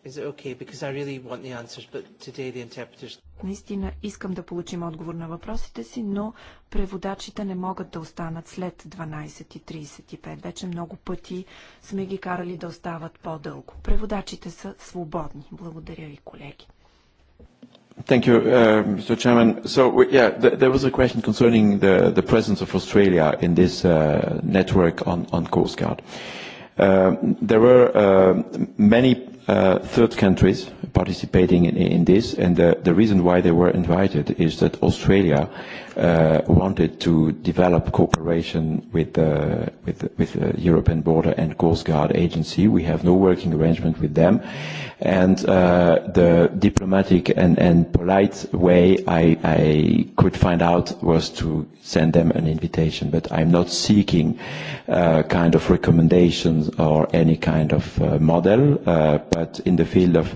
B: Okay? Really answers,
D: Наистина искам да получим отговор на въпросите си, но преводачите не могат да останат след 12.35. Вече много пъти сме ги карали да остават по-дълго. Преводачите са свободни. Благодаря ви, колеги.
G: Thank you, Mr. Chairman. So, yeah, there was a question concerning the, the presence of Australia in this uh, network on, on Coast Guard. there were uh, many uh, third countries participating in, in this, and the, the reason why they were invited is that Australia uh, wanted to develop cooperation with uh, with with the European Border and Coast Guard Agency. We have no working arrangement with them, and uh, the diplomatic and, and polite way I, I could find out was to send them an invitation. But I'm not seeking uh, kind of recommendations or any kind of uh, model, uh, but in the field of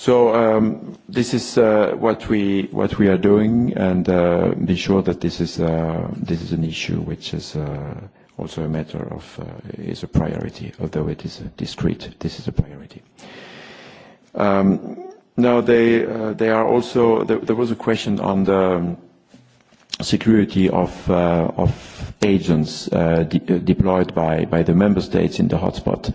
G: So this is uh, what we what we are doing, and uh, be sure that this is uh, this is an issue which is uh, also a matter of uh, is a priority, although it is discrete. This is a priority. Um, now they uh, they are also there, there was a question on the security of uh, of agents uh, de- deployed by by the member states in the hotspot.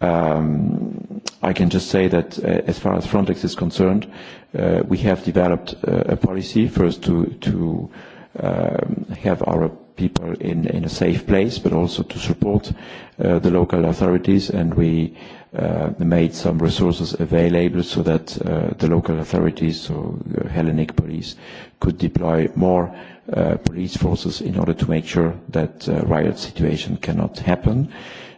G: Um, I can just say that uh, as far as Frontex is concerned, uh, we have developed uh, a policy first to, to have our people in, in a safe place, but also to support uh, the local authorities. And we uh, made some resources available so that uh, the local authorities, so Hellenic police, could deploy more uh, police forces in order to make sure that uh, riot situation cannot happen. Uh,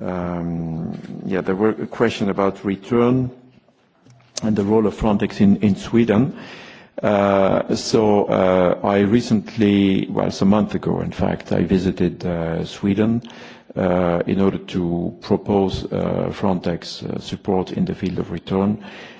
G: Um, yeah, there were a question about return and the role of Frontex in, in Sweden. so I recently, well, some month ago, in fact, I visited Sweden in order to propose Frontex support in the field of return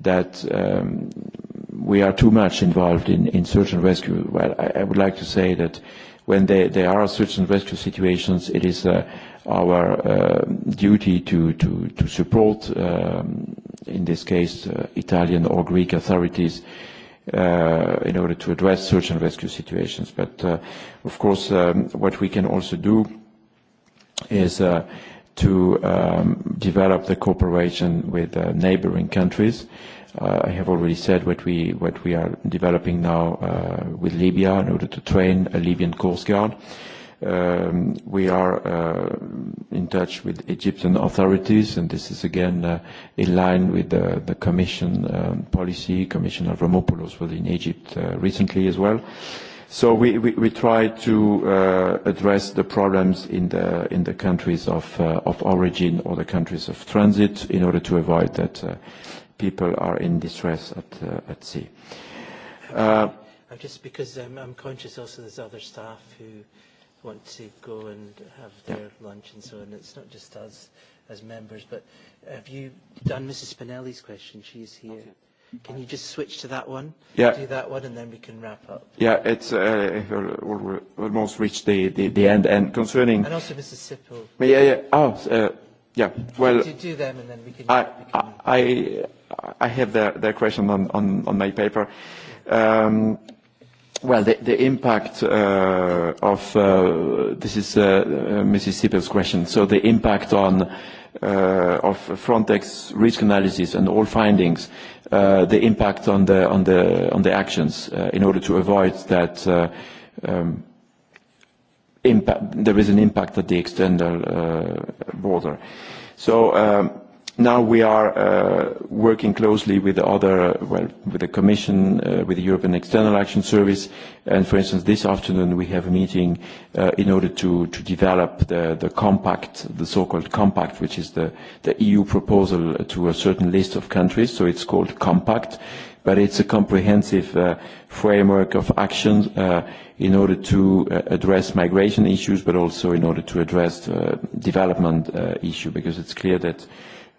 G: that um, we are too much involved in, in search and rescue. Well, I, I would like to say that when there, there are search and rescue situations, it is uh, our uh, duty to, to, to support, um, in this case, uh, Italian or Greek authorities uh, in order to address search and rescue situations. But, uh, of course, um, what we can also do is uh, to um, develop the cooperation with uh, neighboring countries. Uh, I have already said what we what we are developing now uh, with Libya in order to train a Libyan Coast Guard. Um, we are uh, in touch with Egyptian authorities, and this is again uh, in line with the, the Commission um, policy. Commissioner Romopoulos was in Egypt uh, recently as well. Uh, So we, we, we try to uh, address the problems in the, in the countries of, uh, of origin or the countries of transit in order to avoid that uh, people are in distress at, uh, at sea. Uh,
B: just because I'm, I'm conscious also there's other staff who want to go and have their yeah. lunch and so on. It's not just us as members, but have you done Mrs. Spinelli's question? She's here. Okay. Can you just switch to that one? Yeah. Do that one, and then we can wrap up.
G: Yeah, it's uh, almost reached the, the, the end. And concerning... And
B: also Mrs. Sippel.
G: Yeah, yeah. Oh, uh, yeah. Well... Do, do them, and then we can... I, I, I have their, their question on, on, on my paper. Um, Well, the the impact uh of uh this is uh Mrs. Sippel's question. So the impact on uh, of Frontex risk analysis and all findings, uh, the impact on the on the on the actions uh, in order to avoid that. Uh, um, Impact, there is an impact at the external uh, border. So um, Now we are working closely with the other, well, with the Commission, with the European External Action Service. and For instance, this afternoon, we have a meeting in order to develop the compact, the so-called compact, which is the EU proposal to a certain list of countries. so It's called compact, but it's a comprehensive framework of actions in order to address migration issues, but also in order to address development issue, because it's clear that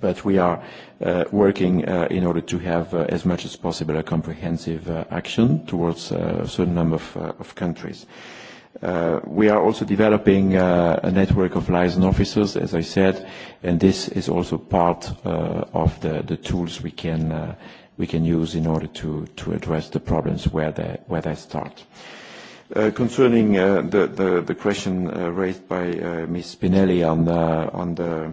G: but we are working in order to have, as much as possible, a comprehensive action towards a certain number of, countries. we are also developing a network of liaison officers, as I said, and this is also part of the, tools we can use in order to, address the problems where they, start. concerning the, question raised by Ms. Spinelli on the, on the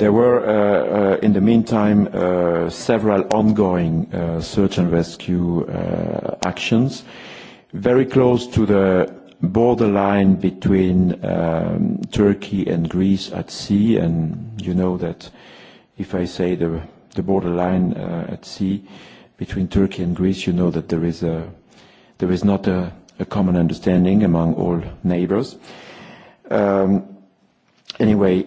G: There were, in the meantime, several ongoing search and rescue actions, very close to the borderline between Turkey and Greece at sea. And you know that if I say the borderline at sea between Turkey and Greece, you know that there is a there is not a common understanding among all neighbors. Anyway,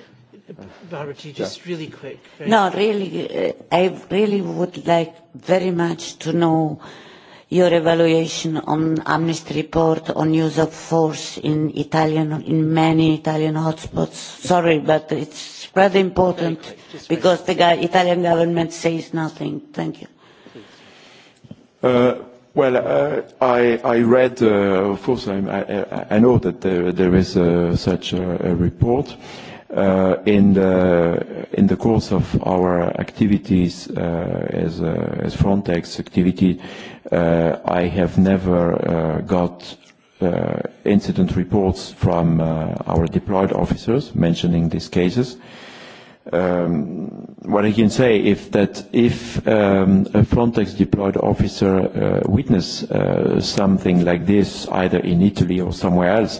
B: Barbara, just yeah. really quick. No, quick.
G: really, I really would like very much to know your
C: evaluation on Amnesty report on use of force in Italian, in many Italian hotspots. Sorry, but it's rather important quick, because the guy, Italian government says nothing. Thank you.
G: Uh, well, uh, I, I read, uh, of course, I, I, I know that there, there is uh, such a, a report. Uh, in the in the course of our activities uh, as as Frontex activity, uh, I have never uh, got uh, incident reports from uh, our deployed officers mentioning these cases. Um, what I can say is that if um, a Frontex deployed officer uh, witness uh, something like this, either in Italy or somewhere else,